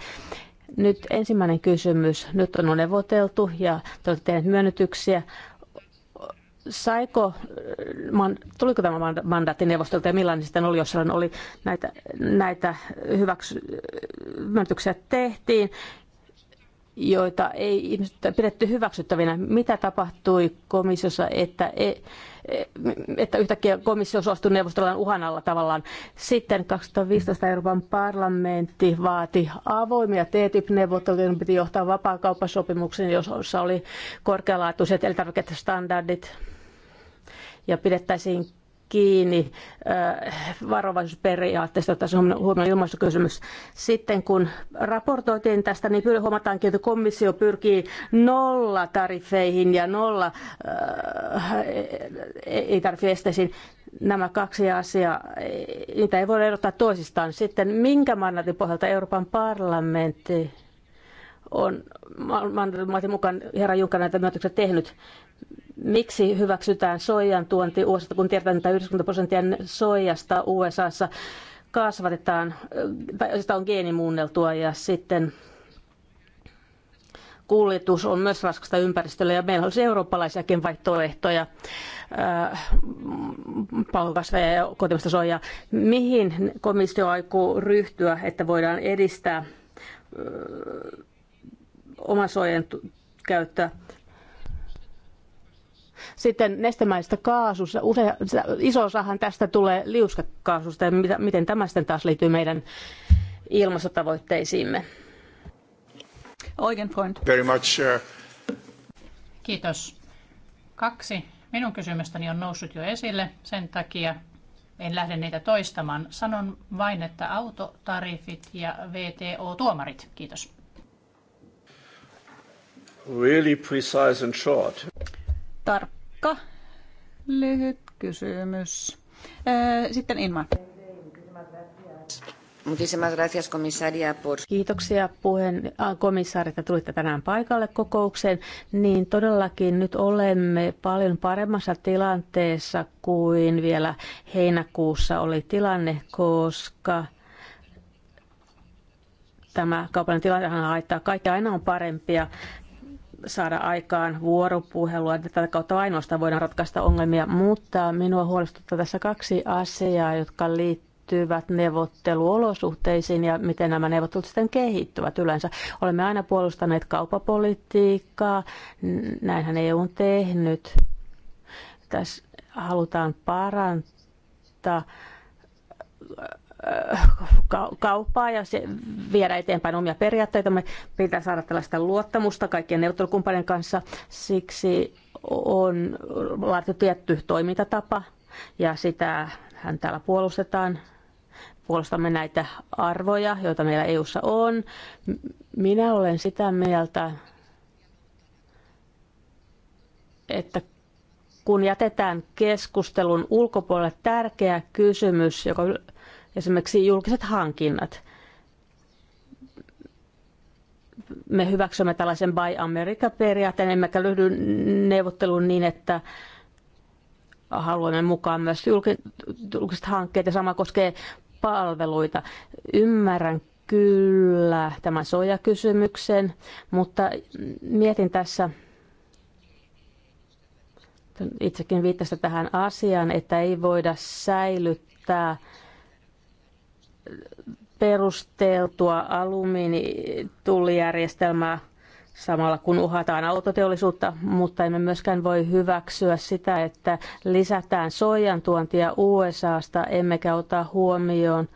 Nyt ensimmäinen kysymys. Nyt on neuvoteltu ja te olette tehneet myönnytyksiä. Saiko, tuliko tämä mandaatti neuvostolta ja millainen sitten oli, jos oli näitä, näitä hyväksy, myönnytyksiä tehtiin? joita ei pidetty hyväksyttävinä. Mitä tapahtui komissiossa, että, e- e- että yhtäkkiä komissio suostui neuvostolan uhan alla tavallaan? Sitten 2015 Euroopan parlamentti vaati avoimia TTIP-neuvotteluja, joiden piti johtaa vapaakauppasopimuksen, jossa oli korkealaatuiset elintarvikestandardit ja pidettäisiin kiinni äh, varovaisuusperiaatteesta, jotta se on huomioon ilmastokysymys. Sitten kun raportoitiin tästä, niin kyllä huomataankin, että komissio pyrkii nolla tarifeihin ja nolla äh, ei tarifiesteisiin. Nämä kaksi asiaa, niitä ei voida erottaa toisistaan. Sitten minkä mandatin pohjalta Euroopan parlamentti on mandatin mukaan herra Junkka näitä myötyksiä tehnyt miksi hyväksytään soijan tuonti USAsta, kun tiedetään, että 90 prosenttia soijasta USAssa kasvatetaan, tai sitä on geenimuunneltua ja sitten kuljetus on myös raskasta ympäristölle ja meillä olisi eurooppalaisiakin vaihtoehtoja äh, palkasveja ja kotimaista soijaa. Mihin komissio aikoo ryhtyä, että voidaan edistää äh, oman soijan käyttöä? Sitten nestemäistä kaasusta, usein, iso osahan tästä tulee liuskakaasusta ja miten tämä sitten taas liittyy meidän ilmastotavoitteisiimme. Oikein point. Very much, uh... Kiitos. Kaksi minun kysymystäni on noussut jo esille, sen takia en lähde niitä toistamaan. Sanon vain, että autotariffit ja VTO-tuomarit. Kiitos. Really precise and short tarkka, lyhyt kysymys. Sitten Inma. Muchísimas gracias, komissaria, por... Kiitoksia puheen komissaari, että tulitte tänään paikalle kokoukseen. Niin todellakin nyt olemme paljon paremmassa tilanteessa kuin vielä heinäkuussa oli tilanne, koska tämä kaupallinen tilannehan haittaa. Kaikki aina on parempia saada aikaan vuoropuhelua. Tätä kautta ainoastaan voidaan ratkaista ongelmia, mutta minua huolestuttaa tässä kaksi asiaa, jotka liittyvät neuvotteluolosuhteisiin ja miten nämä neuvottelut sitten kehittyvät yleensä. Olemme aina puolustaneet kaupapolitiikkaa, näinhän EU on tehnyt. Tässä halutaan parantaa kauppaa ja se viedä eteenpäin omia periaatteita. Me pitää saada tällaista luottamusta kaikkien neuvottelukumppanien kanssa. Siksi on laadittu tietty toimintatapa ja sitä hän täällä puolustetaan. Puolustamme näitä arvoja, joita meillä EU:ssa on. Minä olen sitä mieltä, että kun jätetään keskustelun ulkopuolelle tärkeä kysymys, joka esimerkiksi julkiset hankinnat. Me hyväksymme tällaisen Buy America-periaatteen, emmekä lyhdy neuvotteluun niin, että haluamme mukaan myös julkiset hankkeet ja sama koskee palveluita. Ymmärrän kyllä tämän sojakysymyksen, mutta mietin tässä, itsekin viittasta tähän asiaan, että ei voida säilyttää perusteltua alumiinitullijärjestelmää samalla kun uhataan autoteollisuutta, mutta emme myöskään voi hyväksyä sitä, että lisätään soijan tuontia USAsta, emmekä ota huomioon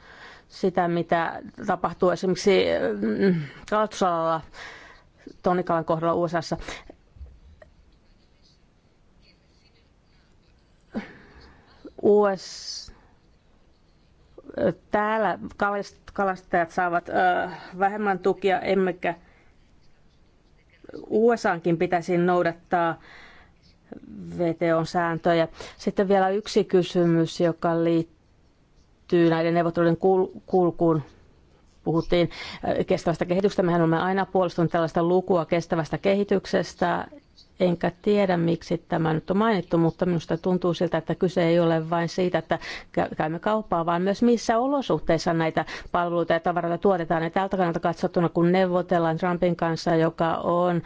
sitä, mitä tapahtuu esimerkiksi mm, kaltusalalla Tonikalan kohdalla USAssa. US Täällä kalastajat saavat vähemmän tukia, emmekä USAankin pitäisi noudattaa VTOn sääntöjä. Sitten vielä yksi kysymys, joka liittyy näiden neuvottelujen kulkuun puhuttiin kestävästä kehityksestä. Mehän olemme aina puolustaneet tällaista lukua kestävästä kehityksestä enkä tiedä miksi tämä nyt on mainittu, mutta minusta tuntuu siltä, että kyse ei ole vain siitä, että käymme kauppaa, vaan myös missä olosuhteissa näitä palveluita ja tavaroita tuotetaan. Ja tältä kannalta katsottuna, kun neuvotellaan Trumpin kanssa, joka on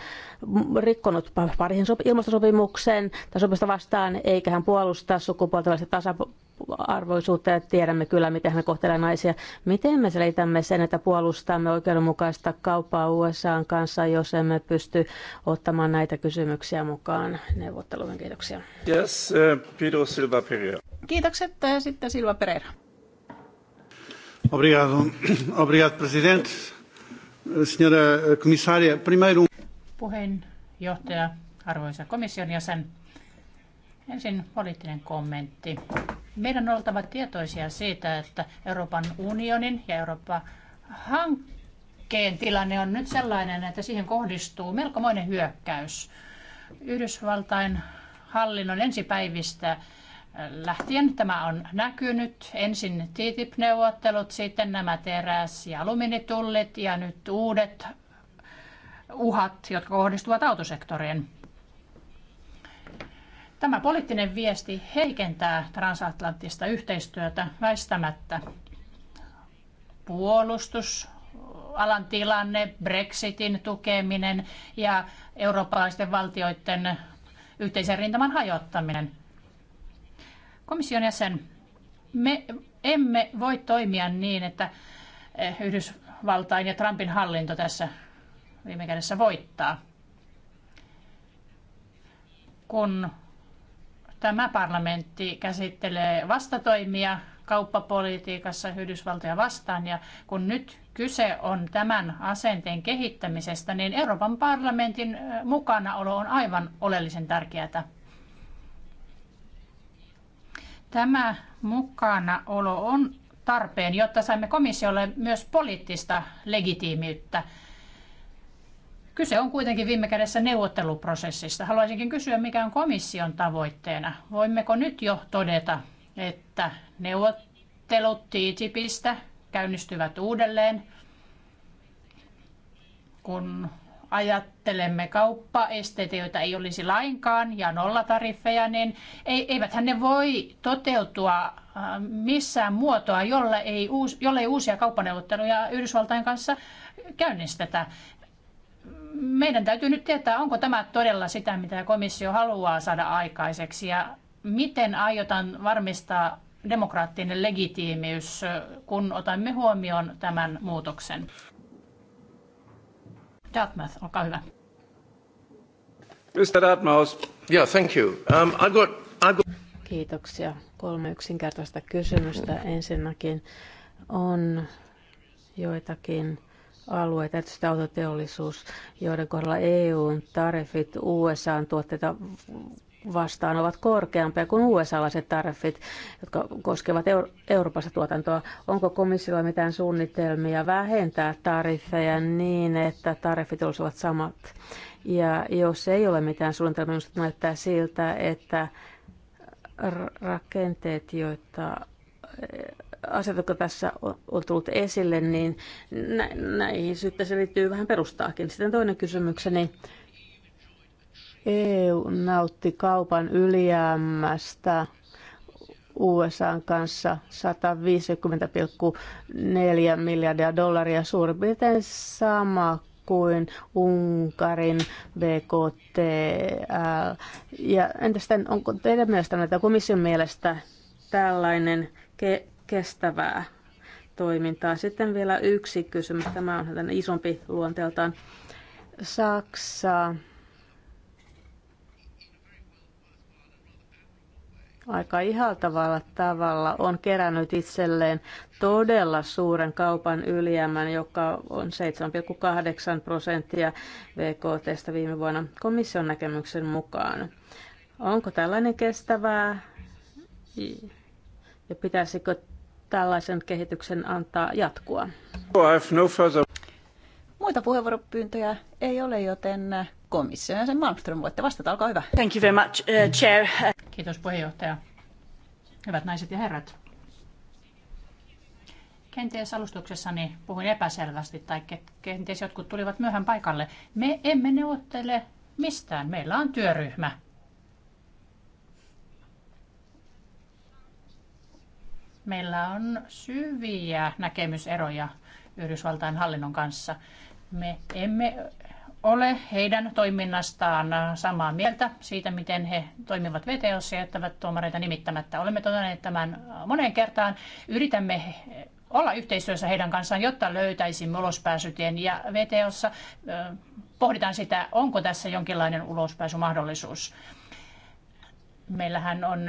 rikkonut parhin ilmastosopimuksen tai sopimusta vastaan, eikä hän puolusta sukupuolten välistä tasa-arvoisuutta ja tiedämme kyllä, miten me kohtelee naisia. Miten me selitämme sen, että puolustamme oikeudenmukaista kauppaa USA kanssa, jos emme pysty ottamaan näitä kysymyksiä Kiitoksia mukaan neuvotteluihin. Kiitoksia. Yes, uh, Pedro Silva Pereira. Kiitokset uh, sitten Silva Pereira. Obrigado. Obrigado, presidente. Uh, Senhora comissária, primeiro... Um- Puheenjohtaja, arvoisa komission jäsen. Ensin poliittinen kommentti. Meidän on oltava tietoisia siitä, että Euroopan unionin ja Euroopan hankkeen tilanne on nyt sellainen, että siihen kohdistuu melkomoinen hyökkäys. Yhdysvaltain hallinnon ensipäivistä äh, lähtien tämä on näkynyt. Ensin TTIP-neuvottelut, sitten nämä teräs- ja alumiinitullit ja nyt uudet uhat, jotka kohdistuvat autosektoriin. Tämä poliittinen viesti heikentää transatlanttista yhteistyötä väistämättä. Puolustus alan tilanne, Brexitin tukeminen ja eurooppalaisten valtioiden yhteisen rintaman hajottaminen. Komission jäsen, me emme voi toimia niin, että eh, Yhdysvaltain ja Trumpin hallinto tässä viime kädessä voittaa. Kun tämä parlamentti käsittelee vastatoimia kauppapolitiikassa Yhdysvaltoja vastaan ja kun nyt kyse on tämän asenteen kehittämisestä, niin Euroopan parlamentin mukanaolo on aivan oleellisen tärkeää. Tämä mukanaolo on tarpeen, jotta saimme komissiolle myös poliittista legitiimiyttä. Kyse on kuitenkin viime kädessä neuvotteluprosessista. Haluaisinkin kysyä, mikä on komission tavoitteena. Voimmeko nyt jo todeta, että neuvottelut TTIPistä käynnistyvät uudelleen. Kun ajattelemme kauppaesteitä, joita ei olisi lainkaan, ja nollatariffeja, niin eiväthän ne voi toteutua äh, missään muotoa, jolle ei, uus, jolle ei uusia kauppaneuvotteluja Yhdysvaltain kanssa käynnistetä. Meidän täytyy nyt tietää, onko tämä todella sitä, mitä komissio haluaa saada aikaiseksi, ja miten aiotaan varmistaa demokraattinen legitiimiys, kun otamme huomioon tämän muutoksen. Dartmouth, olkaa hyvä. Mr. Dartmouth. Yeah, thank you. Um, I've got, I've got... Kiitoksia. Kolme yksinkertaista kysymystä. Ensinnäkin on joitakin alueita, tietysti autoteollisuus, joiden kohdalla EUn tarifit USA tuotteita vastaan ovat korkeampia kuin USA-laiset tariffit, jotka koskevat Euro- Euroopassa tuotantoa. Onko komissiolla mitään suunnitelmia vähentää tariffeja niin, että tariffit olisivat samat? Ja jos ei ole mitään suunnitelmia, niin näyttää siltä, että rakenteet, joita eh, asiat, jotka tässä on tullut esille, niin näihin syyttä se liittyy vähän perustaakin. Sitten toinen kysymykseni. Niin EU nautti kaupan ylijäämästä USAn kanssa 150,4 miljardia dollaria, suurin piirtein sama kuin Unkarin BKT. Ja entä sitten, onko teidän mielestänne tai komission mielestä tällainen ke- kestävää toimintaa? Sitten vielä yksi kysymys, tämä on isompi luonteeltaan. Saksa aika ihaltavalla tavalla on kerännyt itselleen todella suuren kaupan ylijäämän, joka on 7,8 prosenttia VKT viime vuonna komission näkemyksen mukaan. Onko tällainen kestävää ja pitäisikö tällaisen kehityksen antaa jatkua? Oh, no Muita puheenvuoropyyntöjä ei ole, joten komission sen Malmström. Voitte vastata, olkaa hyvä. Thank you very much, uh, chair. Kiitos puheenjohtaja. Hyvät naiset ja herrat. Kenties alustuksessani puhuin epäselvästi tai kenties jotkut tulivat myöhään paikalle. Me emme neuvottele mistään. Meillä on työryhmä. Meillä on syviä näkemyseroja Yhdysvaltain hallinnon kanssa. Me emme ole heidän toiminnastaan samaa mieltä siitä, miten he toimivat VTOssa ja jättävät tuomareita nimittämättä. Olemme todenneet tämän moneen kertaan. Yritämme olla yhteistyössä heidän kanssaan, jotta löytäisimme ulospääsytien. Ja VTOssa pohditaan sitä, onko tässä jonkinlainen ulospääsymahdollisuus. Meillähän on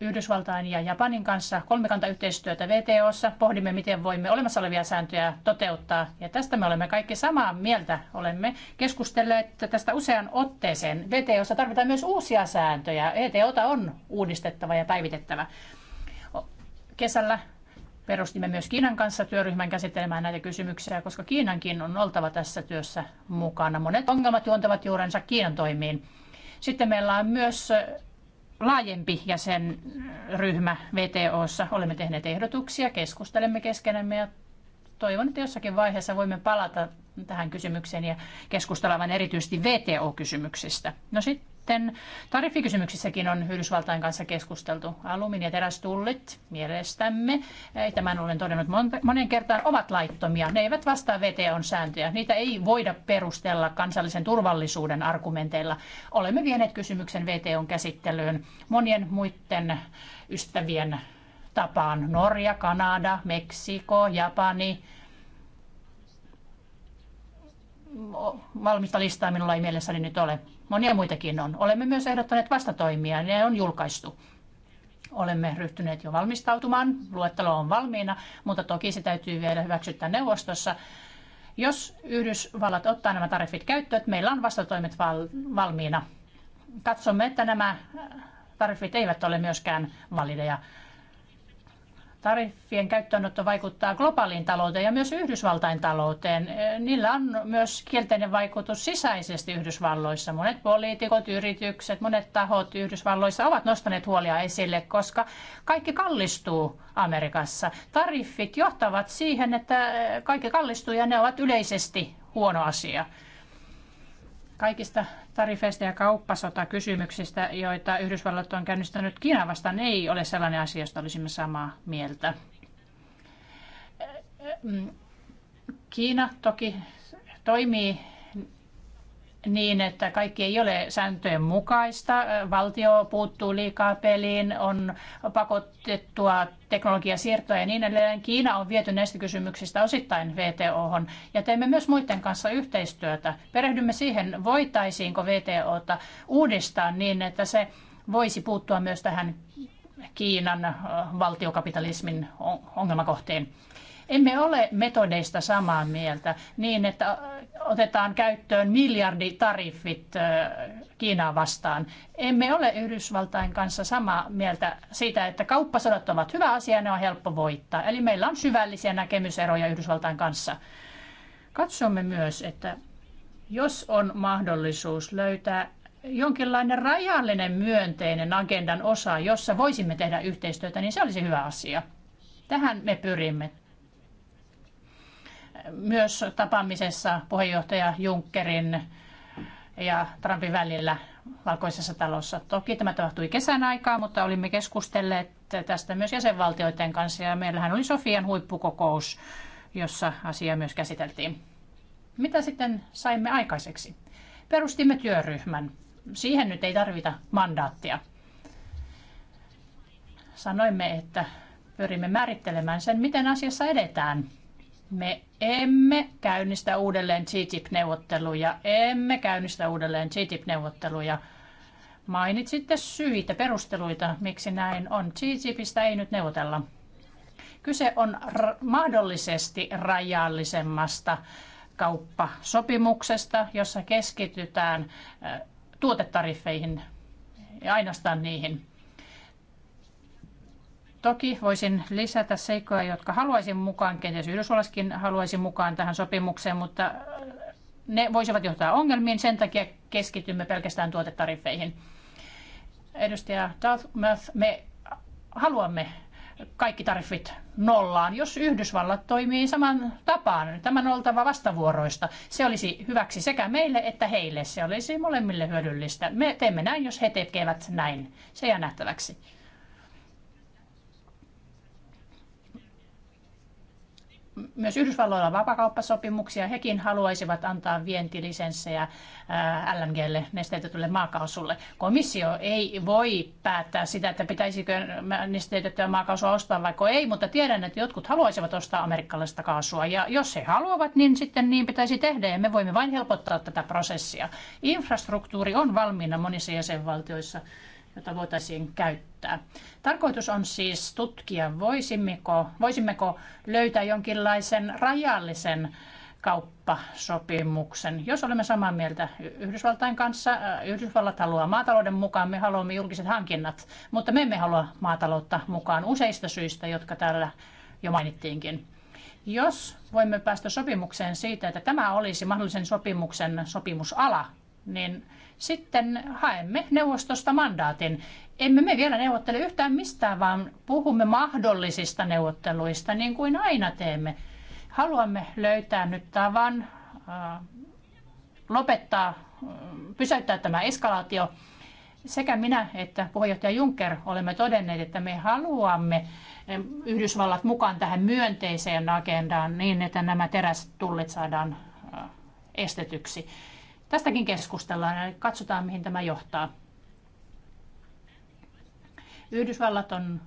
Yhdysvaltain ja Japanin kanssa kolmikantayhteistyötä VTOssa. Pohdimme, miten voimme olemassa olevia sääntöjä toteuttaa. Ja tästä me olemme kaikki samaa mieltä. Olemme keskustelleet tästä usean otteeseen. VTOssa tarvitaan myös uusia sääntöjä. VTOta on uudistettava ja päivitettävä. Kesällä perustimme myös Kiinan kanssa työryhmän käsittelemään näitä kysymyksiä, koska Kiinankin on oltava tässä työssä mukana. Monet ongelmat juontavat juurensa Kiinan toimiin. Sitten meillä on myös laajempi jäsenryhmä VTOssa. Olemme tehneet ehdotuksia, keskustelemme keskenämme ja toivon, että jossakin vaiheessa voimme palata tähän kysymykseen ja keskustella vain erityisesti VTO-kysymyksistä. No sitten sitten tariffikysymyksissäkin on Yhdysvaltain kanssa keskusteltu. Alumin ja terästullit mielestämme, tämän olen todennut monen kertaan, ovat laittomia. Ne eivät vastaa VTOn sääntöjä. Niitä ei voida perustella kansallisen turvallisuuden argumenteilla. Olemme vieneet kysymyksen VTOn käsittelyyn monien muiden ystävien tapaan. Norja, Kanada, Meksiko, Japani, valmista listaa minulla ei mielessäni nyt ole. Monia muitakin on. Olemme myös ehdottaneet vastatoimia, ne on julkaistu. Olemme ryhtyneet jo valmistautumaan, luettelo on valmiina, mutta toki se täytyy vielä hyväksyttää neuvostossa. Jos Yhdysvallat ottaa nämä tariffit käyttöön, meillä on vastatoimet val- valmiina. Katsomme, että nämä tariffit eivät ole myöskään valideja Tariffien käyttöönotto vaikuttaa globaaliin talouteen ja myös Yhdysvaltain talouteen. Niillä on myös kielteinen vaikutus sisäisesti Yhdysvalloissa. Monet poliitikot, yritykset, monet tahot Yhdysvalloissa ovat nostaneet huolia esille, koska kaikki kallistuu Amerikassa. Tariffit johtavat siihen, että kaikki kallistuu ja ne ovat yleisesti huono asia kaikista tarifeista ja kauppasotakysymyksistä, joita Yhdysvallat on käynnistänyt Kiinaa vastaan, ei ole sellainen asia, josta olisimme samaa mieltä. Kiina toki toimii niin, että kaikki ei ole sääntöjen mukaista. Valtio puuttuu liikaa peliin, on pakotettua teknologiasiirtoa ja niin edelleen. Kiina on viety näistä kysymyksistä osittain WTO:hon ja teemme myös muiden kanssa yhteistyötä. Perehdymme siihen, voitaisiinko VTOta uudistaa niin, että se voisi puuttua myös tähän Kiinan valtiokapitalismin ongelmakohtiin emme ole metodeista samaa mieltä niin, että otetaan käyttöön miljarditariffit Kiinaa vastaan. Emme ole Yhdysvaltain kanssa samaa mieltä siitä, että kauppasodat ovat hyvä asia ja ne on helppo voittaa. Eli meillä on syvällisiä näkemyseroja Yhdysvaltain kanssa. Katsomme myös, että jos on mahdollisuus löytää jonkinlainen rajallinen myönteinen agendan osa, jossa voisimme tehdä yhteistyötä, niin se olisi hyvä asia. Tähän me pyrimme myös tapaamisessa puheenjohtaja Junckerin ja Trumpin välillä valkoisessa talossa. Toki tämä tapahtui kesän aikaa, mutta olimme keskustelleet tästä myös jäsenvaltioiden kanssa ja meillähän oli Sofian huippukokous, jossa asia myös käsiteltiin. Mitä sitten saimme aikaiseksi? Perustimme työryhmän. Siihen nyt ei tarvita mandaattia. Sanoimme, että pyrimme määrittelemään sen, miten asiassa edetään. Me emme käynnistä uudelleen TTIP-neuvotteluja, emme käynnistä uudelleen TTIP-neuvotteluja. Mainitsitte syitä, perusteluita, miksi näin on. TTIPistä ei nyt neuvotella. Kyse on mahdollisesti rajallisemmasta kauppasopimuksesta, jossa keskitytään tuotetariffeihin ja ainoastaan niihin. Toki voisin lisätä seikkoja, jotka haluaisin mukaan, kenties Yhdysvallaskin haluaisin mukaan tähän sopimukseen, mutta ne voisivat johtaa ongelmiin, sen takia keskitymme pelkästään tuotetariffeihin. Edustaja Dartmouth, me haluamme kaikki tariffit nollaan, jos Yhdysvallat toimii saman tapaan. Tämän oltava vastavuoroista. Se olisi hyväksi sekä meille että heille. Se olisi molemmille hyödyllistä. Me teemme näin, jos he tekevät näin. Se jää nähtäväksi. myös Yhdysvalloilla vapakauppasopimuksia. Hekin haluaisivat antaa vientilisenssejä LNGlle, nesteytetylle maakaasulle. Komissio ei voi päättää sitä, että pitäisikö nesteytettyä maakaasua ostaa vaikka ei, mutta tiedän, että jotkut haluaisivat ostaa amerikkalaista kaasua. Ja jos he haluavat, niin sitten niin pitäisi tehdä ja me voimme vain helpottaa tätä prosessia. Infrastruktuuri on valmiina monissa jäsenvaltioissa jota voitaisiin käyttää. Tarkoitus on siis tutkia, voisimmeko, voisimmeko löytää jonkinlaisen rajallisen kauppasopimuksen. Jos olemme samaa mieltä Yhdysvaltain kanssa, äh, Yhdysvallat haluaa maatalouden mukaan, me haluamme julkiset hankinnat, mutta me emme halua maataloutta mukaan useista syistä, jotka täällä jo mainittiinkin. Jos voimme päästä sopimukseen siitä, että tämä olisi mahdollisen sopimuksen sopimusala, niin sitten haemme neuvostosta mandaatin. Emme me vielä neuvottele yhtään mistään, vaan puhumme mahdollisista neuvotteluista, niin kuin aina teemme. Haluamme löytää nyt tavan äh, lopettaa, äh, pysäyttää tämä eskalaatio. Sekä minä että puheenjohtaja Juncker olemme todenneet, että me haluamme äh, Yhdysvallat mukaan tähän myönteiseen agendaan niin, että nämä terästullit saadaan estetyksi. Tästäkin keskustellaan ja katsotaan, mihin tämä johtaa. Yhdysvallat on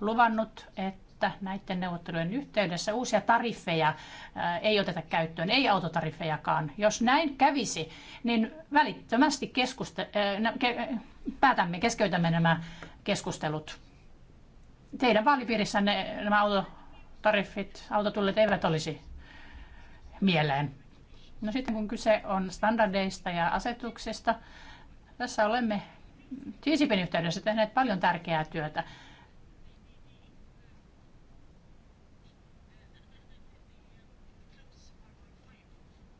luvannut, että näiden neuvottelujen yhteydessä uusia tariffeja äh, ei oteta käyttöön, ei autotariffejakaan. Jos näin kävisi, niin välittömästi keskuste- äh, päätämme, keskeytämme nämä keskustelut. Teidän vaalipiirissänne nämä autotariffit, autotullit eivät olisi mieleen. No sitten kun kyse on standardeista ja asetuksista, tässä olemme TCPin yhteydessä tehneet paljon tärkeää työtä.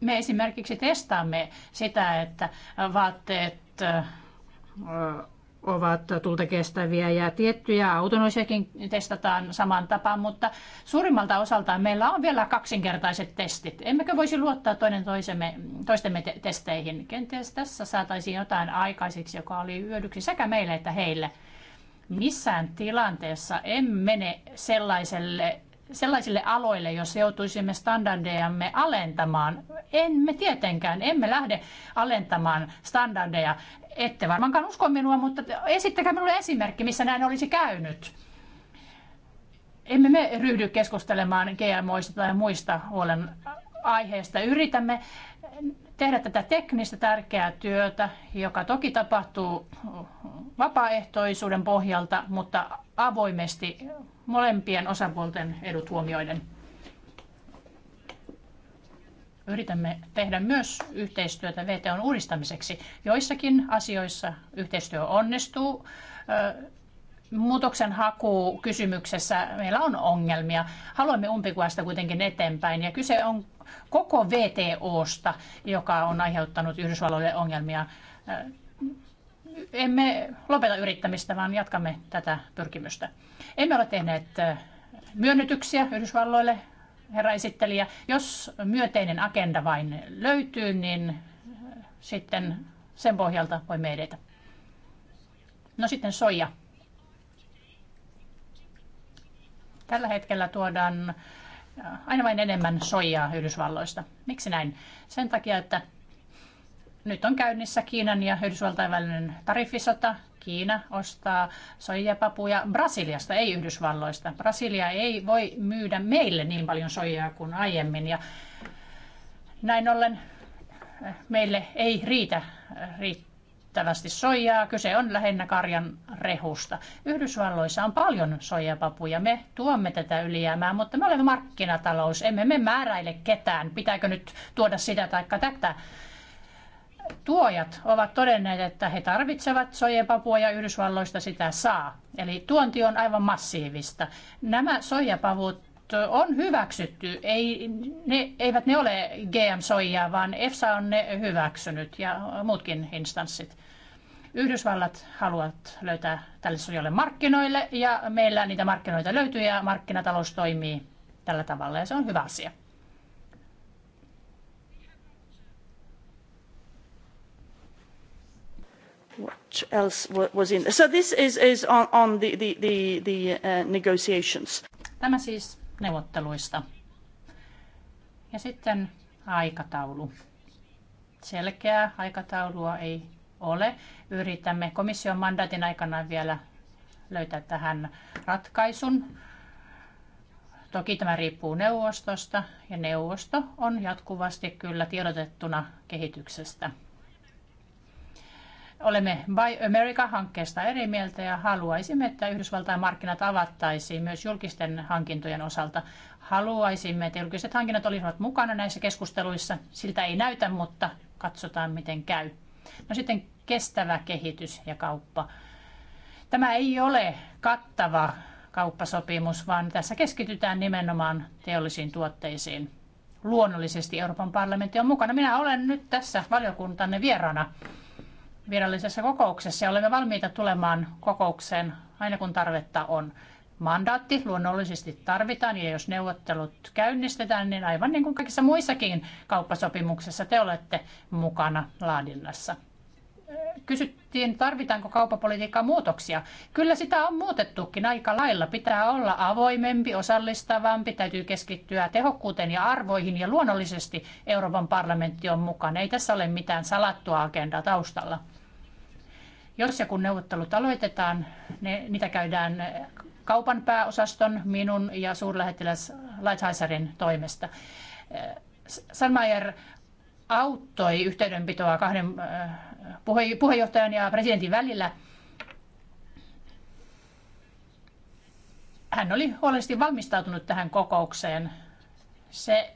Me esimerkiksi testaamme sitä, että vaatteet ovat tulta kestäviä ja tiettyjä autonoisiakin testataan saman tapaan, mutta suurimmalta osaltaan meillä on vielä kaksinkertaiset testit. Emmekö voisi luottaa toinen toisemme, toistemme te- testeihin? Kenties tässä saataisiin jotain aikaiseksi, joka oli hyödyksi sekä meille että heille. Missään tilanteessa en mene sellaiselle sellaisille aloille, jos joutuisimme standardejamme alentamaan. Emme tietenkään, emme lähde alentamaan standardeja. Ette varmaankaan usko minua, mutta esittäkää minulle esimerkki, missä näin olisi käynyt. Emme me ryhdy keskustelemaan GMOista tai muista huolen aiheesta. Yritämme tehdä tätä teknistä tärkeää työtä, joka toki tapahtuu vapaaehtoisuuden pohjalta, mutta avoimesti molempien osapuolten edut huomioiden. Yritämme tehdä myös yhteistyötä VTOn uudistamiseksi. Joissakin asioissa yhteistyö onnistuu. Muutoksen haku kysymyksessä meillä on ongelmia. Haluamme umpikuasta kuitenkin eteenpäin ja kyse on koko VTOsta, joka on aiheuttanut Yhdysvalloille ongelmia. Emme lopeta yrittämistä, vaan jatkamme tätä pyrkimystä. Emme ole tehneet myönnytyksiä Yhdysvalloille, herra esittelijä. Jos myönteinen agenda vain löytyy, niin sitten sen pohjalta voimme edetä. No sitten soja. Tällä hetkellä tuodaan aina vain enemmän soijaa Yhdysvalloista. Miksi näin? Sen takia, että nyt on käynnissä Kiinan ja Yhdysvaltain välinen tariffisota. Kiina ostaa soijapapuja Brasiliasta, ei Yhdysvalloista. Brasilia ei voi myydä meille niin paljon soijaa kuin aiemmin. Ja näin ollen meille ei riitä riittää riittävästi soijaa. Kyse on lähinnä karjan rehusta. Yhdysvalloissa on paljon soijapapuja. Me tuomme tätä ylijäämää, mutta me olemme markkinatalous. Emme me määräile ketään, pitääkö nyt tuoda sitä tai tätä. Tuojat ovat todenneet, että he tarvitsevat soijapapua ja Yhdysvalloista sitä saa. Eli tuonti on aivan massiivista. Nämä soijapavut on hyväksytty. Ei, ne, eivät ne ole GM-soijaa, vaan EFSA on ne hyväksynyt ja muutkin instanssit. Yhdysvallat haluavat löytää tälle sojalle markkinoille ja meillä niitä markkinoita löytyy ja markkinatalous toimii tällä tavalla ja se on hyvä asia. what else was in So this is, is on, on the, the, the, the uh, negotiations. Tämä siis neuvotteluista. Ja sitten aikataulu. Selkeää aikataulua ei ole. Yritämme komission mandaatin aikana vielä löytää tähän ratkaisun. Toki tämä riippuu neuvostosta ja neuvosto on jatkuvasti kyllä tiedotettuna kehityksestä. Olemme Buy America-hankkeesta eri mieltä ja haluaisimme, että Yhdysvaltain markkinat avattaisiin myös julkisten hankintojen osalta. Haluaisimme, että julkiset hankinnat olisivat mukana näissä keskusteluissa. Siltä ei näytä, mutta katsotaan miten käy. No sitten kestävä kehitys ja kauppa. Tämä ei ole kattava kauppasopimus, vaan tässä keskitytään nimenomaan teollisiin tuotteisiin. Luonnollisesti Euroopan parlamentti on mukana. Minä olen nyt tässä valiokuntanne vieraana virallisessa kokouksessa ja olemme valmiita tulemaan kokoukseen aina kun tarvetta on. Mandaatti luonnollisesti tarvitaan ja jos neuvottelut käynnistetään, niin aivan niin kuin kaikissa muissakin kauppasopimuksissa te olette mukana laadinnassa. Kysyttiin, tarvitaanko kauppapolitiikkaa muutoksia. Kyllä sitä on muutettukin aika lailla. Pitää olla avoimempi, osallistavampi, täytyy keskittyä tehokkuuteen ja arvoihin ja luonnollisesti Euroopan parlamentti on mukana. Ei tässä ole mitään salattua agendaa taustalla. Jos ja kun neuvottelut aloitetaan, ne, niitä käydään kaupan pääosaston, minun ja suurlähettiläs Lighthizerin toimesta. Äh, Sanmajer auttoi yhteydenpitoa kahden äh, puheenjohtajan ja presidentin välillä. Hän oli huolellisesti valmistautunut tähän kokoukseen. Se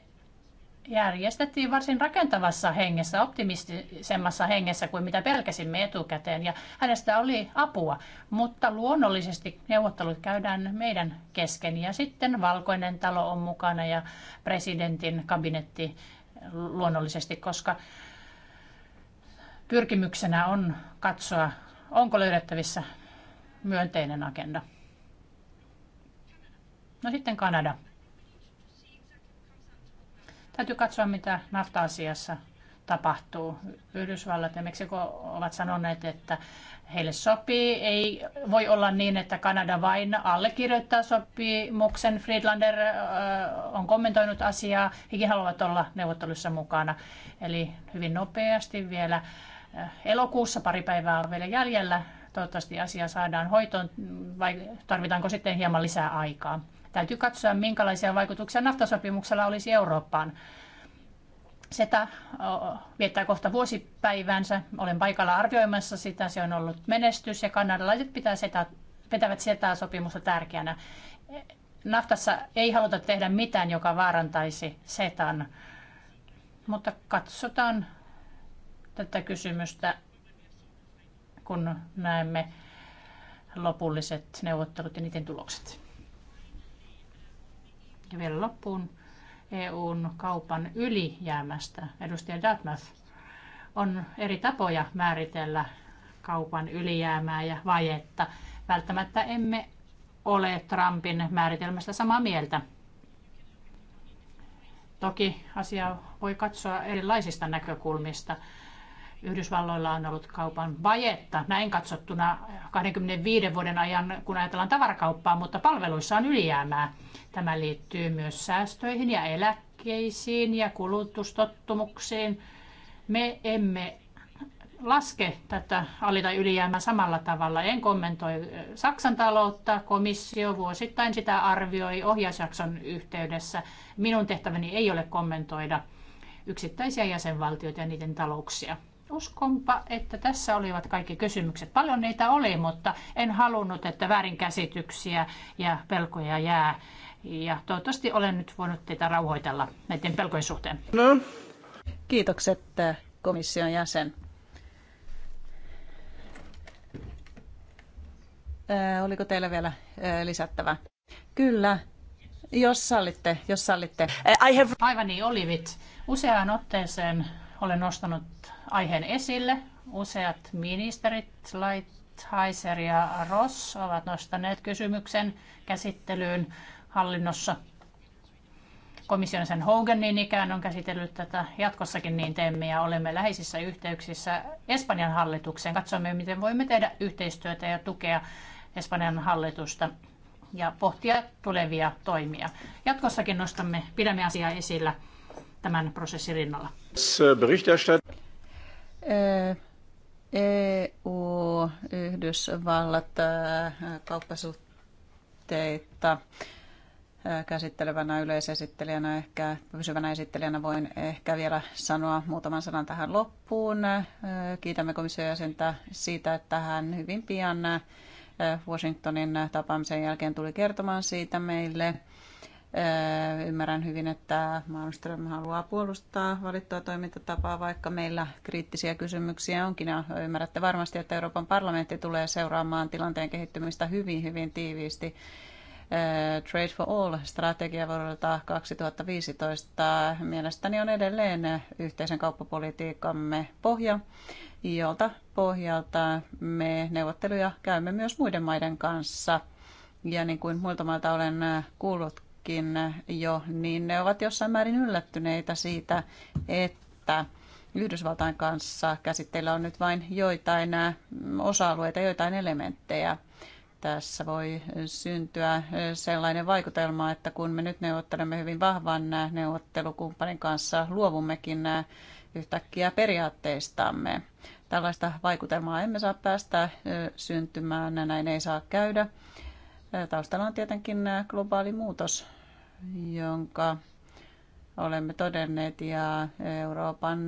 järjestettiin varsin rakentavassa hengessä, optimistisemmassa hengessä kuin mitä pelkäsimme etukäteen. Ja hänestä oli apua, mutta luonnollisesti neuvottelut käydään meidän kesken. Ja sitten Valkoinen talo on mukana ja presidentin kabinetti luonnollisesti, koska pyrkimyksenä on katsoa, onko löydettävissä myönteinen agenda. No sitten Kanada. Täytyy katsoa, mitä nafta-asiassa tapahtuu. Yhdysvallat ja Meksiko ovat sanoneet, että heille sopii. Ei voi olla niin, että Kanada vain allekirjoittaa sopimuksen. Friedlander on kommentoinut asiaa. Hekin haluavat olla neuvottelussa mukana. Eli hyvin nopeasti vielä elokuussa pari päivää on vielä jäljellä. Toivottavasti asia saadaan hoitoon vai tarvitaanko sitten hieman lisää aikaa. Täytyy katsoa, minkälaisia vaikutuksia naftasopimuksella olisi Eurooppaan. SETA viettää kohta vuosipäivänsä. Olen paikalla arvioimassa sitä. Se on ollut menestys ja kanadalaiset pitää SETA, pitävät SETA-sopimusta tärkeänä. Naftassa ei haluta tehdä mitään, joka vaarantaisi SETAn, mutta katsotaan tätä kysymystä, kun näemme lopulliset neuvottelut ja niiden tulokset. Ja vielä loppuun EUn kaupan ylijäämästä. Edustaja Dartmouth, on eri tapoja määritellä kaupan ylijäämää ja vajetta. Välttämättä emme ole Trumpin määritelmästä samaa mieltä. Toki asia voi katsoa erilaisista näkökulmista. Yhdysvalloilla on ollut kaupan vajetta näin katsottuna 25 vuoden ajan, kun ajatellaan tavarakauppaa, mutta palveluissa on ylijäämää. Tämä liittyy myös säästöihin ja eläkkeisiin ja kulutustottumuksiin. Me emme laske tätä ali- tai ylijäämää samalla tavalla. En kommentoi Saksan taloutta. Komissio vuosittain sitä arvioi ohjausjakson yhteydessä. Minun tehtäväni ei ole kommentoida yksittäisiä jäsenvaltioita ja niiden talouksia. Uskonpa, että tässä olivat kaikki kysymykset. Paljon niitä oli, mutta en halunnut, että väärinkäsityksiä ja pelkoja jää. Ja toivottavasti olen nyt voinut teitä rauhoitella näiden pelkojen suhteen. No. Kiitokset äh, komission jäsen. Äh, oliko teillä vielä äh, lisättävää? Kyllä, jos sallitte, jos sallitte. I have... Aivan niin, Olivit. Useaan otteeseen olen nostanut aiheen esille. Useat ministerit, Lighthizer ja Ross, ovat nostaneet kysymyksen käsittelyyn hallinnossa. Komission sen Hogan niin ikään on käsitellyt tätä. Jatkossakin niin teemme ja olemme läheisissä yhteyksissä Espanjan hallitukseen. Katsomme, miten voimme tehdä yhteistyötä ja tukea Espanjan hallitusta ja pohtia tulevia toimia. Jatkossakin nostamme, pidämme asiaa esillä tämän prosessin rinnalla. EU, Yhdysvallat, kauppasuhteita käsittelevänä yleisesittelijänä, ehkä pysyvänä esittelijänä voin ehkä vielä sanoa muutaman sanan tähän loppuun. Kiitämme komission jäsentä siitä, että hän hyvin pian Washingtonin tapaamisen jälkeen tuli kertomaan siitä meille. Ymmärrän hyvin, että Malmström haluaa puolustaa valittua toimintatapaa, vaikka meillä kriittisiä kysymyksiä onkin. ymmärrätte varmasti, että Euroopan parlamentti tulee seuraamaan tilanteen kehittymistä hyvin, hyvin tiiviisti. Trade for All-strategia vuodelta 2015 mielestäni on edelleen yhteisen kauppapolitiikkamme pohja, jolta pohjalta me neuvotteluja käymme myös muiden maiden kanssa. Ja niin kuin muilta mailta olen kuullut, sanoivatkin jo, niin ne ovat jossain määrin yllättyneitä siitä, että Yhdysvaltain kanssa käsitteillä on nyt vain joitain osa-alueita, joitain elementtejä. Tässä voi syntyä sellainen vaikutelma, että kun me nyt neuvottelemme hyvin vahvan neuvottelukumppanin kanssa, luovummekin yhtäkkiä periaatteistamme. Tällaista vaikutelmaa emme saa päästä syntymään, näin ei saa käydä. Taustalla on tietenkin globaali muutos, jonka olemme todenneet ja Euroopan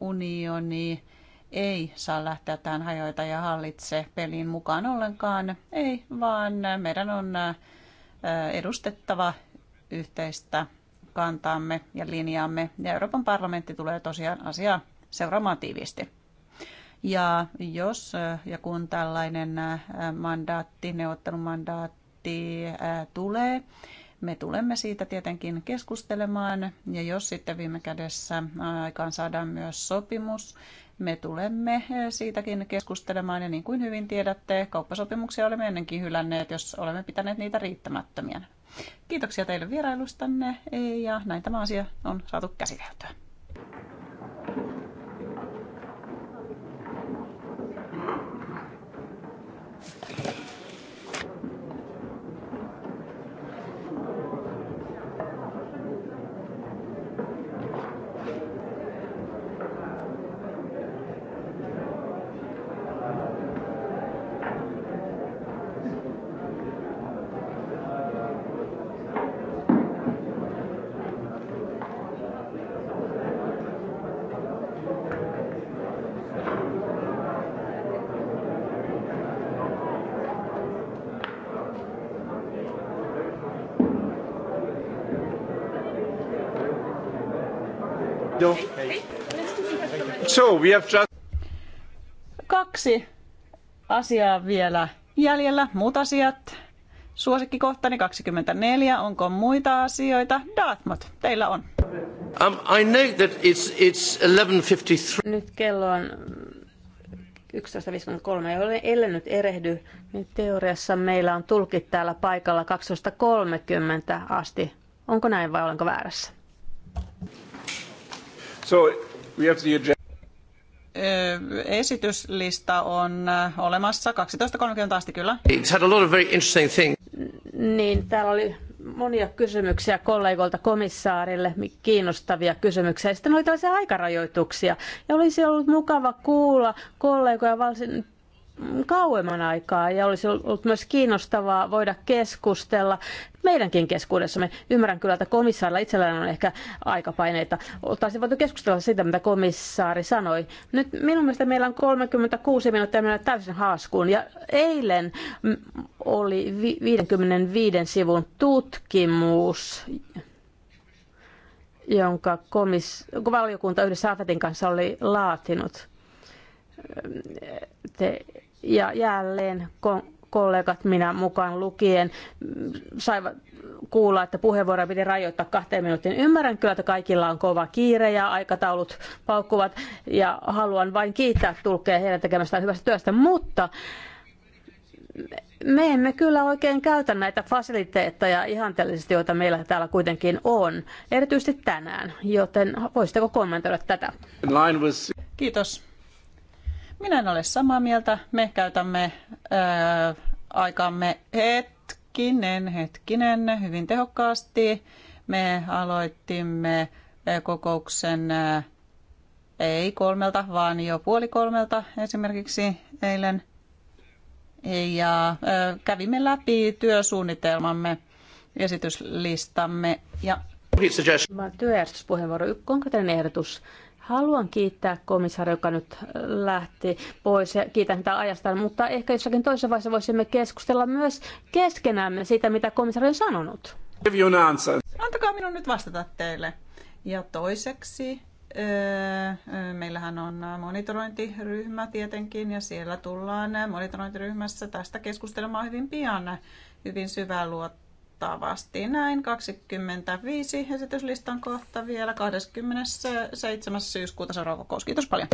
unioni ei saa lähteä tähän hajoita ja hallitse pelin mukaan ollenkaan. Ei, vaan meidän on edustettava yhteistä kantaamme ja linjaamme. Ja Euroopan parlamentti tulee tosiaan asiaa seuraamaan tiiviisti. Ja jos ja kun tällainen mandaatti, neuvottelumandaatti tulee, me tulemme siitä tietenkin keskustelemaan ja jos sitten viime kädessä aikaan saadaan myös sopimus, me tulemme eh, siitäkin keskustelemaan ja niin kuin hyvin tiedätte, kauppasopimuksia olemme ennenkin hylänneet, jos olemme pitäneet niitä riittämättömiä. Kiitoksia teille vierailustanne ja näin tämä asia on saatu käsiteltyä. So we have just... Kaksi asiaa vielä jäljellä. Muut asiat. Suosikkikohtani 24. Onko muita asioita? Dartmouth, teillä on. Um, I know that it's, it's 11.53. Nyt kello on 11.53. Ei ole ellenyt erehdy. Nyt teoriassa meillä on tulkit täällä paikalla 12.30 asti. Onko näin vai olenko väärässä? So, we have the agenda esityslista on olemassa 12.30 asti kyllä. It's had a lot of very interesting things. Niin, täällä oli monia kysymyksiä kollegoilta komissaarille, kiinnostavia kysymyksiä. Sitten oli tällaisia aikarajoituksia ja olisi ollut mukava kuulla kollegoja varsin kauemman aikaa ja olisi ollut myös kiinnostavaa voida keskustella meidänkin keskuudessamme. Ymmärrän kyllä, että komissaarilla itsellään on ehkä aikapaineita. Oltaisiin voitu keskustella siitä, mitä komissaari sanoi. Nyt minun mielestä meillä on 36 minuuttia mennä täysin haaskuun. Ja eilen oli 55 sivun tutkimus, jonka komis- valiokunta yhdessä Afetin kanssa oli laatinut. Te ja jälleen kollegat, minä mukaan lukien, saivat kuulla, että puheenvuoroja piti rajoittaa kahteen minuuttiin. Ymmärrän kyllä, että kaikilla on kova kiire ja aikataulut paukkuvat ja haluan vain kiittää tulkkeja heidän tekemästään hyvästä työstä, mutta me emme kyllä oikein käytä näitä fasiliteetteja ihanteellisesti, joita meillä täällä kuitenkin on, erityisesti tänään, joten voisitteko kommentoida tätä? Kiitos. Minä en ole samaa mieltä. Me käytämme ää, aikamme hetkinen, hetkinen, hyvin tehokkaasti. Me aloitimme kokouksen ää, ei kolmelta, vaan jo puoli kolmelta esimerkiksi eilen. Ja ää, kävimme läpi työsuunnitelmamme, esityslistamme ja Työjärjestyspuheenvuoro. Onko teidän ehdotus Haluan kiittää komissaari, joka nyt äh, lähti pois ja kiitän tätä ajasta, mutta ehkä jossakin toisessa vaiheessa voisimme keskustella myös keskenämme siitä, mitä komissaari on sanonut. Antakaa minun nyt vastata teille. Ja toiseksi, äh, äh, meillähän on monitorointiryhmä tietenkin ja siellä tullaan monitorointiryhmässä tästä keskustelemaan hyvin pian hyvin syväluot vastaavasti. Näin 25 esityslistan kohta vielä 27. syyskuuta seuraava kokous. Kiitos paljon.